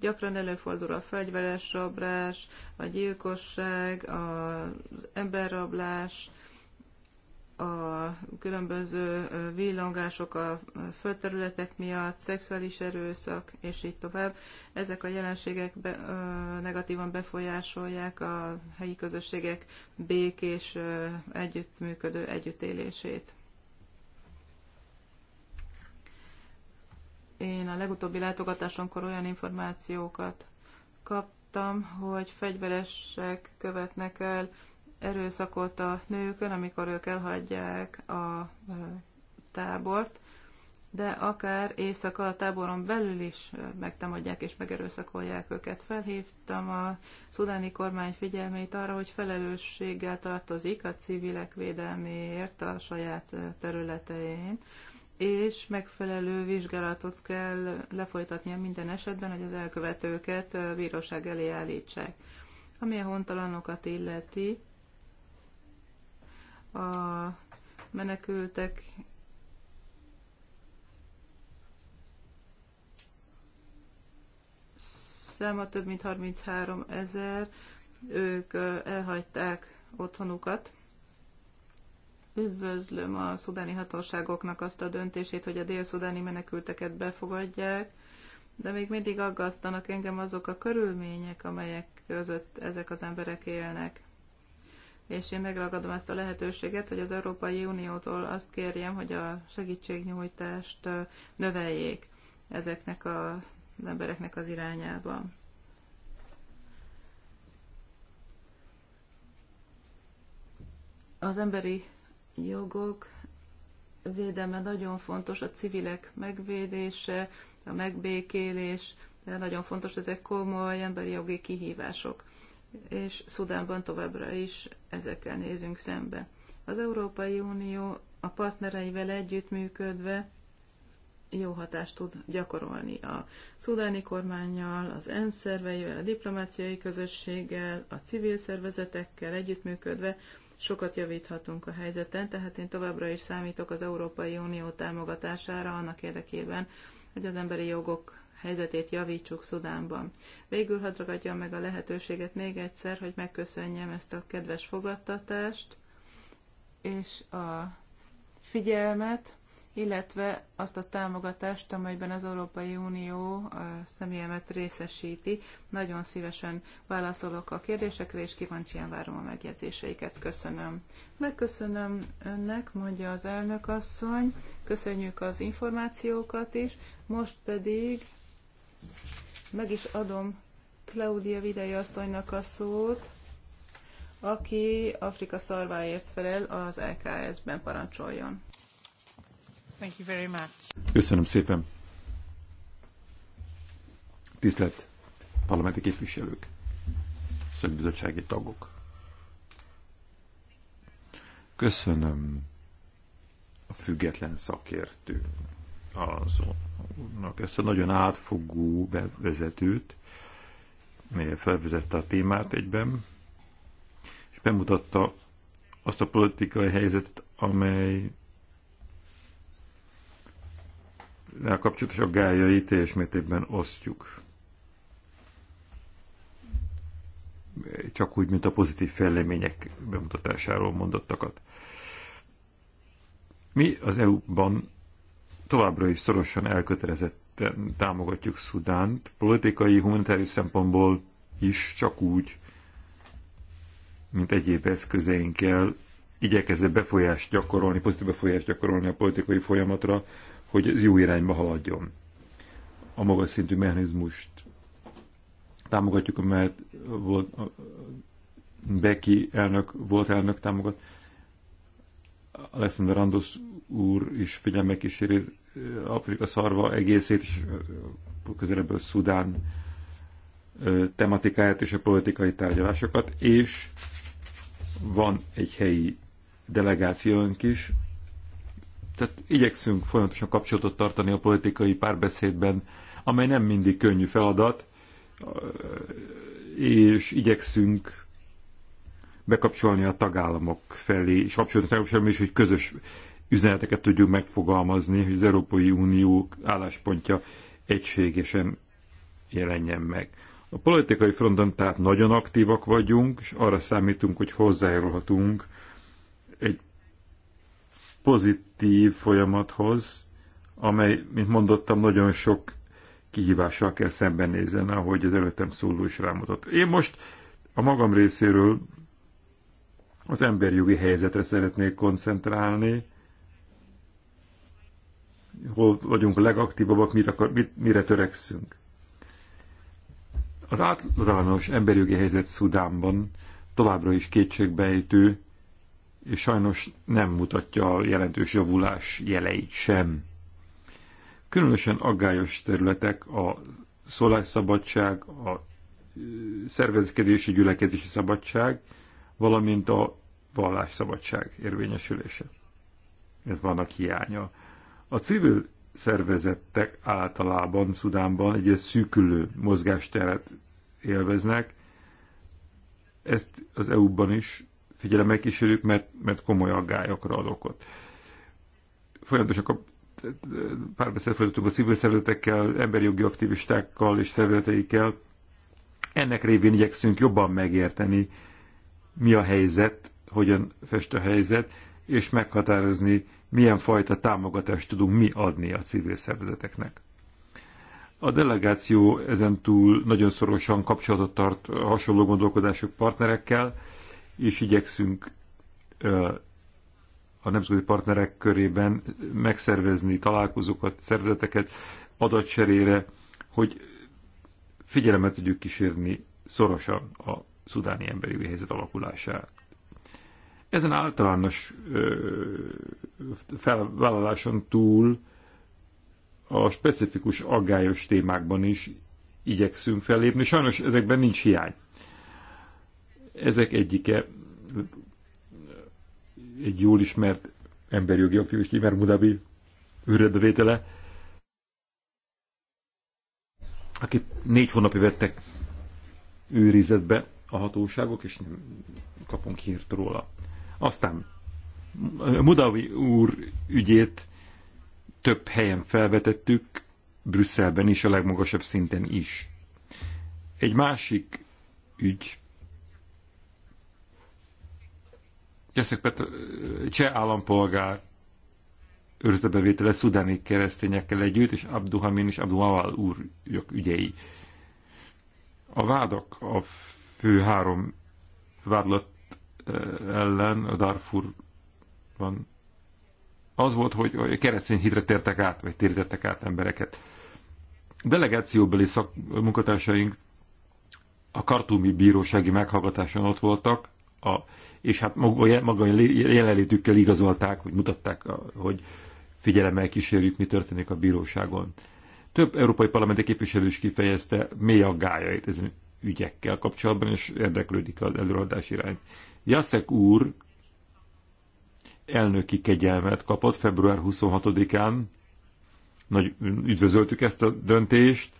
Gyakran előfordul a fegyveres rablás, a gyilkosság, az emberrablás, a különböző villangások a földterületek miatt, szexuális erőszak, és így tovább. Ezek a jelenségek be, negatívan befolyásolják a helyi közösségek békés, együttműködő együttélését. Én a legutóbbi látogatásomkor olyan információkat kaptam, hogy fegyveresek követnek el erőszakot a nőkön, amikor ők elhagyják a e, tábort, de akár éjszaka a táboron belül is e, megtámadják és megerőszakolják őket. Felhívtam a szudáni kormány figyelmét arra, hogy felelősséggel tartozik a civilek védelméért a saját e, területein, és megfelelő vizsgálatot kell lefolytatnia minden esetben, hogy az elkövetőket bíróság elé állítsák. Ami a hontalanokat illeti, a menekültek száma több mint 33 ezer, ők elhagyták otthonukat. Üdvözlöm a szudáni hatóságoknak azt a döntését, hogy a dél-szudáni menekülteket befogadják, de még mindig aggasztanak engem azok a körülmények, amelyek között ezek az emberek élnek és én megragadom ezt a lehetőséget, hogy az Európai Uniótól azt kérjem, hogy a segítségnyújtást növeljék ezeknek a, az embereknek az irányába. Az emberi jogok védelme nagyon fontos, a civilek megvédése, a megbékélés, de nagyon fontos, ezek komoly emberi jogi kihívások és Szudánban továbbra is ezekkel nézünk szembe. Az Európai Unió a partnereivel együttműködve jó hatást tud gyakorolni a szudáni kormányjal, az ENSZ szerveivel, a diplomáciai közösséggel, a civil szervezetekkel együttműködve sokat javíthatunk a helyzeten, tehát én továbbra is számítok az Európai Unió támogatására annak érdekében, hogy az emberi jogok helyzetét javítsuk Szudánban. Végül hadd ragadjam meg a lehetőséget még egyszer, hogy megköszönjem ezt a kedves fogadtatást és a figyelmet, illetve azt a támogatást, amelyben az Európai Unió személyemet részesíti. Nagyon szívesen válaszolok a kérdésekre, és kíváncsian várom a megjegyzéseiket. Köszönöm. Megköszönöm önnek, mondja az elnök asszony. Köszönjük az információkat is. Most pedig meg is adom Claudia Videi asszonynak a szót, aki Afrika szarváért felel az LKS-ben parancsoljon. Thank you very much. Köszönöm szépen. Tisztelt parlamenti képviselők, szakbizottsági tagok. Köszönöm a független szakértő az ezt a nagyon átfogó bevezetőt, melyet felvezette a témát egyben, és bemutatta azt a politikai helyzetet, amely kapcsolatos aggájai teljes mértékben osztjuk. Csak úgy, mint a pozitív fejlemények bemutatásáról mondottakat. Mi az EU-ban továbbra is szorosan elkötelezetten támogatjuk Szudánt, politikai, humanitárius szempontból is csak úgy, mint egyéb eszközeinkkel igyekezve befolyást gyakorolni, pozitív befolyást gyakorolni a politikai folyamatra, hogy az jó irányba haladjon. A magas szintű mechanizmust támogatjuk, mert volt a Beki elnök, volt elnök támogat, Alexander Randos úr is figyelme kíséri Afrika szarva egészét, és közelebből Szudán tematikáját és a politikai tárgyalásokat, és van egy helyi delegációnk is, tehát igyekszünk folyamatosan kapcsolatot tartani a politikai párbeszédben, amely nem mindig könnyű feladat, és igyekszünk bekapcsolni a tagállamok felé, és kapcsolatot is, hogy közös üzeneteket tudjuk megfogalmazni, hogy az Európai Unió álláspontja egységesen jelenjen meg. A politikai fronton tehát nagyon aktívak vagyunk, és arra számítunk, hogy hozzájárulhatunk egy pozitív folyamathoz, amely, mint mondottam, nagyon sok kihívással kell szembenézen, ahogy az előttem szóló is rámutat. Én most a magam részéről az emberjogi helyzetre szeretnék koncentrálni, hol vagyunk a legaktívabbak, mit akar, mit, mire törekszünk. Az általános emberjogi helyzet Szudánban továbbra is kétségbejtő, és sajnos nem mutatja a jelentős javulás jeleit sem. Különösen aggályos területek a szólásszabadság, a szervezkedési gyülekezési szabadság, valamint a vallásszabadság érvényesülése. Ez vannak hiánya. A civil szervezettek általában Szudánban egy szűkülő mozgásteret élveznek. Ezt az EU-ban is figyelemmel kísérjük, mert, mert komoly aggályokra ad okot. Folyamatosak a párbeszéd folytatunk a civil szervezetekkel, emberi jogi aktivistákkal és szervezeteikkel. Ennek révén igyekszünk jobban megérteni, mi a helyzet, hogyan fest a helyzet, és meghatározni milyen fajta támogatást tudunk mi adni a civil szervezeteknek. A delegáció ezen túl nagyon szorosan kapcsolatot tart hasonló gondolkodású partnerekkel, és igyekszünk a nemzetközi partnerek körében megszervezni találkozókat, szervezeteket adatcserére, hogy figyelemet tudjuk kísérni szorosan a szudáni emberi helyzet alakulását. Ezen általános felvállaláson túl a specifikus aggályos témákban is igyekszünk fellépni. Sajnos ezekben nincs hiány. Ezek egyike egy jól ismert emberjogi aktivist, Imer Mudabi üredbevétele, aki négy hónapig vettek őrizetbe a hatóságok, és nem kapunk hírt róla. Aztán Mudavi úr ügyét több helyen felvetettük, Brüsszelben is, a legmagasabb szinten is. Egy másik ügy, Jacek Petr, cseh állampolgár őrzőbevétele szudáni keresztényekkel együtt, és Abduhamin és Abduhaval úr ügyei. A vádak a fő három vádlott ellen a Darfurban az volt, hogy keresztény hitre tértek át, vagy térítettek át embereket. Delegációbeli szak, munkatársaink a kartumi bírósági meghallgatáson ott voltak, a, és hát maga, maga jelenlétükkel igazolták, hogy mutatták, hogy figyelemmel kísérjük, mi történik a bíróságon. Több európai parlamenti képviselő is kifejezte mély aggájait ezen ügyekkel kapcsolatban, és érdeklődik az előadás irány. Jaszek úr elnöki kegyelmet kapott február 26-án. Nagy, üdvözöltük ezt a döntést,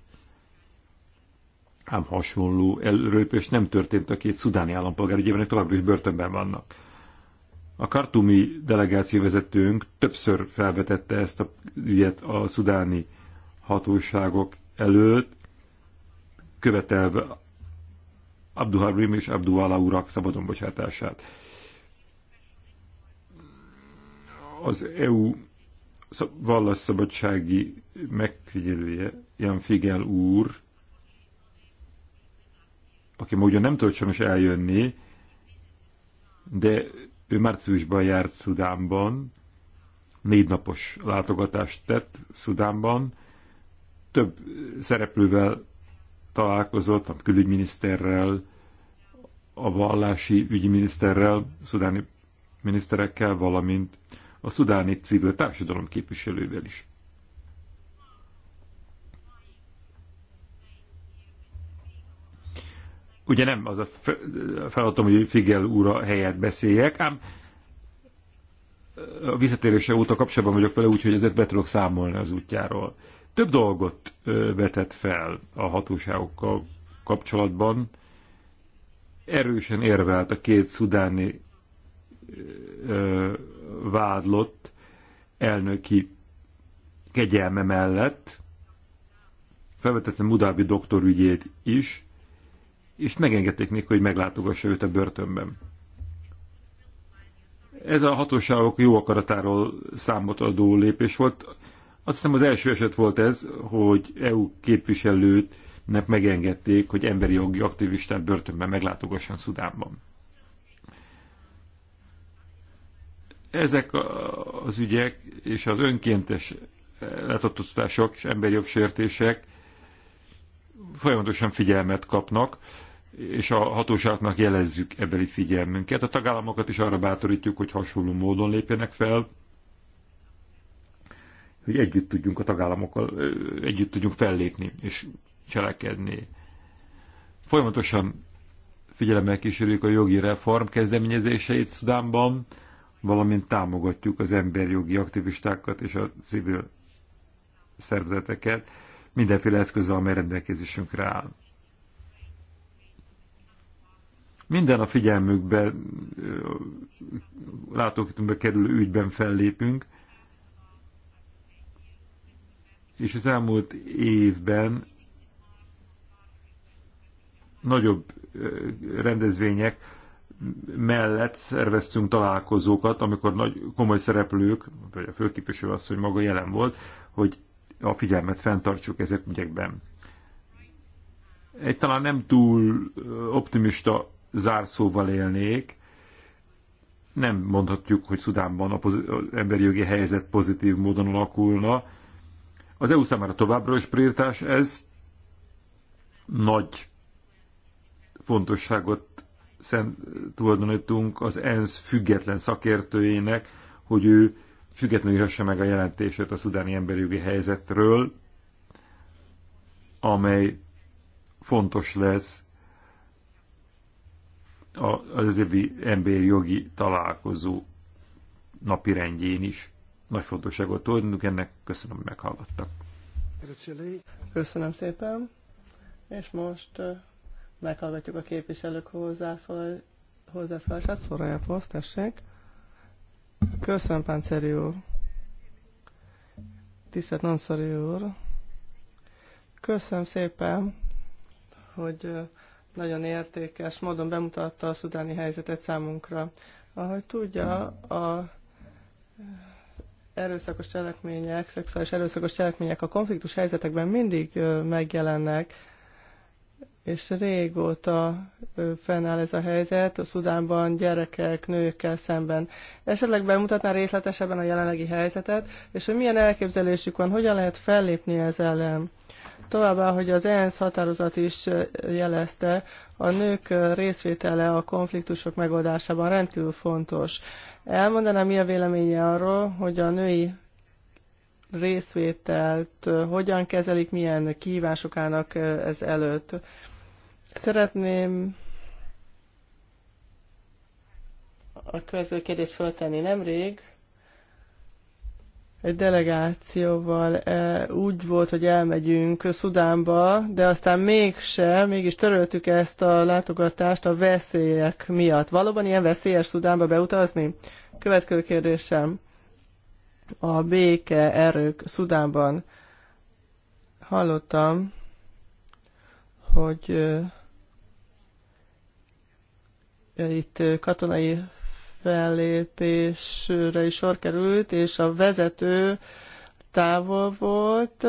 ám hasonló előrépés nem történt a két szudáni állampolgár ügyében, továbbra is börtönben vannak. A kartumi delegáció vezetőnk többször felvetette ezt a ügyet a szudáni hatóságok előtt, követelve Abduharbim és Abdulala urak szabadon bocsátását. Az EU vallásszabadsági megfigyelője, Jan Figel úr, aki ma ugyan nem tudott is eljönni, de ő márciusban járt Szudánban, négy napos látogatást tett Szudánban, több szereplővel találkozott a külügyminiszterrel, a vallási ügyminiszterrel, szudáni miniszterekkel, valamint a szudáni civil társadalom képviselővel is. Ugye nem az a feladatom, hogy Figel úra helyet beszéljek, ám a visszatérése óta kapcsolatban vagyok vele, úgyhogy ezért be tudok számolni az útjáról. Több dolgot vetett fel a hatóságokkal kapcsolatban. Erősen érvelt a két szudáni vádlott elnöki kegyelme mellett, felvetette Mudábi doktor ügyét is, és megengedték neki, hogy meglátogassa őt a börtönben. Ez a hatóságok jó akaratáról számot adó lépés volt. Azt hiszem az első eset volt ez, hogy EU nem megengedték, hogy emberi jogi aktivistát börtönben meglátogasson Szudánban. Ezek az ügyek és az önkéntes eh, letartóztatások és emberi jogsértések folyamatosan figyelmet kapnak, és a hatóságnak jelezzük ebbeli figyelmünket. A tagállamokat is arra bátorítjuk, hogy hasonló módon lépjenek fel, hogy együtt tudjunk a tagállamokkal, együtt tudjunk fellépni és cselekedni. Folyamatosan figyelemmel kísérjük a jogi reform kezdeményezéseit Szudánban, valamint támogatjuk az emberjogi aktivistákat és a civil szervezeteket mindenféle eszközzel, amely rendelkezésünkre áll. Minden a figyelmükbe, látókítunkbe kerülő ügyben fellépünk, és az elmúlt évben nagyobb rendezvények mellett szerveztünk találkozókat, amikor nagy, komoly szereplők, vagy a főképviselő az, hogy maga jelen volt, hogy a figyelmet fenntartsuk ezek ügyekben. Egy talán nem túl optimista zárszóval élnék, nem mondhatjuk, hogy Szudánban az emberi jogi helyzet pozitív módon alakulna, az EU számára továbbra is prioritás ez. Nagy fontosságot szent tulajdonítunk az ENSZ független szakértőjének, hogy ő függetlenül írhassa meg a jelentését a szudáni emberjogi helyzetről, amely fontos lesz az évi emberjogi találkozó napirendjén is nagy fontosságot tulajdonunk ennek. Köszönöm, hogy meghallgattak. Köszönöm szépen, és most meghallgatjuk a képviselők hozzászól, hozzászólását. Szoraja Poszt, tessék. Köszönöm, Pánceri úr. Tisztelt Nonszori úr. Köszönöm szépen, hogy nagyon értékes módon bemutatta a szudáni helyzetet számunkra. Ahogy tudja, a erőszakos cselekmények, szexuális erőszakos cselekmények a konfliktus helyzetekben mindig megjelennek, és régóta fennáll ez a helyzet a Szudánban gyerekek, nőkkel szemben. Esetleg bemutatná részletesebben a jelenlegi helyzetet, és hogy milyen elképzelésük van, hogyan lehet fellépni ez ellen. Továbbá, hogy az ENSZ határozat is jelezte, a nők részvétele a konfliktusok megoldásában rendkívül fontos. Elmondaná, mi a véleménye arról, hogy a női részvételt hogyan kezelik, milyen kihívások állnak ez előtt. Szeretném a következő kérdést föltenni. Nemrég egy delegációval eh, úgy volt, hogy elmegyünk Szudánba, de aztán mégse, mégis töröltük ezt a látogatást a veszélyek miatt. Valóban ilyen veszélyes Szudánba beutazni? Következő kérdésem. A béke erők Szudánban. Hallottam, hogy eh, itt katonai fellépésre is sor került, és a vezető távol volt,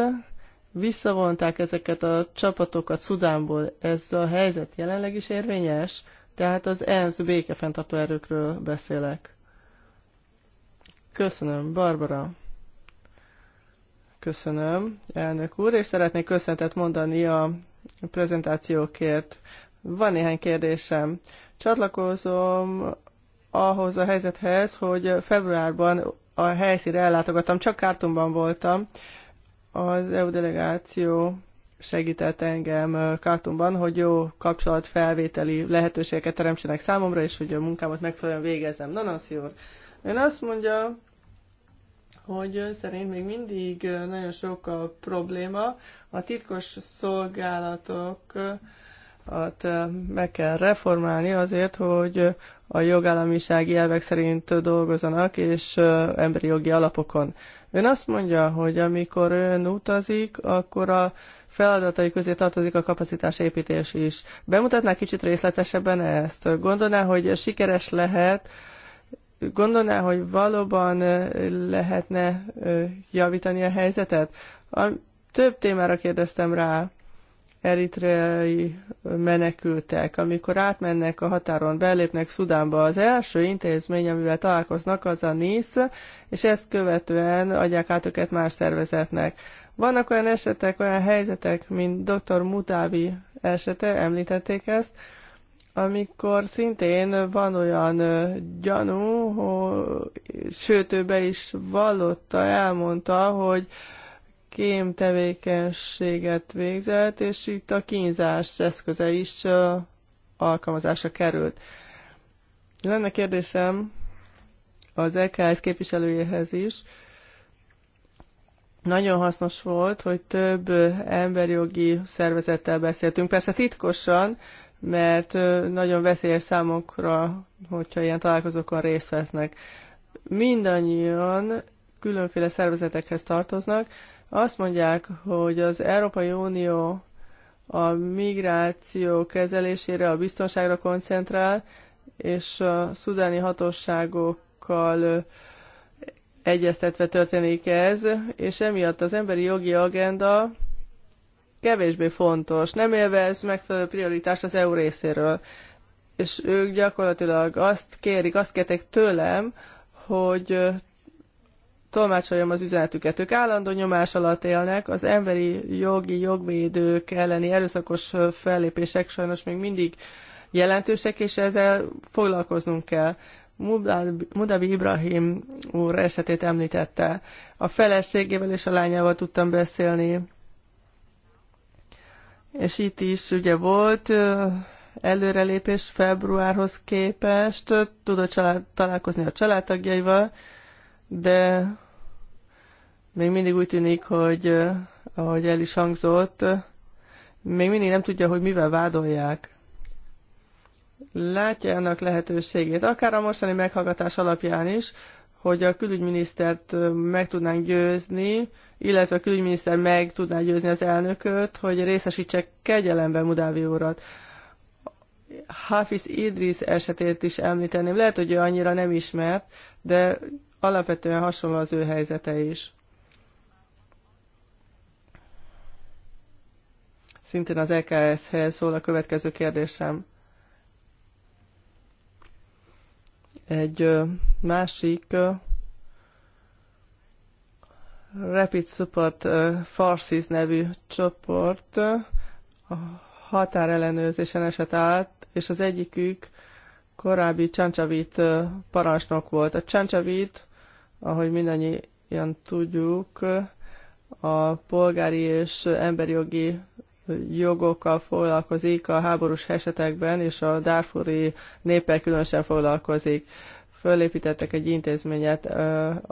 visszavonták ezeket a csapatokat Szudánból. Ez a helyzet jelenleg is érvényes, tehát az ENSZ békefenntartó erőkről beszélek. Köszönöm, Barbara. Köszönöm, elnök úr, és szeretnék köszöntet mondani a prezentációkért. Van néhány kérdésem. Csatlakozom ahhoz a helyzethez, hogy februárban a helyszínre ellátogattam, csak Kártumban voltam. Az EU delegáció segített engem Kártumban, hogy jó kapcsolatfelvételi lehetőségeket teremtsenek számomra, és hogy a munkámat megfelelően végezzem. Na, na, szívor. Ön azt mondja, hogy ön szerint még mindig nagyon sok a probléma. A titkos szolgálatok meg kell reformálni azért, hogy a jogállamisági elvek szerint dolgozanak, és emberi jogi alapokon. Ön azt mondja, hogy amikor ön utazik, akkor a feladatai közé tartozik a kapacitás építés is. Bemutatná kicsit részletesebben ezt? Gondolná, hogy sikeres lehet, gondolná, hogy valóban lehetne javítani a helyzetet? A több témára kérdeztem rá eritreai menekültek. Amikor átmennek a határon, belépnek Szudánba, az első intézmény, amivel találkoznak, az a NISZ, és ezt követően adják át őket más szervezetnek. Vannak olyan esetek, olyan helyzetek, mint dr. Mutávi esete, említették ezt, amikor szintén van olyan gyanú, hogy, sőt ő be is vallotta, elmondta, hogy kém tevékenységet végzett, és itt a kínzás eszköze is alkalmazásra került. Lenne kérdésem az LKS e képviselőjéhez is. Nagyon hasznos volt, hogy több emberjogi szervezettel beszéltünk. Persze titkosan, mert nagyon veszélyes számokra, hogyha ilyen találkozókon részt vesznek. Mindannyian különféle szervezetekhez tartoznak, azt mondják, hogy az Európai Unió a migráció kezelésére, a biztonságra koncentrál, és a szudáni hatóságokkal egyeztetve történik ez, és emiatt az emberi jogi agenda kevésbé fontos, nem élvez megfelelő prioritást az EU részéről. És ők gyakorlatilag azt kérik, azt kérték tőlem, hogy tolmácsoljam az üzenetüket. Ők állandó nyomás alatt élnek, az emberi jogi jogvédők elleni erőszakos fellépések sajnos még mindig jelentősek, és ezzel foglalkoznunk kell. Mudabi Ibrahim úr esetét említette. A feleségével és a lányával tudtam beszélni. És itt is ugye volt előrelépés februárhoz képest, tudott család, találkozni a családtagjaival, de még mindig úgy tűnik, hogy eh, ahogy el is hangzott, még mindig nem tudja, hogy mivel vádolják. Látja ennek lehetőségét, akár a mostani meghallgatás alapján is, hogy a külügyminisztert eh, meg tudnánk győzni, illetve a külügyminiszter meg tudná győzni az elnököt, hogy részesítse kegyelembe Mudávi urat. Hafiz Idris esetét is említeném. Lehet, hogy ő annyira nem ismert, de alapvetően hasonló az ő helyzete is. Szintén az EKS-hez szól a következő kérdésem. Egy másik Rapid Support Forces nevű csoport a határellenőrzésen esett át, és az egyikük korábbi Csancsavit parancsnok volt. A Csancsavit, ahogy mindannyian tudjuk, a polgári és emberi jogi jogokkal foglalkozik a háborús esetekben, és a dárfuri néppel különösen foglalkozik. Fölépítettek egy intézményet,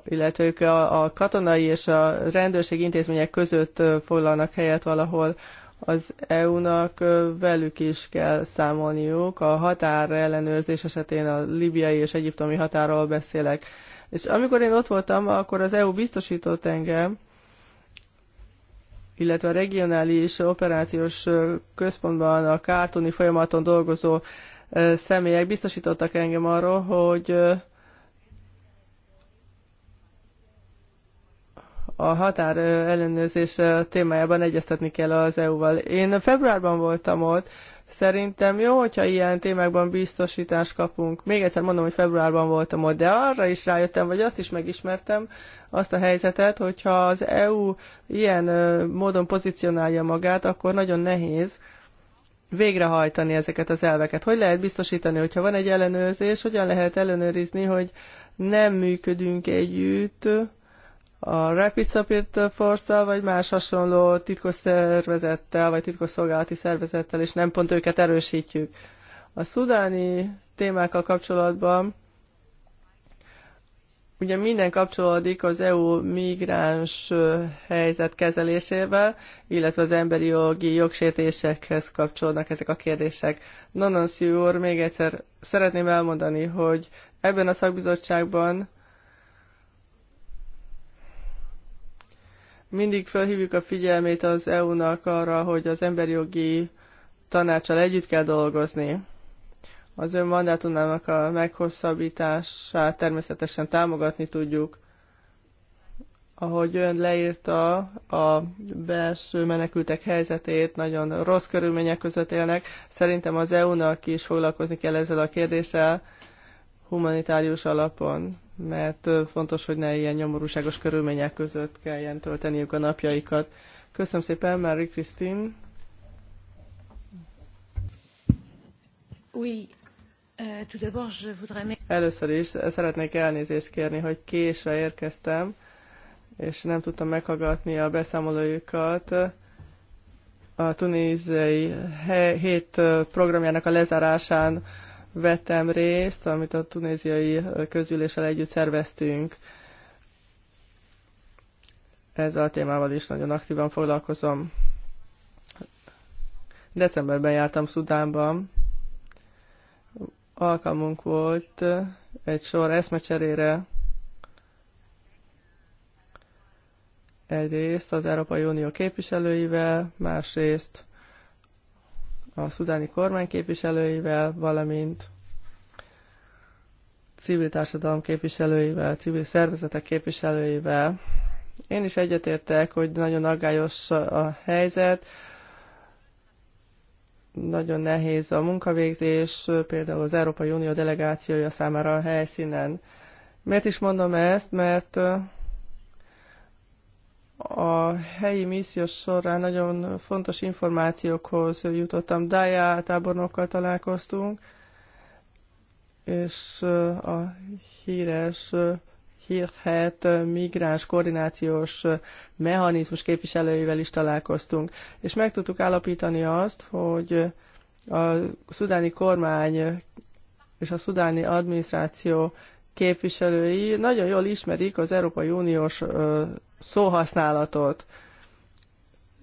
illetve ők a katonai és a rendőrség intézmények között foglalnak helyet valahol. Az EU-nak velük is kell számolniuk. A határ ellenőrzés esetén a libiai és egyiptomi határól beszélek. És amikor én ott voltam, akkor az EU biztosított engem, illetve a regionális operációs központban a kártoni folyamaton dolgozó személyek biztosítottak engem arról, hogy a határ ellenőrzés témájában egyeztetni kell az EU-val. Én februárban voltam ott, Szerintem jó, hogyha ilyen témákban biztosítást kapunk. Még egyszer mondom, hogy februárban voltam ott, de arra is rájöttem, vagy azt is megismertem, azt a helyzetet, hogyha az EU ilyen módon pozícionálja magát, akkor nagyon nehéz végrehajtani ezeket az elveket. Hogy lehet biztosítani, hogyha van egy ellenőrzés, hogyan lehet ellenőrizni, hogy nem működünk együtt a Rapid Support force vagy más hasonló titkos szervezettel, vagy titkos szolgálati szervezettel, és nem pont őket erősítjük. A szudáni témákkal kapcsolatban Ugye minden kapcsolódik az EU migráns helyzet kezelésével, illetve az emberi jogi jogsértésekhez kapcsolódnak ezek a kérdések. Nanon úr, még egyszer szeretném elmondani, hogy ebben a szakbizottságban mindig felhívjuk a figyelmét az EU-nak arra, hogy az emberi jogi tanácsal együtt kell dolgozni. Az ön mandátumának a meghosszabbítását természetesen támogatni tudjuk. Ahogy ön leírta a belső menekültek helyzetét, nagyon rossz körülmények között élnek. Szerintem az EU-nak is foglalkozni kell ezzel a kérdéssel humanitárius alapon, mert fontos, hogy ne ilyen nyomorúságos körülmények között kelljen tölteniük a napjaikat. Köszönöm szépen, Mary Christine. Oui, Euh, Először is szeretnék elnézést kérni, hogy késve érkeztem, és nem tudtam meghallgatni a beszámolójukat. A tunéziai hét programjának a lezárásán vettem részt, amit a tunéziai közüléssel együtt szerveztünk. Ezzel a témával is nagyon aktívan foglalkozom. Decemberben jártam Szudánban, alkalmunk volt egy sor eszmecserére egyrészt az Európai Unió képviselőivel, másrészt a szudáni kormány képviselőivel, valamint civil társadalom képviselőivel, civil szervezetek képviselőivel. Én is egyetértek, hogy nagyon aggályos a helyzet, nagyon nehéz a munkavégzés, például az Európai Unió delegációja számára a helyszínen. Miért is mondom ezt? Mert a helyi missziós során nagyon fontos információkhoz jutottam. Dája tábornokkal találkoztunk, és a híres hírhet migráns koordinációs mechanizmus képviselőivel is találkoztunk, és meg tudtuk állapítani azt, hogy a szudáni kormány és a szudáni adminisztráció képviselői nagyon jól ismerik az Európai Uniós szóhasználatot.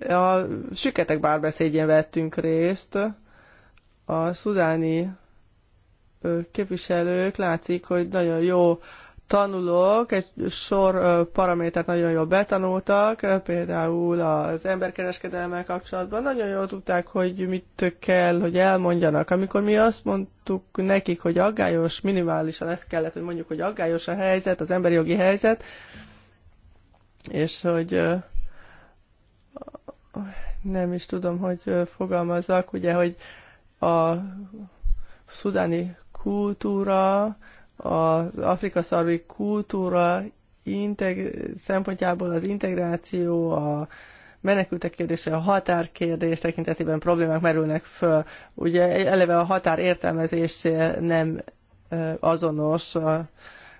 A süketek bárbeszédjén vettünk részt, a szudáni képviselők látszik, hogy nagyon jó tanulók egy sor paramétert nagyon jól betanultak, például az emberkereskedelemmel kapcsolatban nagyon jól tudták, hogy mit kell, hogy elmondjanak. Amikor mi azt mondtuk nekik, hogy aggályos, minimálisan ezt kellett, hogy mondjuk, hogy aggályos a helyzet, az emberi jogi helyzet, és hogy nem is tudom, hogy fogalmazzak, ugye, hogy a szudáni kultúra, az Afrika szarvi kultúra integ- szempontjából az integráció, a menekültek kérdése, a határ kérdés tekintetében problémák merülnek föl. Ugye eleve a határ értelmezése nem azonos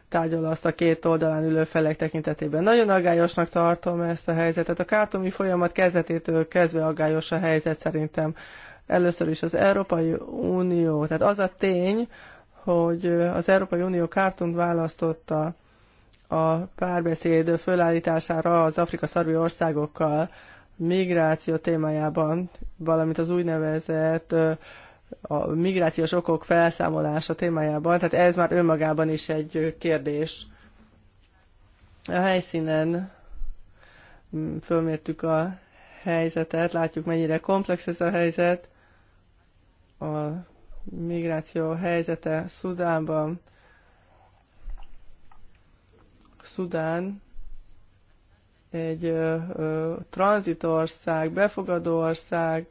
tárgyal azt a két oldalán ülő felek tekintetében. Nagyon aggályosnak tartom ezt a helyzetet. A kártomi folyamat kezdetétől kezdve aggályos a helyzet szerintem. Először is az Európai Unió, tehát az a tény, hogy az Európai Unió kártunk választotta a párbeszéd fölállítására az Afrika szarvi országokkal migráció témájában, valamint az úgynevezett a migrációs okok felszámolása témájában, tehát ez már önmagában is egy kérdés. A helyszínen fölmértük a helyzetet, látjuk mennyire komplex ez a helyzet, a migráció helyzete Szudánban. Szudán egy ö, ö, tranzitország, befogadó ország,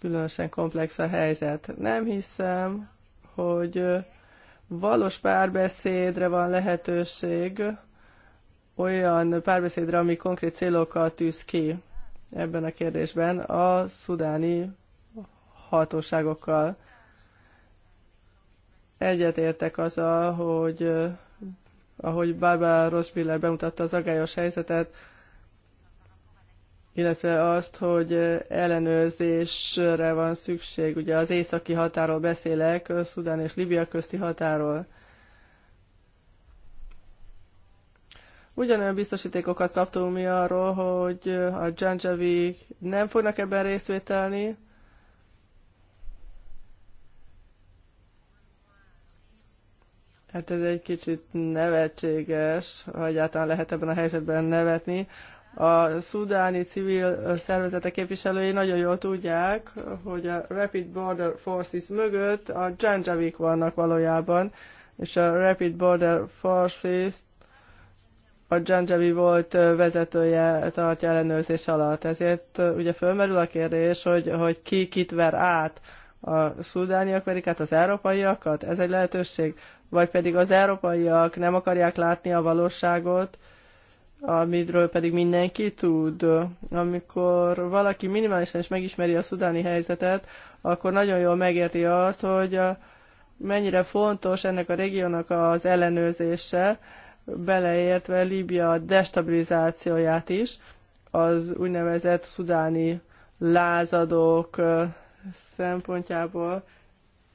különösen komplex a helyzet. Nem hiszem, hogy valós párbeszédre van lehetőség, olyan párbeszédre, ami konkrét célokat tűz ki ebben a kérdésben a szudáni hatóságokkal. Egyetértek azzal, hogy ahogy Barbara Rosbiller bemutatta az agályos helyzetet, illetve azt, hogy ellenőrzésre van szükség. Ugye az északi határól beszélek, Szudán és Libia közti határól. Ugyanolyan biztosítékokat kaptunk mi arról, hogy a Janjavik nem fognak ebben részvételni, Hát ez egy kicsit nevetséges, hogy általán lehet ebben a helyzetben nevetni. A szudáni civil szervezetek képviselői nagyon jól tudják, hogy a Rapid Border Forces mögött a Janjavik vannak valójában, és a Rapid Border Forces a Janjavi volt vezetője tartja ellenőrzés alatt. Ezért ugye fölmerül a kérdés, hogy, hogy ki kit ver át. A szudániak verik át az európaiakat? Ez egy lehetőség vagy pedig az európaiak nem akarják látni a valóságot, amiről pedig mindenki tud. Amikor valaki minimálisan is megismeri a szudáni helyzetet, akkor nagyon jól megérti azt, hogy uh, mennyire fontos ennek a régiónak az ellenőrzése, beleértve Líbia destabilizációját is, az úgynevezett szudáni lázadók uh, szempontjából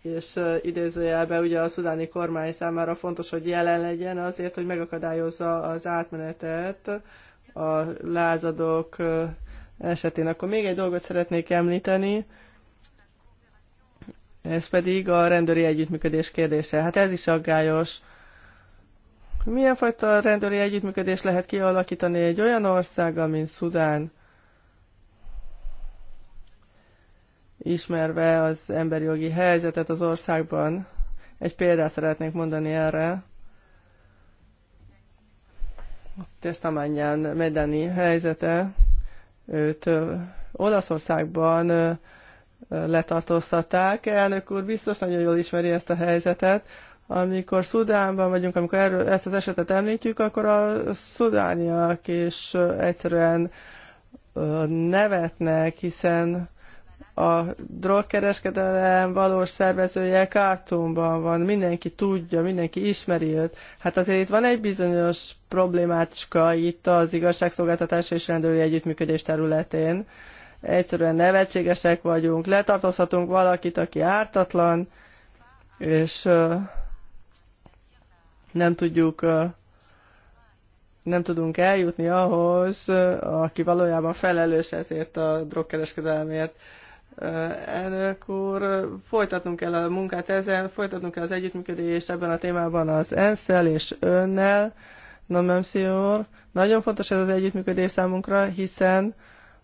és idézőjelben ugye a szudáni kormány számára fontos, hogy jelen legyen azért, hogy megakadályozza az átmenetet a lázadók esetén. Akkor még egy dolgot szeretnék említeni, ez pedig a rendőri együttműködés kérdése. Hát ez is aggályos. Milyen fajta rendőri együttműködés lehet kialakítani egy olyan országgal, mint Szudán? ismerve az emberi jogi helyzetet az országban. Egy példát szeretnék mondani erre. Tesztamányán Medani helyzete, őt Olaszországban letartóztatták. Elnök úr biztos nagyon jól ismeri ezt a helyzetet. Amikor Szudánban vagyunk, amikor erről, ezt az esetet említjük, akkor a szudániak is egyszerűen nevetnek, hiszen a drogkereskedelem valós szervezője kartonban van, mindenki tudja, mindenki ismeri őt. Hát azért itt van egy bizonyos problémácska itt az igazságszolgáltatás és rendőri együttműködés területén. Egyszerűen nevetségesek vagyunk, letartozhatunk valakit, aki ártatlan, és uh, nem tudjuk uh, nem tudunk eljutni ahhoz, aki valójában felelős ezért a drogkereskedelemért. Elnök úr, folytatnunk kell a munkát ezzel, folytatnunk kell az együttműködést ebben a témában az ensz és önnel. Na, Memszior, nagyon fontos ez az együttműködés számunkra, hiszen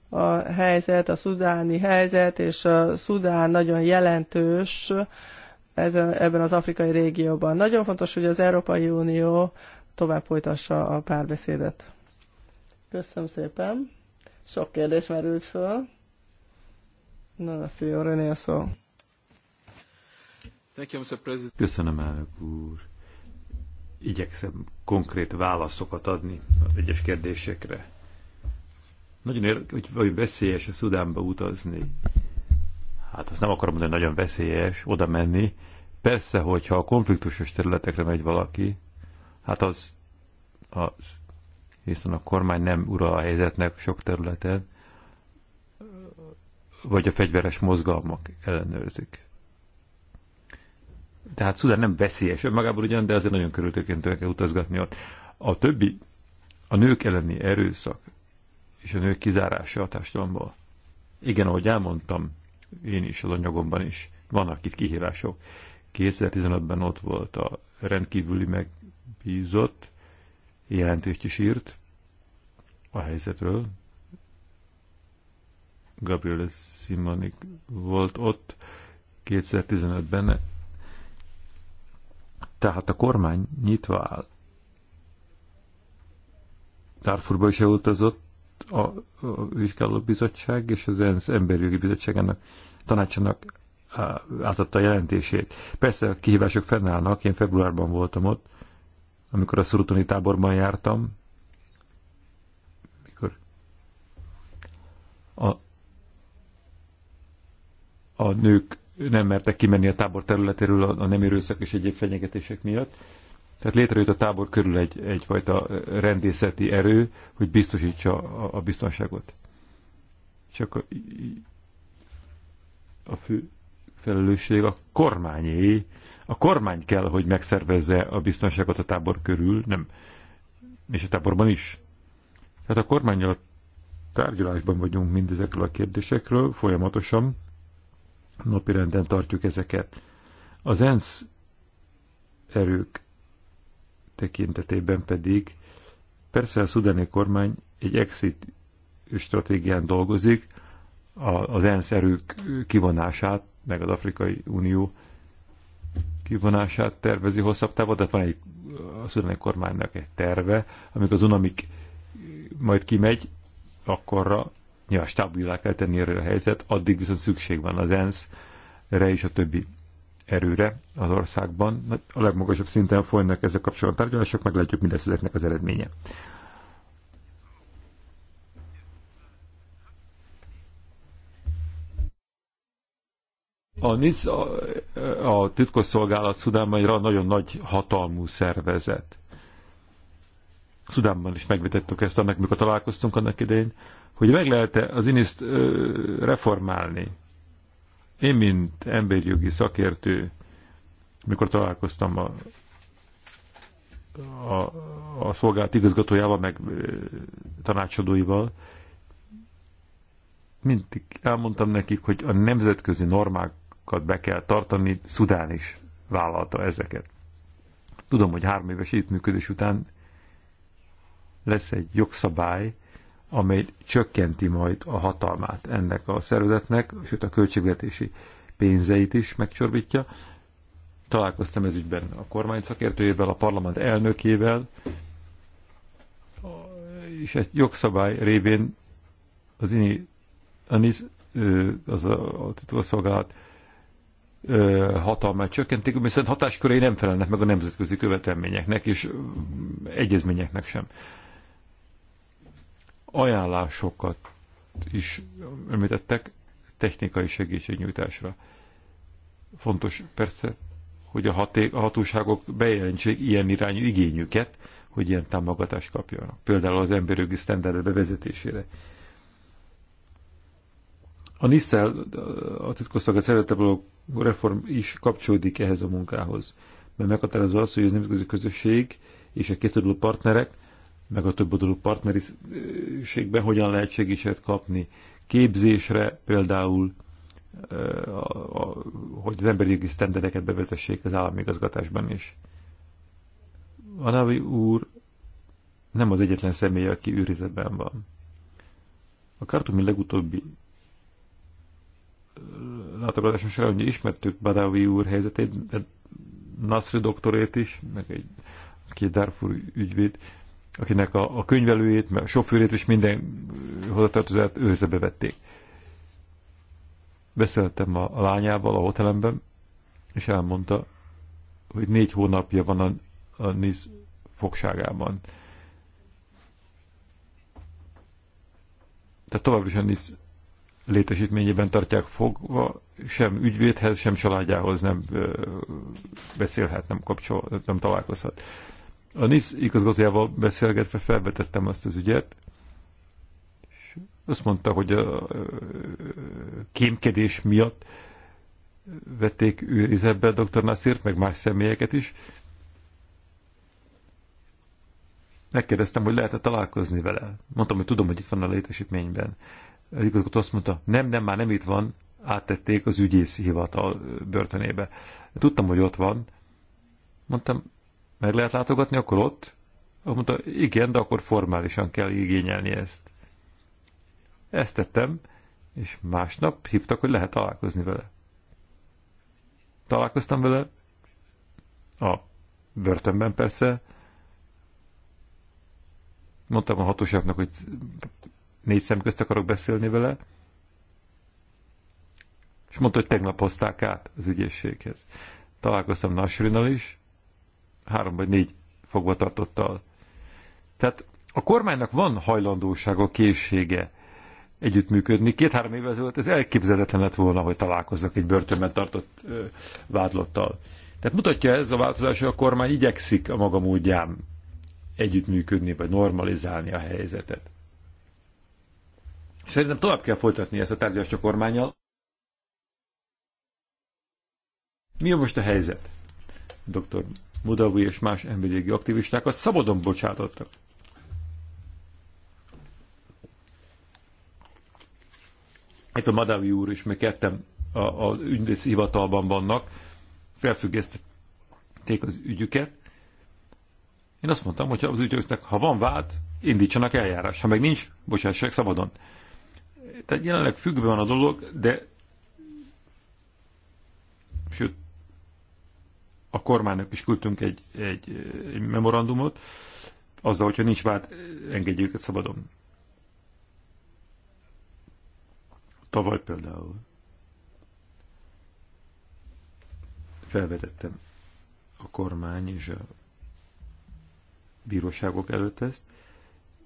a helyzet, a szudáni helyzet, és a szudán nagyon jelentős ezen, ebben az afrikai régióban. Nagyon fontos, hogy az Európai Unió tovább folytassa a párbeszédet. Köszönöm szépen. Sok kérdés merült föl. Na, a Fiore szó. Köszönöm, elnök úr. Igyekszem konkrét válaszokat adni az egyes kérdésekre. Nagyon érdekes, hogy vagy veszélyes a Szudánba utazni. Hát azt nem akarom mondani, hogy nagyon veszélyes oda menni. Persze, hogyha a konfliktusos területekre megy valaki, hát az, az hiszen a kormány nem ura a helyzetnek sok területen, vagy a fegyveres mozgalmak ellenőrzik. Tehát Szudán nem veszélyes önmagában ugyan, de azért nagyon körültökentően kell utazgatni ott. A többi, a nők elleni erőszak és a nők kizárása a társadalomból. Igen, ahogy elmondtam, én is az anyagomban is, vannak itt kihívások. 2015-ben ott volt a rendkívüli megbízott, jelentést is írt a helyzetről, Gabriel Simonik volt ott 2015-ben. Tehát a kormány nyitva áll. Darfurba is elutazott a, a vizsgáló bizottság és az ENSZ bizottság bizottságának tanácsának átadta a jelentését. Persze a kihívások fennállnak, én februárban voltam ott, amikor a szurutoni táborban jártam, mikor a a nők nem mertek kimenni a tábor területéről a, nem erőszak és egyéb fenyegetések miatt. Tehát létrejött a tábor körül egy, egyfajta rendészeti erő, hogy biztosítsa a, a biztonságot. Csak a, a fő felelősség a kormányé. A kormány kell, hogy megszervezze a biztonságot a tábor körül, nem. És a táborban is. Tehát a kormányjal tárgyalásban vagyunk mindezekről a kérdésekről folyamatosan, napirenden tartjuk ezeket. Az ENSZ erők tekintetében pedig persze a szudáni kormány egy exit stratégián dolgozik, az ENSZ erők kivonását, meg az Afrikai Unió kivonását tervezi hosszabb távon, de van egy a szudáni kormánynak egy terve, amikor az unamik majd kimegy, akkorra ja, stabilá kell tenni erre a helyzet, addig viszont szükség van az ENSZ-re és a többi erőre az országban. A legmagasabb szinten folynak ezzel kapcsolatban tárgyalások, meglátjuk, mi lesz ezeknek az eredménye. A NISZ, a, a titkosszolgálat Szudánban egy nagyon nagy hatalmú szervezet. Szudánban is megvetettük ezt, annak mikor találkoztunk annak idején hogy meg lehet-e az iniszt reformálni. Én, mint emberjogi szakértő, mikor találkoztam a, a, a szolgált igazgatójával, meg tanácsadóival, mindig elmondtam nekik, hogy a nemzetközi normákat be kell tartani, Szudán is vállalta ezeket. Tudom, hogy három éves működés után lesz egy jogszabály, amely csökkenti majd a hatalmát ennek a szervezetnek, sőt a költségvetési pénzeit is megcsorbítja. Találkoztam ez ügyben a kormány szakértőjével, a parlament elnökével, és egy jogszabály révén az INI, ANIS, az a, a titulszolgálat hatalmát csökkentik, viszont hatáskörei nem felelnek meg a nemzetközi követelményeknek és egyezményeknek sem ajánlásokat is említettek technikai segítségnyújtásra. Fontos persze, hogy a, a hatóságok bejelentsék ilyen irányú igényüket, hogy ilyen támogatást kapjanak. Például az emberjogi sztenderdek bevezetésére. A NISZEL, a titkosszolgálat szeretetből reform is kapcsolódik ehhez a munkához. Mert meghatározó az, hogy az nemzetközi közösség és a kétoldalú partnerek meg a több oldalú partneriségben hogyan lehet segítséget kapni. Képzésre például, hogy az emberi jogi sztendereket bevezessék az állami igazgatásban is. A Navi úr nem az egyetlen személy, aki őrizetben van. A kartumi legutóbbi látogatásom során hogy ismertük Badawi úr helyzetét, Nasri doktorét is, meg egy, aki egy Darfur ügyvéd, akinek a, a könyvelőjét, meg a sofőrét és minden hozzátartozát őrzebe vették. Beszéltem a, a lányával a hotelemben, és elmondta, hogy négy hónapja van a, a NISZ fogságában. Tehát továbbra is a NISZ létesítményében tartják fogva, sem ügyvédhez, sem családjához nem beszélhet, nem kapcsol, nem találkozhat. A NISZ igazgatójával beszélgetve felvetettem azt az ügyet, és azt mondta, hogy a kémkedés miatt vették őrizetbe dr. Nassért, meg más személyeket is. Megkérdeztem, hogy lehet-e találkozni vele. Mondtam, hogy tudom, hogy itt van a létesítményben. Az igazgató azt mondta, nem, nem, már nem itt van, áttették az ügyész hivatal börtönébe. Tudtam, hogy ott van. Mondtam, meg lehet látogatni, akkor ott? mondta, igen, de akkor formálisan kell igényelni ezt. Ezt tettem, és másnap hívtak, hogy lehet találkozni vele. Találkoztam vele, a börtönben persze, mondtam a hatóságnak, hogy négy szem közt akarok beszélni vele, és mondta, hogy tegnap hozták át az ügyészséghez. Találkoztam Nasrinnal is, három vagy négy fogvatartottal. Tehát a kormánynak van hajlandósága, készsége együttműködni. Két-három évvel ezelőtt ez elképzelhetetlen lett volna, hogy találkozzak egy börtönben tartott vádlottal. Tehát mutatja ez a változás, hogy a kormány igyekszik a maga módján együttműködni, vagy normalizálni a helyzetet. Szerintem tovább kell folytatni ezt a tárgyalást a kormányjal. Mi a most a helyzet, doktor Mudawi és más emberi aktivistákat szabadon bocsátottak. Itt a Madavi úr is, még kettem az ügyész hivatalban vannak, felfüggesztették az ügyüket. Én azt mondtam, hogy az ügyőknek, ha van vád, indítsanak eljárás. Ha meg nincs, bocsássák szabadon. Tehát jelenleg függve van a dolog, de sőt, a kormánynak is küldtünk egy, egy, egy memorandumot, azzal, hogyha nincs vád, engedjük őket szabadon. Tavaly például felvetettem a kormány és a bíróságok előtt ezt,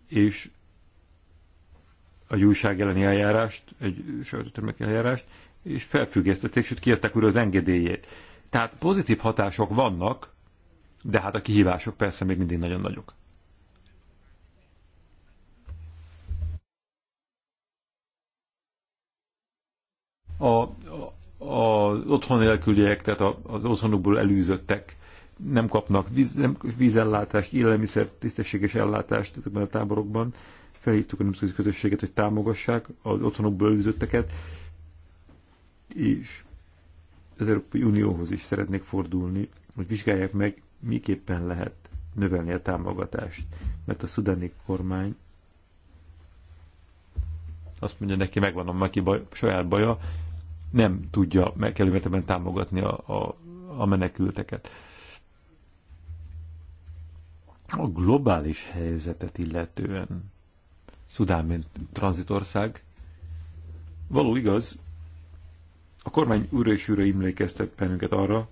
és a gyújság elleni eljárást, egy sajtótermek eljárást, és felfüggesztették, sőt kiadták újra az engedélyét tehát pozitív hatások vannak, de hát a kihívások persze még mindig nagyon nagyok. A, a, az otthon nélküliek, tehát az otthonukból elűzöttek nem kapnak víz, nem, vízellátást, élelmiszer, tisztességes ellátást ezekben a táborokban. Felhívtuk a nemzetközi közösséget, hogy támogassák az otthonokból elűzötteket, és az Európai Unióhoz is szeretnék fordulni, hogy vizsgálják meg, miképpen lehet növelni a támogatást. Mert a szudáni kormány azt mondja neki, megvan a neki baj, saját baja, nem tudja meg kellő támogatni a, a, a menekülteket. A globális helyzetet illetően Szudán, mint tranzitország, való igaz, a kormány újra és újra emlékeztet bennünket arra,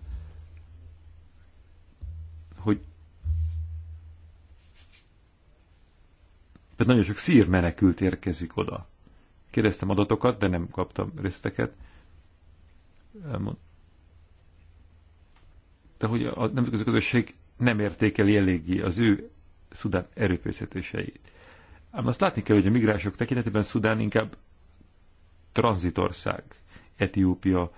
hogy Például nagyon sok szír menekült érkezik oda. Kérdeztem adatokat, de nem kaptam részteket. De hogy a nemzetközi közösség nem értékeli eléggé az ő Szudán erőfeszítéseit. Ám azt látni kell, hogy a migránsok tekintetében Szudán inkább tranzitország. Etiópia,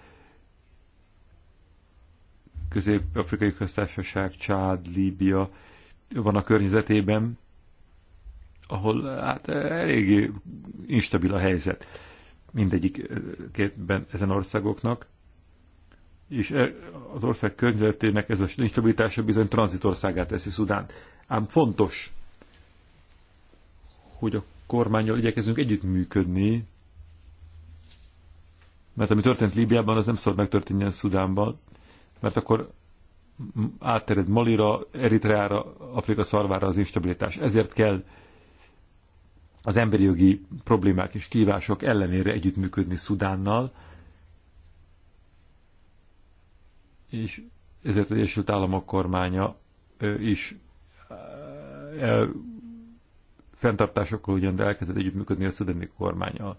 Közép-Afrikai Köztársaság, Csád, Líbia van a környezetében, ahol hát eléggé instabil a helyzet mindegyik eh, kétben ezen országoknak, és e, az ország környezetének ez a instabilitása bizony tranzitországát teszi Szudán. Ám fontos, hogy a kormányjal igyekezünk együttműködni, mert ami történt Líbiában, az nem szabad megtörténjen Szudánban, mert akkor áttered Malira, Eritreára, Afrika szarvára az instabilitás. Ezért kell az emberi jogi problémák és kívások ellenére együttműködni Szudánnal, és ezért az Egyesült Államok kormánya is fenntartásokkal ugyan, de elkezdett együttműködni a szudáni kormányal.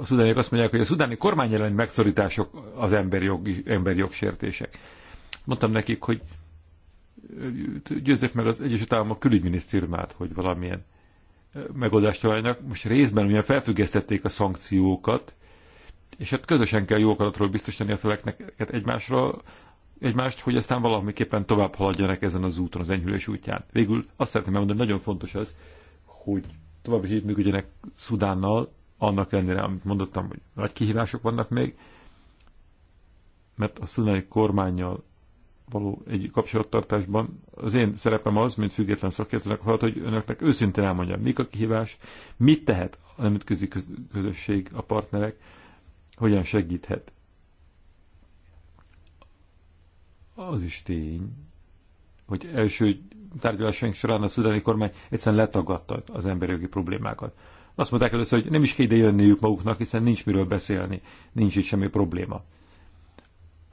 a szudániak azt mondják, hogy a szudáni kormány elleni megszorítások az emberi, jogi emberi jogsértések. Mondtam nekik, hogy győzzek meg az Egyesült Államok külügyminisztériumát, hogy valamilyen megoldást találjanak. Most részben ugye felfüggesztették a szankciókat, és hát közösen kell jó akaratról biztosítani a feleknek egymásra, egymást, hogy aztán valamiképpen tovább haladjanak ezen az úton, az enyhülés útján. Végül azt szeretném elmondani, nagyon fontos az, hogy tovább is így működjenek Szudánnal, annak ellenére, amit mondottam, hogy nagy kihívások vannak még, mert a szudani kormányjal való egy kapcsolattartásban az én szerepem az, mint független szakértőnek, hogy önöknek őszintén elmondjam, mik a kihívás, mit tehet a nemzetközi közösség, a partnerek, hogyan segíthet. Az is tény, hogy első tárgyalásaink során a szudáni kormány egyszerűen letagadta az emberi jogi problémákat. Azt mondták először, hogy nem is kell ide jönniük maguknak, hiszen nincs miről beszélni, nincs itt semmi probléma.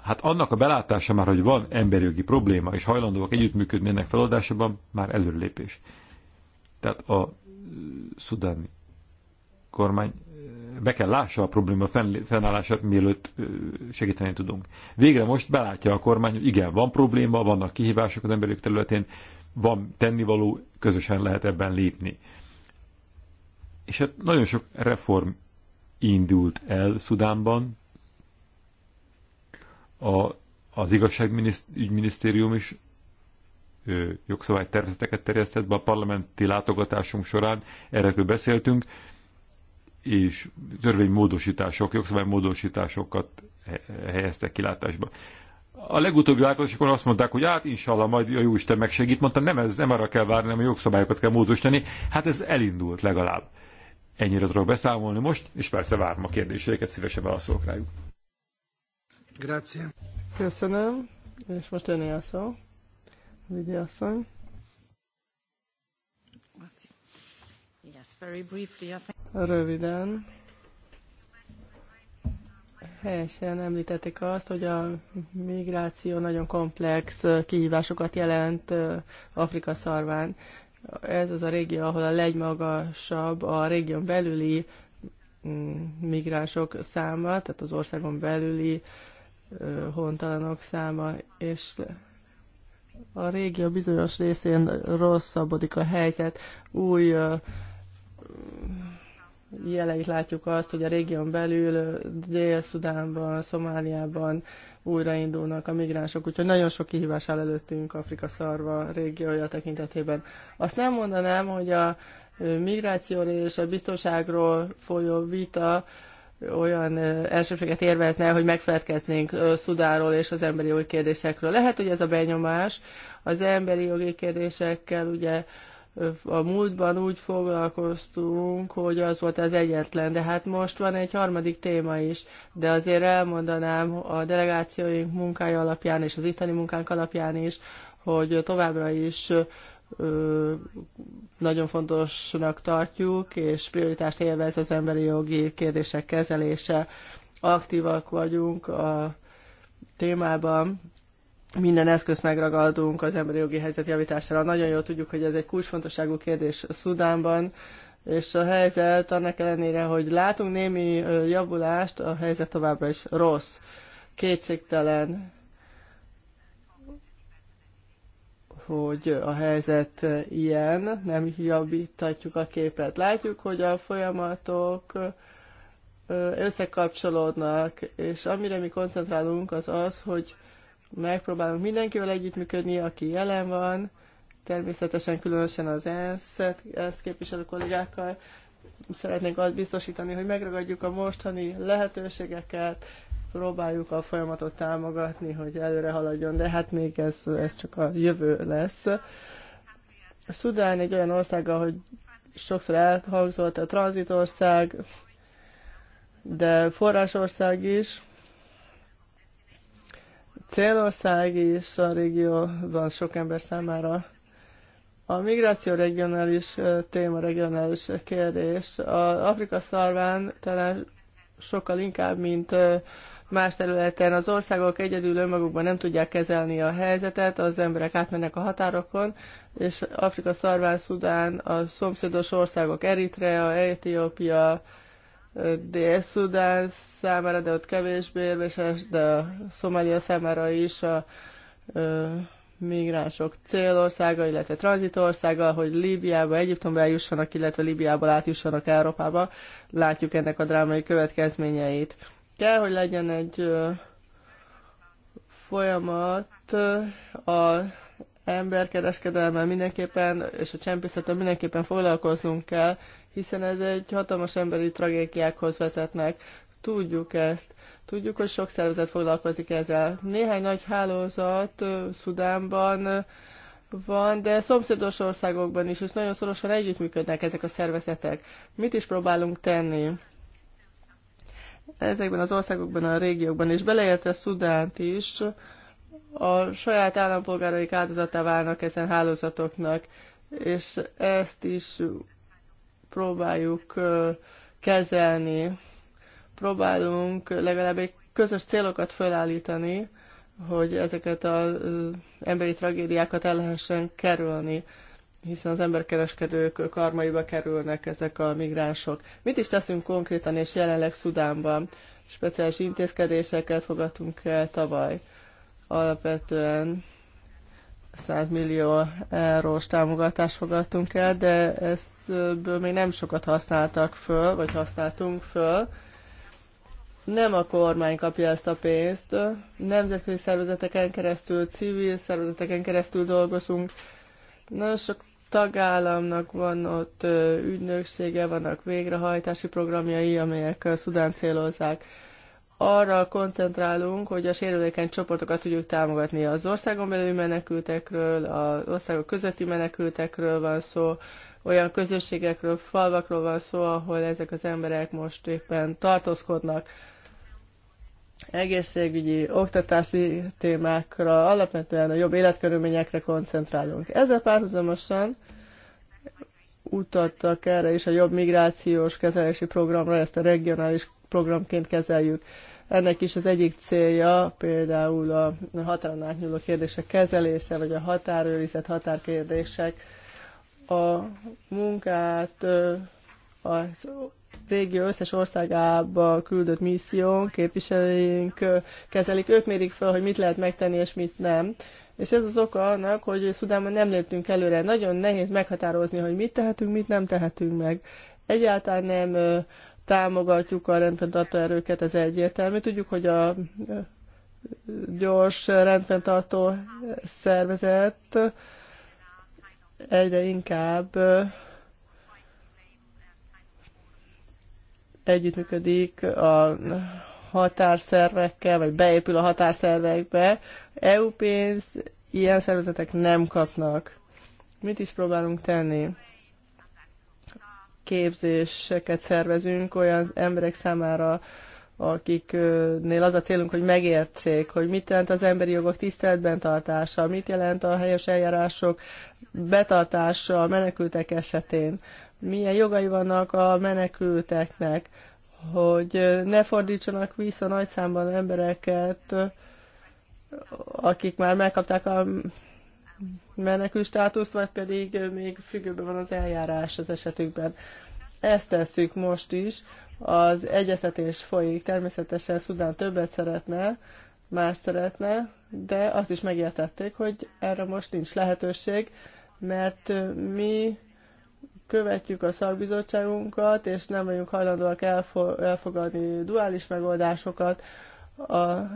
Hát annak a belátása már, hogy van emberjogi probléma, és hajlandóak együttműködni ennek feladásában, már előrelépés. Tehát a szudáni kormány be kell lássa a probléma fennállását, mielőtt segíteni tudunk. Végre most belátja a kormány, hogy igen, van probléma, vannak kihívások az emberjog területén, van tennivaló, közösen lehet ebben lépni. És hát nagyon sok reform indult el Szudánban. A, az igazságügyminisztérium is ö, jogszabálytervezeteket terjesztett be a parlamenti látogatásunk során, erről beszéltünk, és törvénymódosítások, jogszabálymódosításokat helyeztek kilátásba. A legutóbbi látogatásokon azt mondták, hogy hát inshallah, majd a Jóisten megsegít. Mondtam, nem ez, nem arra kell várni, hanem a jogszabályokat kell módosítani. Hát ez elindult legalább. Ennyire tudok beszámolni most, és persze várom a kérdéseiket, szívesen válaszolok rájuk. Grazie. Köszönöm, és most öné a szó. Vidi asszony. Röviden. Helyesen említették azt, hogy a migráció nagyon komplex kihívásokat jelent Afrika szarván. Ez az a régió, ahol a legmagasabb a régión belüli mm, migránsok száma, tehát az országon belüli hontalanok száma, és a régió bizonyos részén rosszabbodik a helyzet. Új jeleit látjuk azt, hogy a régión belül Dél-Szudánban, Szomáliában újraindulnak a migránsok, úgyhogy nagyon sok kihívás áll előttünk Afrika szarva régiója tekintetében. Azt nem mondanám, hogy a migrációról és a biztonságról folyó vita olyan elsőséget érvezne, hogy megfelelkeznénk Szudáról és az emberi jogi kérdésekről. Lehet, hogy ez a benyomás az emberi jogi kérdésekkel ugye a múltban úgy foglalkoztunk, hogy az volt az egyetlen, de hát most van egy harmadik téma is, de azért elmondanám a delegációink munkája alapján és az itteni munkánk alapján is, hogy továbbra is nagyon fontosnak tartjuk, és prioritást élvez az emberi jogi kérdések kezelése. Aktívak vagyunk a témában, minden eszközt megragadunk az emberi jogi helyzet javítására. Nagyon jól tudjuk, hogy ez egy kulcsfontosságú kérdés Szudánban, és a helyzet annak ellenére, hogy látunk némi javulást, a helyzet továbbra is rossz, kétségtelen, hogy a helyzet ilyen, nem javítatjuk a képet. Látjuk, hogy a folyamatok összekapcsolódnak, és amire mi koncentrálunk az az, hogy Megpróbálunk mindenkivel együttműködni, aki jelen van, természetesen különösen az ENSZ-et, ENSZ képviselő kollégákkal szeretnénk azt biztosítani, hogy megragadjuk a mostani lehetőségeket, próbáljuk a folyamatot támogatni, hogy előre haladjon, de hát még ez, ez csak a jövő lesz. A Szudán egy olyan ország, ahogy sokszor elhangzott, a tranzitország, de forrásország is, célország és a régióban sok ember számára. A migráció regionális téma, regionális kérdés. A Afrika szarván talán sokkal inkább, mint más területen az országok egyedül önmagukban nem tudják kezelni a helyzetet, az emberek átmennek a határokon, és Afrika szarván, Szudán, a szomszédos országok, Eritrea, Etiópia, Dél-Szudán számára, de ott kevésbé érvényes, de Szomália számára is a ö, migránsok célországa, illetve tranzitországa, hogy Líbiába, Egyiptomba eljussanak, illetve Líbiába átjussanak Európába. Látjuk ennek a drámai következményeit. Kell, hogy legyen egy ö, folyamat a emberkereskedelemmel mindenképpen, és a csempészettel mindenképpen foglalkoznunk kell, hiszen ez egy hatalmas emberi tragédiákhoz vezetnek. Tudjuk ezt. Tudjuk, hogy sok szervezet foglalkozik ezzel. Néhány nagy hálózat Szudánban van, de szomszédos országokban is, és nagyon szorosan együttműködnek ezek a szervezetek. Mit is próbálunk tenni? Ezekben az országokban, a régiókban, és beleértve Szudánt is, a saját állampolgáraik áldozatá válnak ezen hálózatoknak, és ezt is próbáljuk kezelni. Próbálunk legalább egy közös célokat felállítani, hogy ezeket az emberi tragédiákat el lehessen kerülni, hiszen az emberkereskedők karmaiba kerülnek ezek a migránsok. Mit is teszünk konkrétan és jelenleg Szudánban? Speciális intézkedéseket fogadtunk el tavaly. Alapvetően 100 millió eurós támogatást fogadtunk el, de ezt még nem sokat használtak föl, vagy használtunk föl. Nem a kormány kapja ezt a pénzt, nemzetközi szervezeteken keresztül, civil szervezeteken keresztül dolgozunk. Nagyon sok tagállamnak van ott ügynöksége, vannak végrehajtási programjai, amelyek Szudán célozzák arra koncentrálunk, hogy a sérülékeny csoportokat tudjuk támogatni. Az országon belüli menekültekről, az országok közötti menekültekről van szó, olyan közösségekről, falvakról van szó, ahol ezek az emberek most éppen tartózkodnak. Egészségügyi, oktatási témákra, alapvetően a jobb életkörülményekre koncentrálunk. Ezzel párhuzamosan utattak erre is a jobb migrációs kezelési programra, ezt a regionális programként kezeljük. Ennek is az egyik célja például a határon átnyúló kérdések kezelése, vagy a határőrizet, határkérdések. A munkát a régió összes országába küldött misszión képviselőink kezelik. Ők mérik fel, hogy mit lehet megtenni és mit nem. És ez az oka annak, hogy Szudánban nem léptünk előre. Nagyon nehéz meghatározni, hogy mit tehetünk, mit nem tehetünk meg. Egyáltalán nem támogatjuk a rendfenntartó erőket, ez egyértelmű. Tudjuk, hogy a gyors rendfenntartó szervezet egyre inkább együttműködik a határszervekkel, vagy beépül a határszervekbe. EU pénzt ilyen szervezetek nem kapnak. Mit is próbálunk tenni? képzéseket szervezünk olyan emberek számára, akiknél az a célunk, hogy megértsék, hogy mit jelent az emberi jogok tiszteletben tartása, mit jelent a helyes eljárások betartása a menekültek esetén, milyen jogai vannak a menekülteknek, hogy ne fordítsanak vissza nagy számban embereket, akik már megkapták a menekül státuszt, vagy pedig még függőben van az eljárás az esetükben. Ezt tesszük most is. Az egyeztetés folyik. Természetesen Szudán többet szeretne, más szeretne, de azt is megértették, hogy erre most nincs lehetőség, mert mi követjük a szakbizottságunkat, és nem vagyunk hajlandóak elfogadni duális megoldásokat, a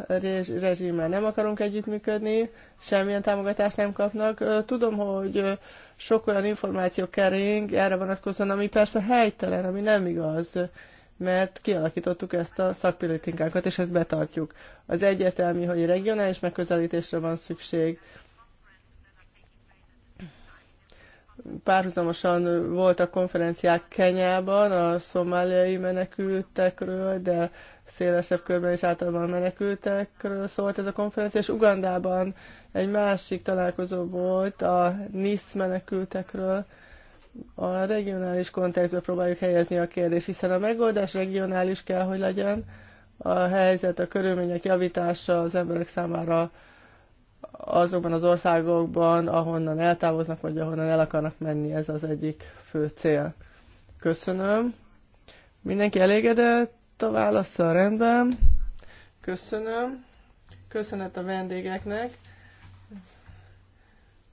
rezsimmel nem akarunk együttműködni, semmilyen támogatást nem kapnak. Tudom, hogy sok olyan információ kering erre vonatkozóan, ami persze helytelen, ami nem igaz, mert kialakítottuk ezt a szakpolitikánkat, és ezt betartjuk. Az egyértelmű, hogy regionális megközelítésre van szükség, párhuzamosan voltak konferenciák Kenyában a szomáliai menekültekről, de szélesebb körben is általában menekültekről szólt ez a konferencia, és Ugandában egy másik találkozó volt a NISZ menekültekről. A regionális kontextbe próbáljuk helyezni a kérdést, hiszen a megoldás regionális kell, hogy legyen. A helyzet, a körülmények javítása az emberek számára azokban az országokban, ahonnan eltávoznak, vagy ahonnan el akarnak menni, ez az egyik fő cél. Köszönöm. Mindenki elégedett? a válasza, rendben. Köszönöm. Köszönet a vendégeknek.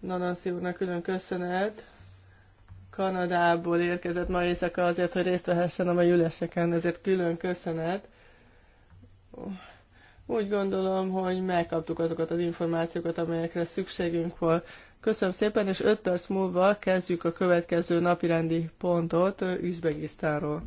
Nanasi úrnak külön köszönet. Kanadából érkezett ma éjszaka azért, hogy részt vehessen a mai üléseken, ezért külön köszönet. Úgy gondolom, hogy megkaptuk azokat az információkat, amelyekre szükségünk volt. Köszönöm szépen, és 5 perc múlva kezdjük a következő napirendi pontot Üzbegisztánról.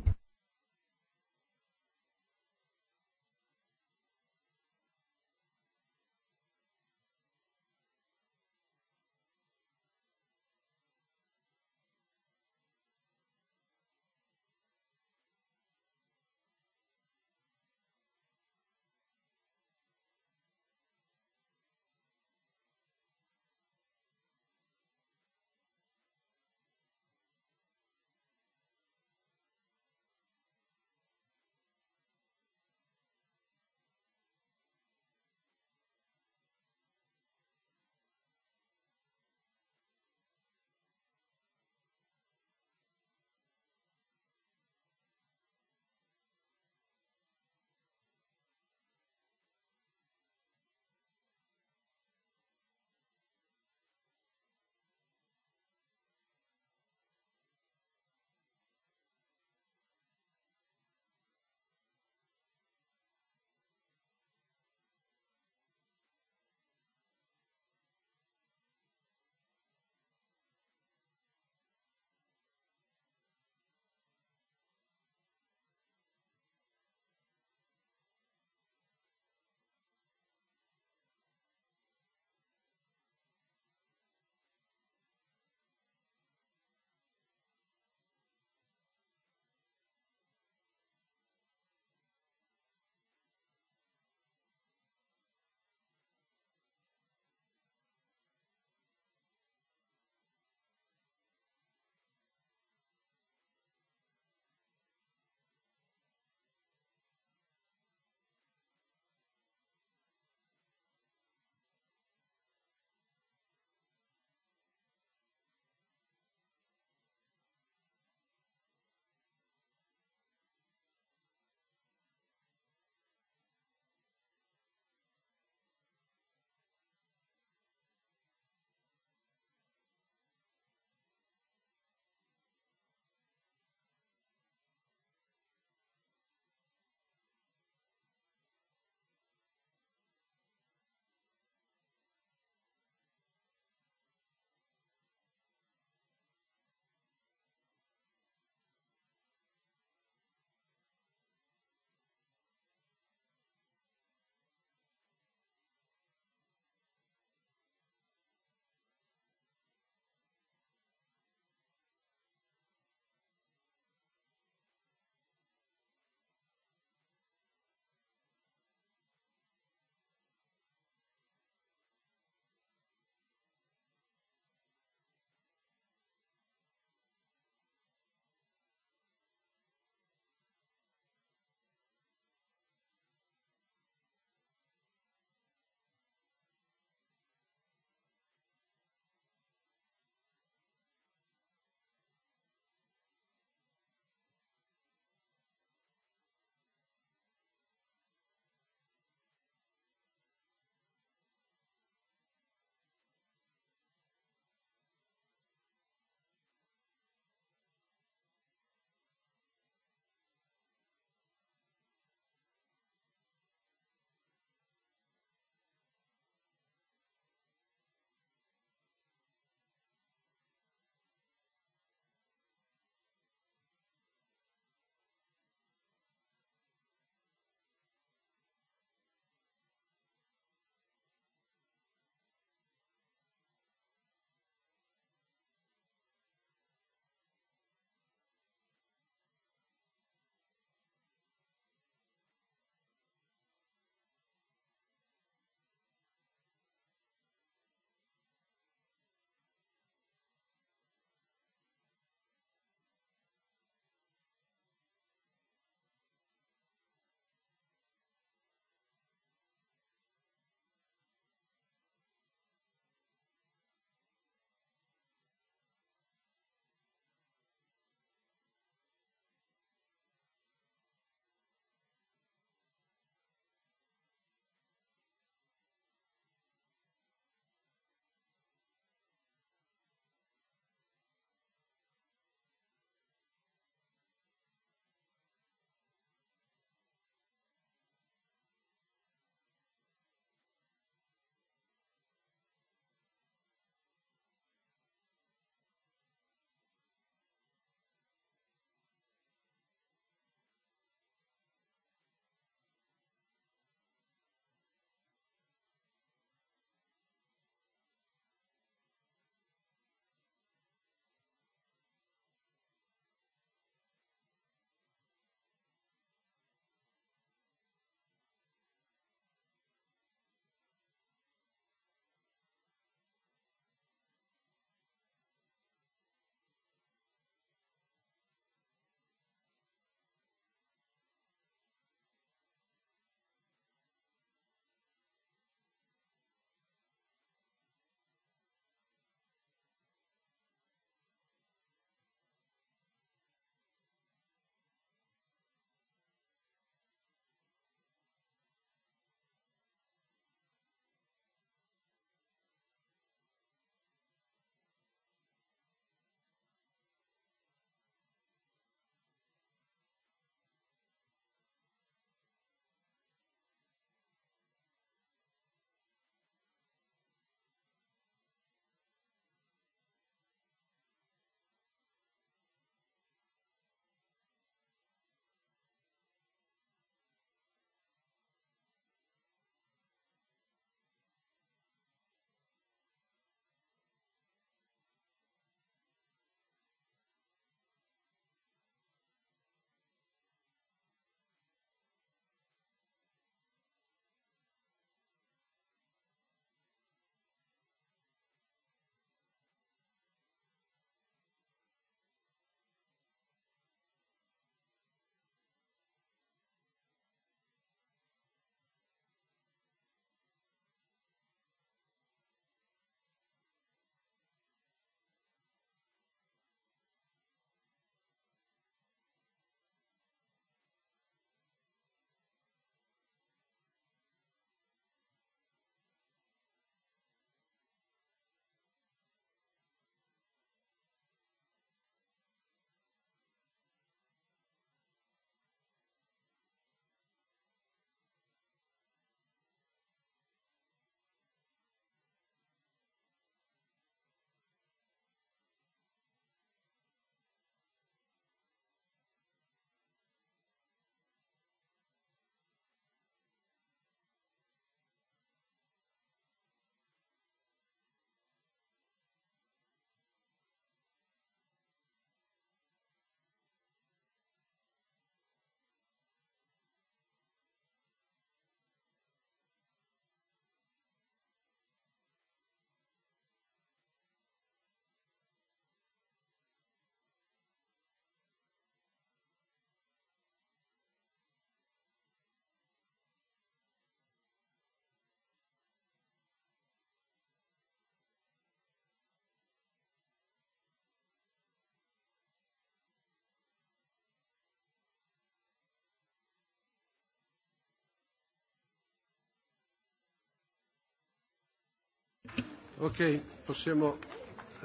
Ok, possiamo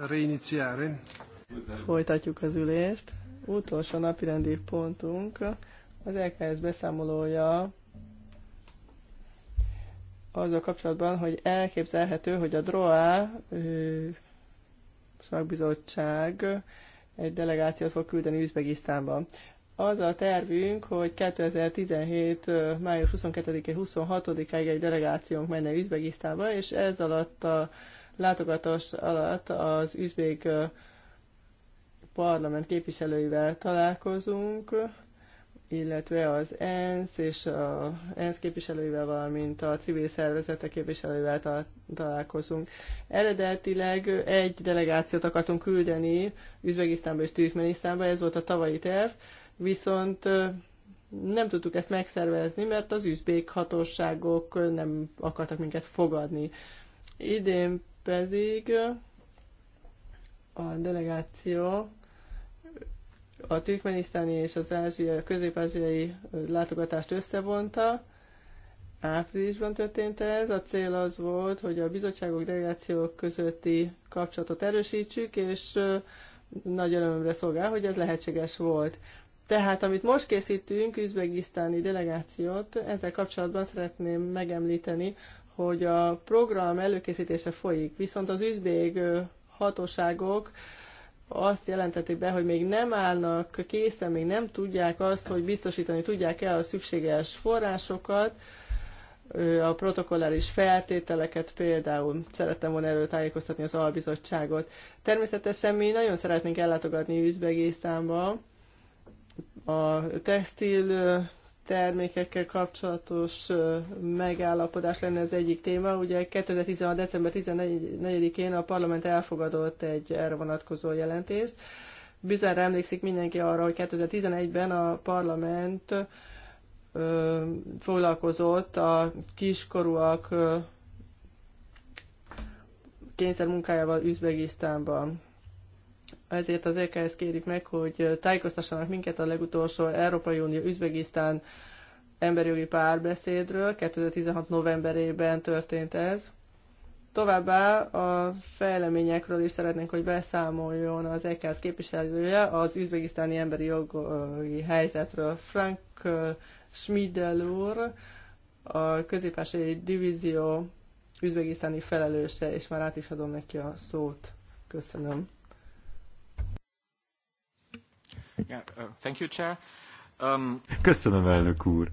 reiniziare. Folytatjuk az ülést. Utolsó napi rendi pontunk az LKS e beszámolója azzal kapcsolatban, hogy elképzelhető, hogy a DROA szakbizottság egy delegációt fog küldeni Üzbegisztánba. Az a tervünk, hogy 2017. május 22 26 ig egy delegációnk menne Üzbegisztánba, és ez alatt a látogatás alatt az üzbék parlament képviselőivel találkozunk, illetve az ENSZ és a ENSZ képviselőivel, valamint a civil szervezetek képviselőivel ta- találkozunk. Eredetileg egy delegációt akartunk küldeni Üzbegisztánba és Türkmenisztánba, ez volt a tavalyi terv, viszont nem tudtuk ezt megszervezni, mert az üzbék hatóságok nem akartak minket fogadni. Idén pedig a delegáció a türkmenisztáni és az ázsiai, közép-ázsiai látogatást összevonta. Áprilisban történt ez. A cél az volt, hogy a bizottságok delegációk közötti kapcsolatot erősítsük, és nagy örömömre szolgál, hogy ez lehetséges volt. Tehát, amit most készítünk, üzbegisztáni delegációt, ezzel kapcsolatban szeretném megemlíteni, hogy a program előkészítése folyik, viszont az üzbég hatóságok azt jelentették be, hogy még nem állnak készen, még nem tudják azt, hogy biztosítani tudják-e a szükséges forrásokat, a protokolláris feltételeket például. Szerettem volna előtájékoztatni az albizottságot. Természetesen mi nagyon szeretnénk ellátogatni Üzbegisztánba, a textil termékekkel kapcsolatos megállapodás lenne az egyik téma. Ugye 2016. december 14-én a parlament elfogadott egy erre vonatkozó jelentést. Bizonyára emlékszik mindenki arra, hogy 2011-ben a parlament ö, foglalkozott a kiskorúak ö, munkájával Üzbegisztánban. Ezért az EKS kérik meg, hogy tájékoztassanak minket a legutolsó Európai Unió Üzbegisztán emberjogi párbeszédről. 2016. novemberében történt ez. Továbbá a fejleményekről is szeretnénk, hogy beszámoljon az EKS képviselője az üzbegisztáni emberi jogi helyzetről. Frank Schmidel úr, a középási divízió üzbegisztáni felelőse, és már át is adom neki a szót. Köszönöm. Uh, um, Köszönöm, elnök úr.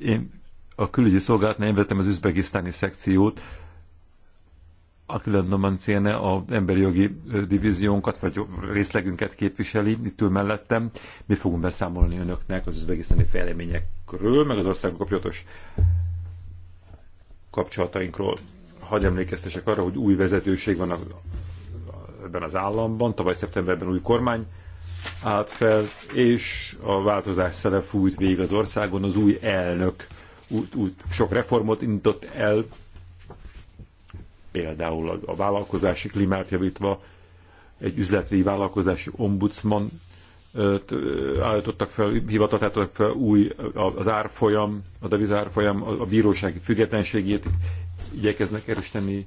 Én a külügyi szolgálatnál én vettem az üzbegisztáni szekciót, a külön nomancéne az emberi jogi divíziónkat, vagy részlegünket képviseli, itt ül mellettem. Mi fogunk beszámolni önöknek az üzbegisztáni fejleményekről, meg az ország kapcsolatos kapcsolatainkról. Hagy emlékeztesek arra, hogy új vezetőség van ebben az államban, tavaly szeptemberben új kormány állt fel, és a változás szele fújt végig az országon. Az új elnök út, út, sok reformot indított el, például a, a vállalkozási klímát javítva, egy üzleti vállalkozási ombudsman állítottak fel, hivatatottak fel új az árfolyam, a devizárfolyam, a bíróság függetlenségét igyekeznek erősíteni,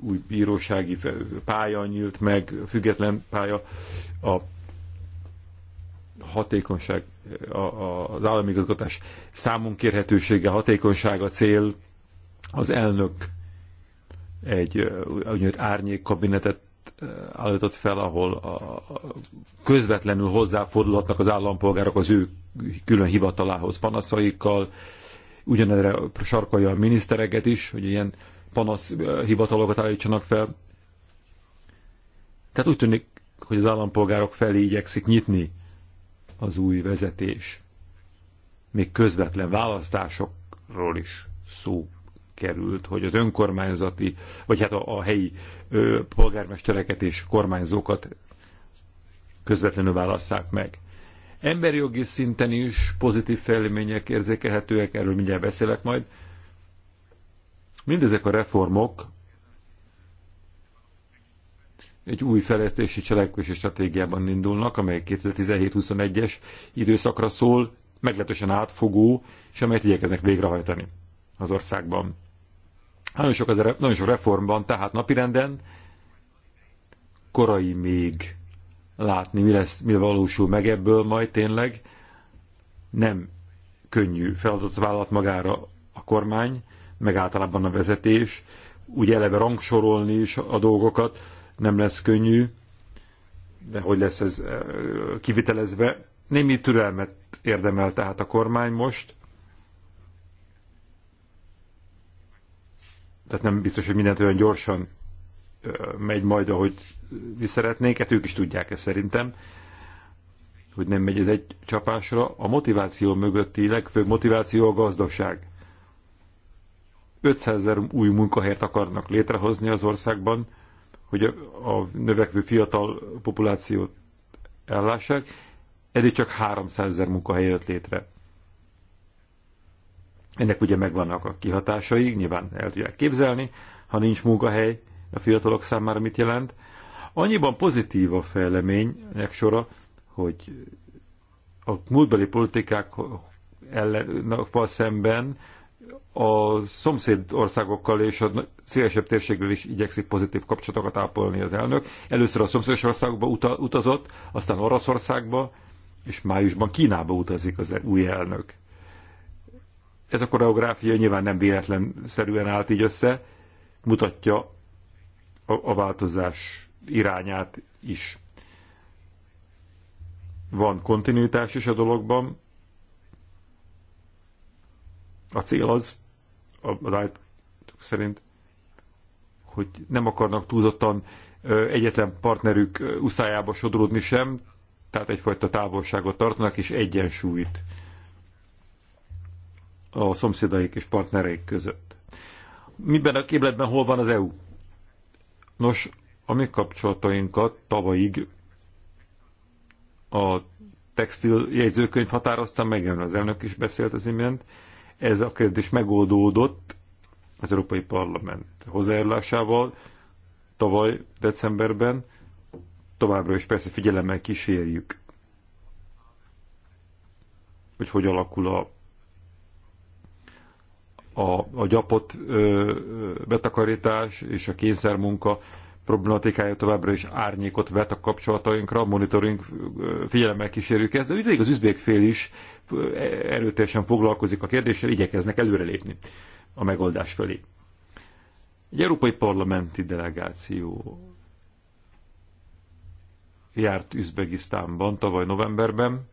új bírósági pálya nyílt meg, független pálya, a hatékonyság, a, a, az állami igazgatás számunk kérhetősége, hatékonysága cél, az elnök egy úgynevezett árnyék kabinetet állított fel, ahol a, közvetlenül hozzáfordulhatnak az állampolgárok az ő külön hivatalához panaszaikkal, ugyanerre sarkolja a minisztereket is, hogy ilyen panasz hivatalokat állítsanak fel. Tehát úgy tűnik, hogy az állampolgárok felé igyekszik nyitni az új vezetés. Még közvetlen választásokról is szó került, hogy az önkormányzati, vagy hát a, a helyi ö, polgármestereket és kormányzókat közvetlenül válasszák meg. Emberjogi szinten is pozitív fejlemények érzékelhetőek, erről mindjárt beszélek majd, Mindezek a reformok egy új fejlesztési cselekvési stratégiában indulnak, amely 2017-21-es időszakra szól, meglehetősen átfogó, és amelyet igyekeznek végrehajtani az országban. Nagyon sok, az, nagyon sok reform van, tehát napirenden korai még látni, mi lesz, mi valósul meg ebből majd tényleg. Nem könnyű feladatot vállalt magára a kormány, meg általában a vezetés. Úgy eleve rangsorolni is a dolgokat nem lesz könnyű, de hogy lesz ez kivitelezve. Némi türelmet érdemel tehát a kormány most. Tehát nem biztos, hogy mindent olyan gyorsan megy majd, ahogy mi szeretnénk, hát ők is tudják ezt szerintem, hogy nem megy ez egy csapásra. A motiváció mögötti legfőbb motiváció a gazdaság. 500 ezer új munkahelyet akarnak létrehozni az országban, hogy a növekvő fiatal populációt ellássák, eddig csak 300 ezer munkahely jött létre. Ennek ugye megvannak a kihatásai, nyilván el tudják képzelni, ha nincs munkahely a fiatalok számára mit jelent. Annyiban pozitív a fejleménynek sora, hogy a múltbeli politikák ellen, szemben a szomszéd országokkal és a szélesebb térségből is igyekszik pozitív kapcsolatokat ápolni az elnök. Először a szomszédos országokba utazott, aztán Oroszországba, és májusban Kínába utazik az új elnök. Ez a koreográfia nyilván nem véletlenszerűen állt így össze, mutatja a, a változás irányát is. Van kontinuitás is a dologban, a cél az, az állítók szerint, hogy nem akarnak túlzottan egyetlen partnerük uszájába sodródni sem, tehát egyfajta távolságot tartanak, és egyensúlyt a szomszédaik és partnereik között. Miben a képletben hol van az EU? Nos, a mi kapcsolatainkat tavalyig a textil jegyzőkönyv határozta meg, az elnök is beszélt az imént, ez a kérdés megoldódott az Európai Parlament hozzájárulásával tavaly decemberben. Továbbra is persze figyelemmel kísérjük, hogy hogy alakul a a, a gyapott ö, betakarítás és a kényszermunka problematikája továbbra is árnyékot vet a kapcsolatainkra, a monitoring figyelemmel kísérjük ezt, de úgy az üzbék fél is erőteljesen foglalkozik a kérdéssel, igyekeznek előrelépni a megoldás felé. Egy európai parlamenti delegáció járt Üzbegisztánban tavaly novemberben.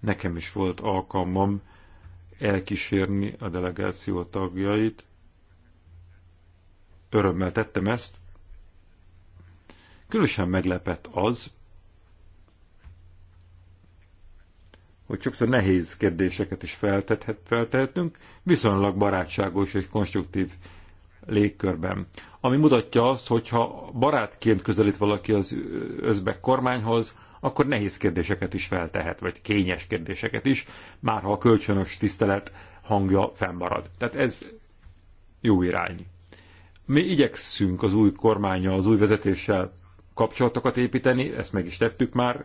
Nekem is volt alkalmam elkísérni a delegáció tagjait örömmel tettem ezt. Különösen meglepett az, hogy sokszor nehéz kérdéseket is feltethet, feltehetünk, viszonylag barátságos és konstruktív légkörben. Ami mutatja azt, hogy ha barátként közelít valaki az özbek kormányhoz, akkor nehéz kérdéseket is feltehet, vagy kényes kérdéseket is, már ha a kölcsönös tisztelet hangja fennmarad. Tehát ez jó irány. Mi igyekszünk az új kormánya, az új vezetéssel kapcsolatokat építeni, ezt meg is tettük már.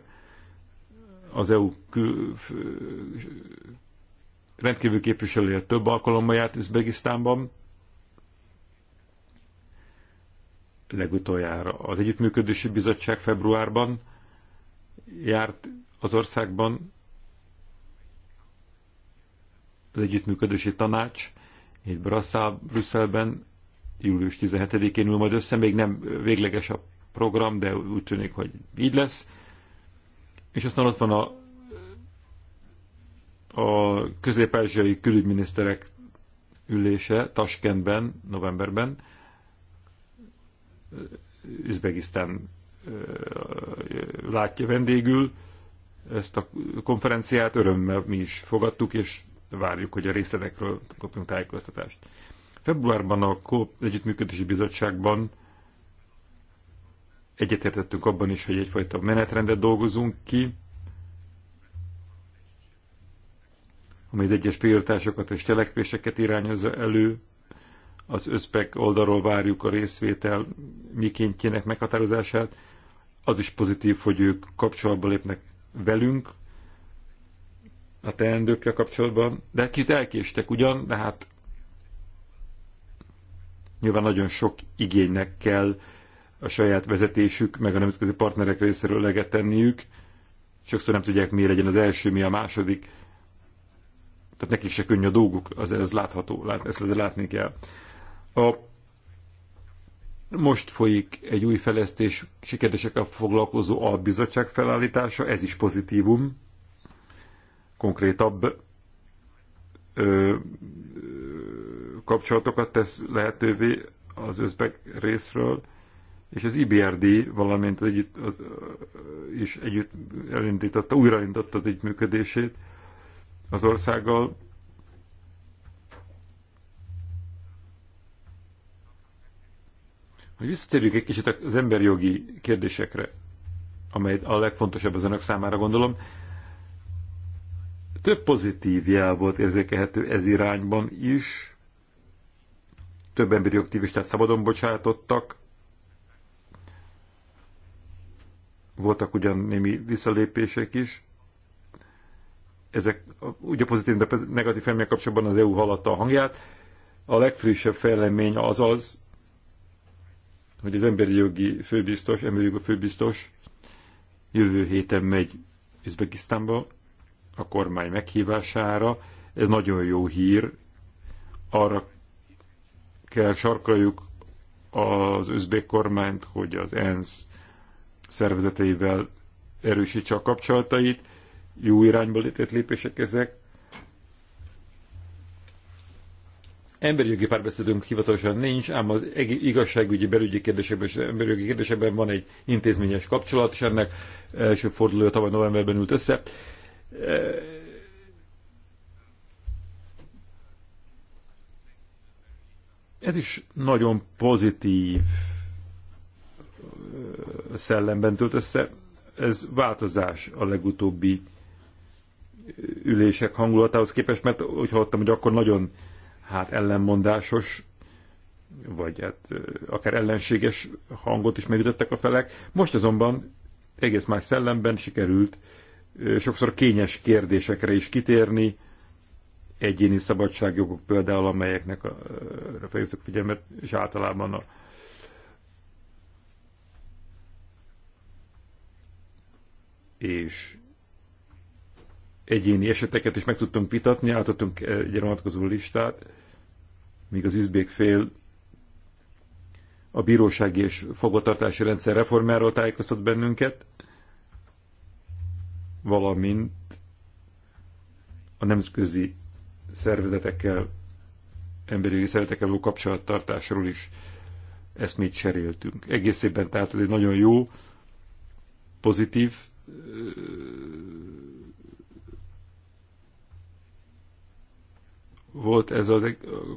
Az EU kül, rendkívül képviselője több alkalommal járt Üzbegisztánban. Legutoljára az Együttműködési Bizottság februárban járt az országban az Együttműködési Tanács, itt Brasszáv, Brüsszelben július 17-én ül majd össze, még nem végleges a program, de úgy tűnik, hogy így lesz. És aztán ott van a, a közép-ázsiai külügyminiszterek ülése Taskentben, novemberben, Üzbegisztán látja vendégül ezt a konferenciát, örömmel mi is fogadtuk, és várjuk, hogy a részletekről kapjunk tájékoztatást. Februárban a Kóp Együttműködési Bizottságban egyetértettünk abban is, hogy egyfajta menetrendet dolgozunk ki, amely az egyes prioritásokat és cselekvéseket irányozza elő. Az összpek oldalról várjuk a részvétel mikéntjének meghatározását. Az is pozitív, hogy ők kapcsolatba lépnek velünk a teendőkkel kapcsolatban, de kicsit elkéstek ugyan, de hát Nyilván nagyon sok igénynek kell a saját vezetésük, meg a nemzetközi partnerek részéről leget tenniük. Sokszor nem tudják, mi legyen az első, mi a második. Tehát nekik se könnyű a dolguk, az ez látható, lát, ezt látni kell. A most folyik egy új fejlesztés, sikeresekkel foglalkozó albizottság felállítása, ez is pozitívum, konkrétabb ö, kapcsolatokat tesz lehetővé az özbek részről, és az IBRD, valamint az együtt, az, is együtt elindította, újraindította az együttműködését az országgal. Hogy visszatérjük egy kicsit az emberjogi kérdésekre, amely a legfontosabb az önök számára gondolom, több pozitív jel volt érzékelhető ez irányban is, több emberi aktivistát szabadon bocsátottak, voltak ugyan némi visszalépések is. Ezek ugye pozitív, de negatív felmények kapcsolatban az EU haladta a hangját. A legfrissebb fejlemény az az, hogy az emberi jogi főbiztos, emberi jogi főbiztos jövő héten megy Üzbegisztánba a kormány meghívására. Ez nagyon jó hír arra kell sarkaljuk az özbék kormányt, hogy az ENSZ szervezeteivel erősítse a kapcsolatait. Jó irányba létett lépések ezek. Emberi jogi párbeszédünk hivatalosan nincs, ám az igazságügyi belügyi kérdésekben és emberi jogi kérdésekben van egy intézményes kapcsolat, és ennek első fordulója tavaly novemberben ült össze Ez is nagyon pozitív szellemben tölt össze. Ez változás a legutóbbi ülések hangulatához képest, mert úgy hallottam, hogy akkor nagyon hát ellenmondásos, vagy hát akár ellenséges hangot is megütöttek a felek. Most azonban egész más szellemben sikerült sokszor kényes kérdésekre is kitérni, egyéni szabadságjogok például, amelyeknek a, a felhívtuk figyelmet, és általában a és egyéni eseteket is meg tudtunk vitatni, átadtunk egy vonatkozó listát, míg az üzbék fél a bírósági és fogvatartási rendszer reformjáról tájékoztat bennünket, valamint a nemzetközi szervezetekkel, emberi jogi szervezetekkel való kapcsolattartásról is eszmét cseréltünk. Egész tehát ez egy nagyon jó, pozitív volt ez a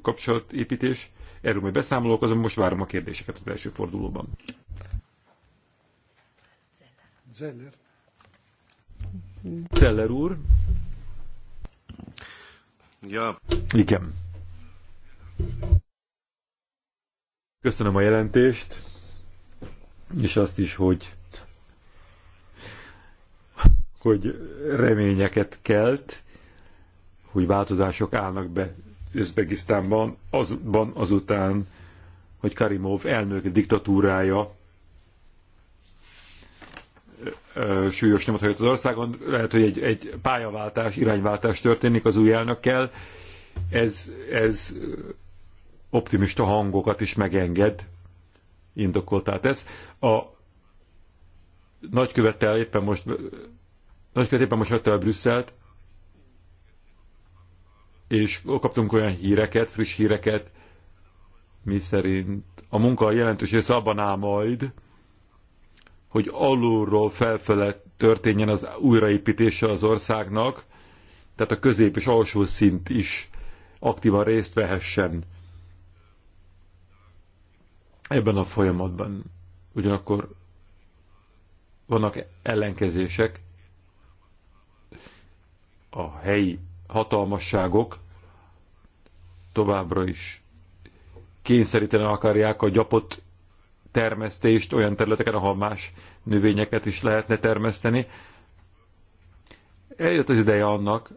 kapcsolatépítés. Erről majd beszámolok, azon most várom a kérdéseket az első fordulóban. Zeller. Zeller úr. Ja. Igen. Köszönöm a jelentést, és azt is, hogy hogy reményeket kelt, hogy változások állnak be Özbegisztánban, azban azután, hogy Karimov elnök diktatúrája súlyos nyomot hagyott az országon. Lehet, hogy egy, egy pályaváltás, irányváltás történik az új elnökkel. Ez, ez optimista hangokat is megenged, indokoltá ez A nagykövettel éppen most nagykövet éppen most hagyta el Brüsszelt, és kaptunk olyan híreket, friss híreket, mi szerint a munka jelentős része abban áll majd, hogy alulról felfele történjen az újraépítése az országnak, tehát a közép és alsó szint is aktívan részt vehessen ebben a folyamatban. Ugyanakkor vannak ellenkezések, a helyi hatalmasságok továbbra is kényszerítene akarják a gyapot termesztést olyan területeken, ahol más növényeket is lehetne termeszteni. Eljött az ideje annak,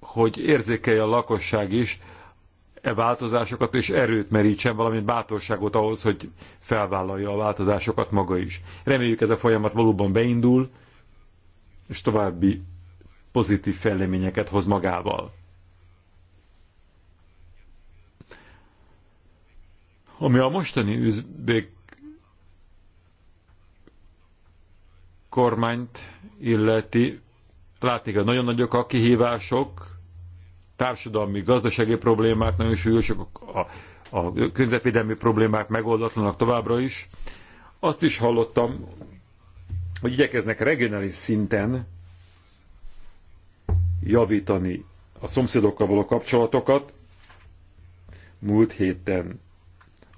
hogy érzékelje a lakosság is e változásokat, és erőt merítsen, valamint bátorságot ahhoz, hogy felvállalja a változásokat maga is. Reméljük ez a folyamat valóban beindul, és további pozitív fejleményeket hoz magával. Ami a mostani üzbék kormányt illeti, látni kell, nagyon nagyok a kihívások, társadalmi, gazdasági problémák nagyon súlyosak, a, a környezetvédelmi problémák megoldatlanak továbbra is. Azt is hallottam, hogy igyekeznek regionális szinten javítani a szomszédokkal való kapcsolatokat. Múlt héten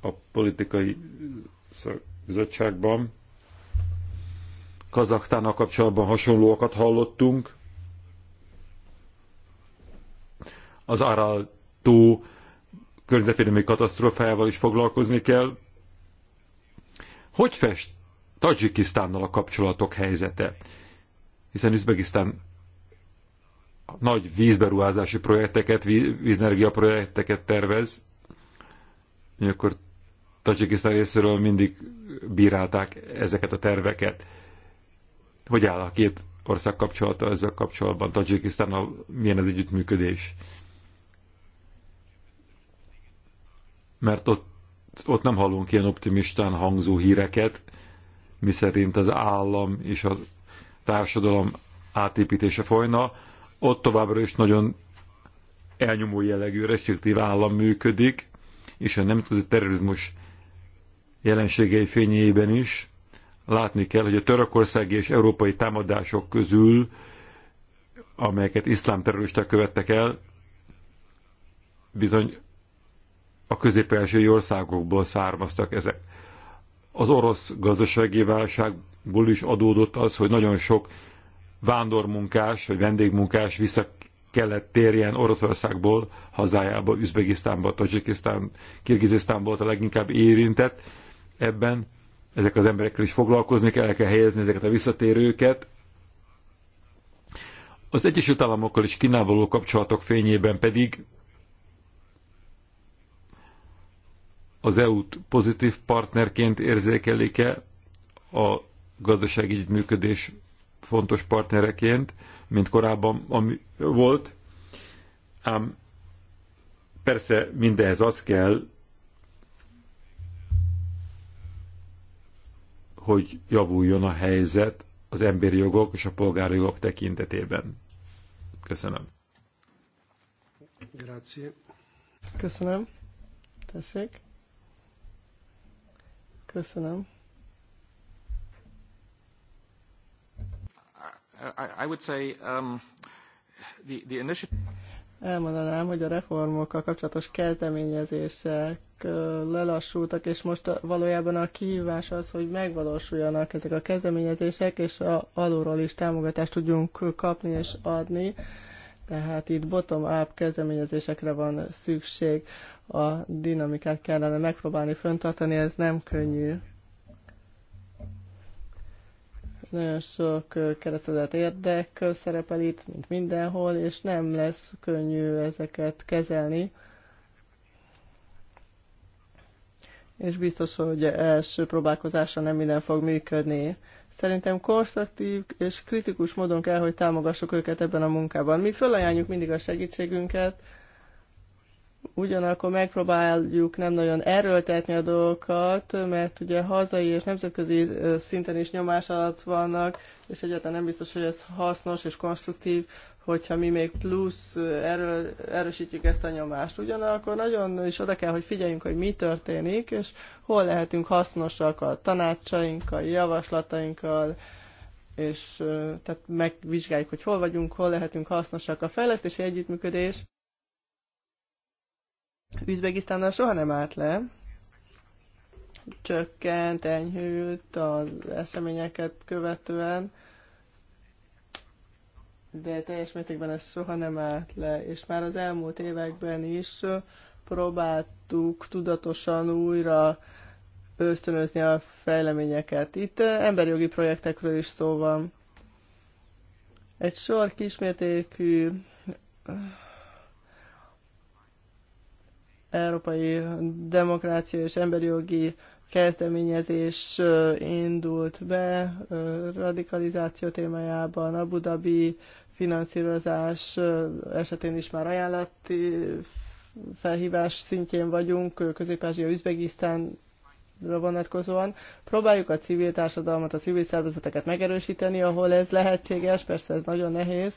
a politikai bizottságban. Kazaksztánnal kapcsolatban hasonlóakat hallottunk. Az Aral tó környezetvédelmi katasztrófájával is foglalkozni kell. Hogy fest Tajikisztánnal a kapcsolatok helyzete? Hiszen Üzbegisztán nagy vízberuházási projekteket, vízenergia projekteket tervez, akkor Tajikisztán részéről mindig bírálták ezeket a terveket. Hogy áll a két ország kapcsolata ezzel kapcsolatban? Tajikisztánnal milyen az együttműködés? Mert ott, ott nem hallunk ilyen optimistán hangzó híreket, miszerint az állam és a társadalom átépítése folyna. Ott továbbra is nagyon elnyomó jellegű restriktív állam működik, és a nemzetközi terrorizmus jelenségei fényében is látni kell, hogy a törökországi és európai támadások közül, amelyeket iszlám terroristák követtek el, bizony a közép országokból származtak ezek. Az orosz gazdasági válságból is adódott az, hogy nagyon sok vándormunkás vagy vendégmunkás vissza kellett térjen Oroszországból hazájába, Üzbegisztánba, Tajikisztán, Kirgizisztán volt a leginkább érintett, ebben, ezek az emberekkel is foglalkozni kell, el kell helyezni ezeket a visszatérőket. Az Egyesült Államokkal is kínálvaló kapcsolatok fényében pedig az EU-t pozitív partnerként érzékelik-e a gazdasági működés fontos partnereként, mint korábban ami volt. Ám persze mindenhez az kell, hogy javuljon a helyzet az emberi jogok és a polgári jogok tekintetében. Köszönöm. Grazie. Köszönöm. Tessék. Köszönöm. I, I would say um, the, the initiative elmondanám, hogy a reformokkal kapcsolatos kezdeményezések lelassultak, és most valójában a kihívás az, hogy megvalósuljanak ezek a kezdeményezések, és a, alulról is támogatást tudjunk kapni és adni. Tehát itt bottom-up kezdeményezésekre van szükség, a dinamikát kellene megpróbálni föntartani, ez nem könnyű nagyon sok keretezett érdek szerepel itt, mint mindenhol, és nem lesz könnyű ezeket kezelni. És biztos, hogy első próbálkozásra nem minden fog működni. Szerintem konstruktív és kritikus módon kell, hogy támogassuk őket ebben a munkában. Mi felajánljuk mindig a segítségünket, ugyanakkor megpróbáljuk nem nagyon erőltetni a dolgokat, mert ugye hazai és nemzetközi szinten is nyomás alatt vannak, és egyáltalán nem biztos, hogy ez hasznos és konstruktív, hogyha mi még plusz erő, erősítjük ezt a nyomást. Ugyanakkor nagyon is oda kell, hogy figyeljünk, hogy mi történik, és hol lehetünk hasznosak a tanácsainkkal, javaslatainkkal, és tehát megvizsgáljuk, hogy hol vagyunk, hol lehetünk hasznosak. A fejlesztési együttműködés Üzbegisztánnal soha nem állt le, csökkent, enyhült az eseményeket követően, de teljes mértékben ez soha nem állt le, és már az elmúlt években is próbáltuk tudatosan újra ösztönözni a fejleményeket. Itt emberjogi projektekről is szó van. Egy sor kismértékű európai demokrácia és emberi jogi kezdeményezés indult be radikalizáció témájában, Abu Dhabi finanszírozás esetén is már ajánlati felhívás szintjén vagyunk, Közép-Ázsia, Üzbegisztán vonatkozóan. Próbáljuk a civil társadalmat, a civil szervezeteket megerősíteni, ahol ez lehetséges, persze ez nagyon nehéz,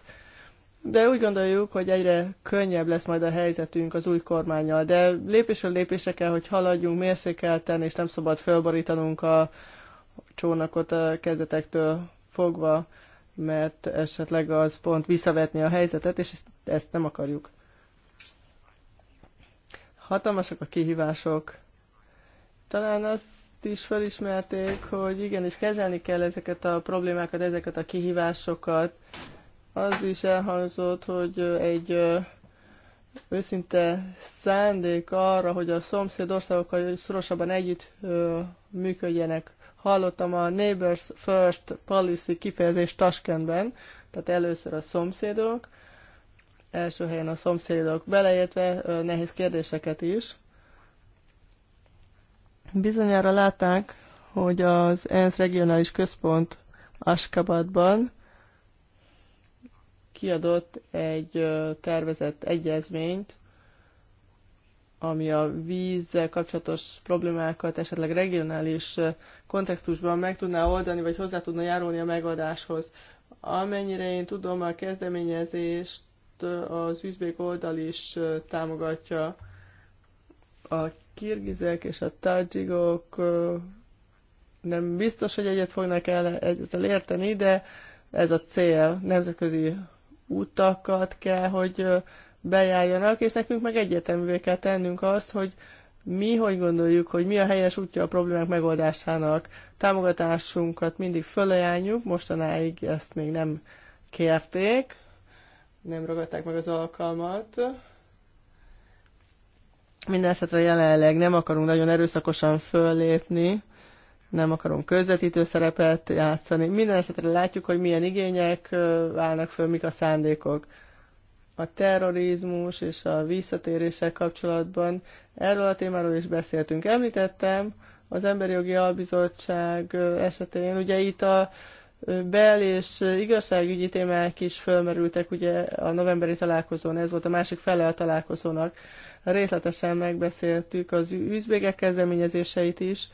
de úgy gondoljuk, hogy egyre könnyebb lesz majd a helyzetünk az új kormányjal, de lépésről lépésre kell, hogy haladjunk mérsékelten, és nem szabad fölborítanunk a csónakot a kezdetektől fogva, mert esetleg az pont visszavetni a helyzetet, és ezt nem akarjuk. Hatalmasak a kihívások. Talán azt is felismerték, hogy igenis kezelni kell ezeket a problémákat, ezeket a kihívásokat, az is elhangzott, hogy egy őszinte szándék arra, hogy a szomszéd országokkal szorosabban együtt működjenek. Hallottam a Neighbors First Policy kifejezést Taskentben, tehát először a szomszédok, első helyen a szomszédok, beleértve nehéz kérdéseket is. Bizonyára látták, hogy az ENSZ regionális központ Askabadban kiadott egy tervezett egyezményt, ami a vízzel kapcsolatos problémákat esetleg regionális kontextusban meg tudná oldani, vagy hozzá tudna járulni a megoldáshoz. Amennyire én tudom, a kezdeményezést az üzbék oldal is támogatja. A kirgizek és a tadzsigok nem biztos, hogy egyet fognak el ezzel érteni, de ez a cél, nemzetközi utakat kell, hogy bejárjanak, és nekünk meg egyértelművé kell tennünk azt, hogy mi hogy gondoljuk, hogy mi a helyes útja a problémák megoldásának. Támogatásunkat mindig fölajánljuk, mostanáig ezt még nem kérték, nem ragadták meg az alkalmat. Minden esetre jelenleg nem akarunk nagyon erőszakosan föllépni, nem akarunk közvetítő szerepet játszani. Minden esetre látjuk, hogy milyen igények állnak föl, mik a szándékok. A terrorizmus és a visszatérések kapcsolatban erről a témáról is beszéltünk. Említettem az Emberi Jogi Albizottság esetén, ugye itt a bel- és igazságügyi témák is fölmerültek ugye a novemberi találkozón, ez volt a másik fele a találkozónak. Részletesen megbeszéltük az üzbégek kezdeményezéseit is,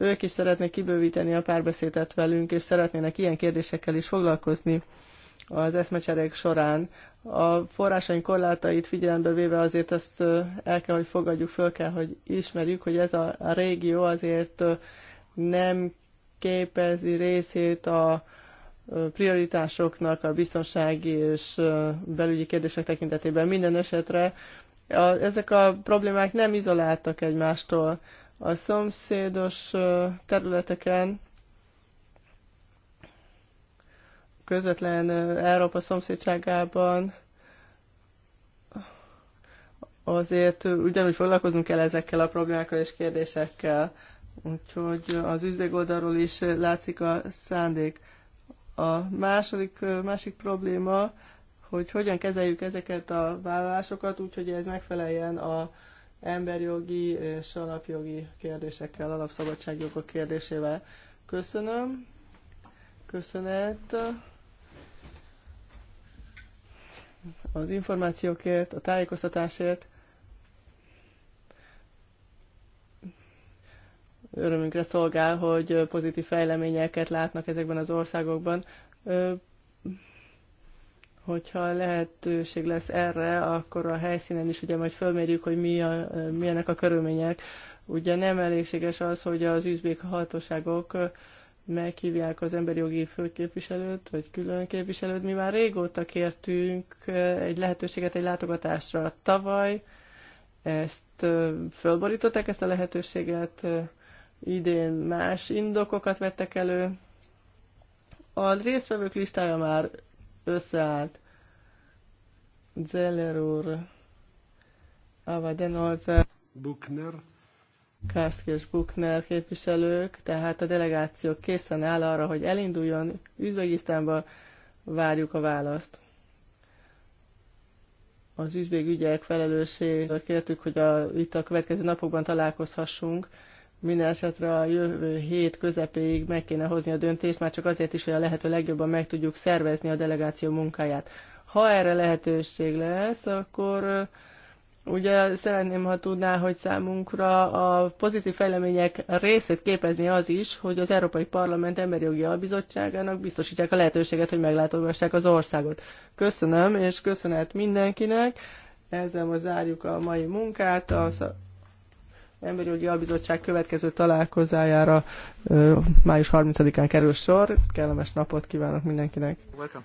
ők is szeretnék kibővíteni a párbeszédet velünk, és szeretnének ilyen kérdésekkel is foglalkozni az eszmecserék során. A forrásaink korlátait figyelembe véve azért azt el kell, hogy fogadjuk, föl kell, hogy ismerjük, hogy ez a régió azért nem képezi részét a prioritásoknak, a biztonsági és belügyi kérdések tekintetében minden esetre. A, ezek a problémák nem izoláltak egymástól a szomszédos területeken, közvetlen Európa szomszédságában azért ugyanúgy foglalkozunk kell ezekkel a problémákkal és kérdésekkel. Úgyhogy az üzvég oldalról is látszik a szándék. A második, másik probléma, hogy hogyan kezeljük ezeket a vállalásokat úgy, hogy ez megfeleljen a emberjogi és alapjogi kérdésekkel, alapszabadságjogok kérdésével. Köszönöm. Köszönet az információkért, a tájékoztatásért. Örömünkre szolgál, hogy pozitív fejleményeket látnak ezekben az országokban. Hogyha lehetőség lesz erre, akkor a helyszínen is ugye majd fölmérjük, hogy mi a, milyenek a körülmények. Ugye nem elégséges az, hogy az üzbék hatóságok meghívják az emberi jogi főképviselőt, vagy külön képviselőt. Mi már régóta kértünk egy lehetőséget egy látogatásra. Tavaly ezt fölborították, ezt a lehetőséget, idén más indokokat vettek elő. A résztvevők listája már összeállt. Zeller úr, Avadenolzer, Buchner, Karszki és Buchner képviselők, tehát a delegáció készen áll arra, hogy elinduljon Üzbegisztánba, várjuk a választ. Az üzbég ügyek felelősségéről kértük, hogy a, itt a következő napokban találkozhassunk, minden esetre a jövő hét közepéig meg kéne hozni a döntést, már csak azért is, hogy a lehető legjobban meg tudjuk szervezni a delegáció munkáját. Ha erre lehetőség lesz, akkor ugye szeretném, ha tudná, hogy számunkra a pozitív fejlemények részét képezni az is, hogy az Európai Parlament Emberi Jogi Albizottságának biztosítják a lehetőséget, hogy meglátogassák az országot. Köszönöm, és köszönet mindenkinek. Ezzel most zárjuk a mai munkát. A Emberi Jogi Albizottság következő találkozájára május 30-án kerül sor. Kellemes napot kívánok mindenkinek! Welcome.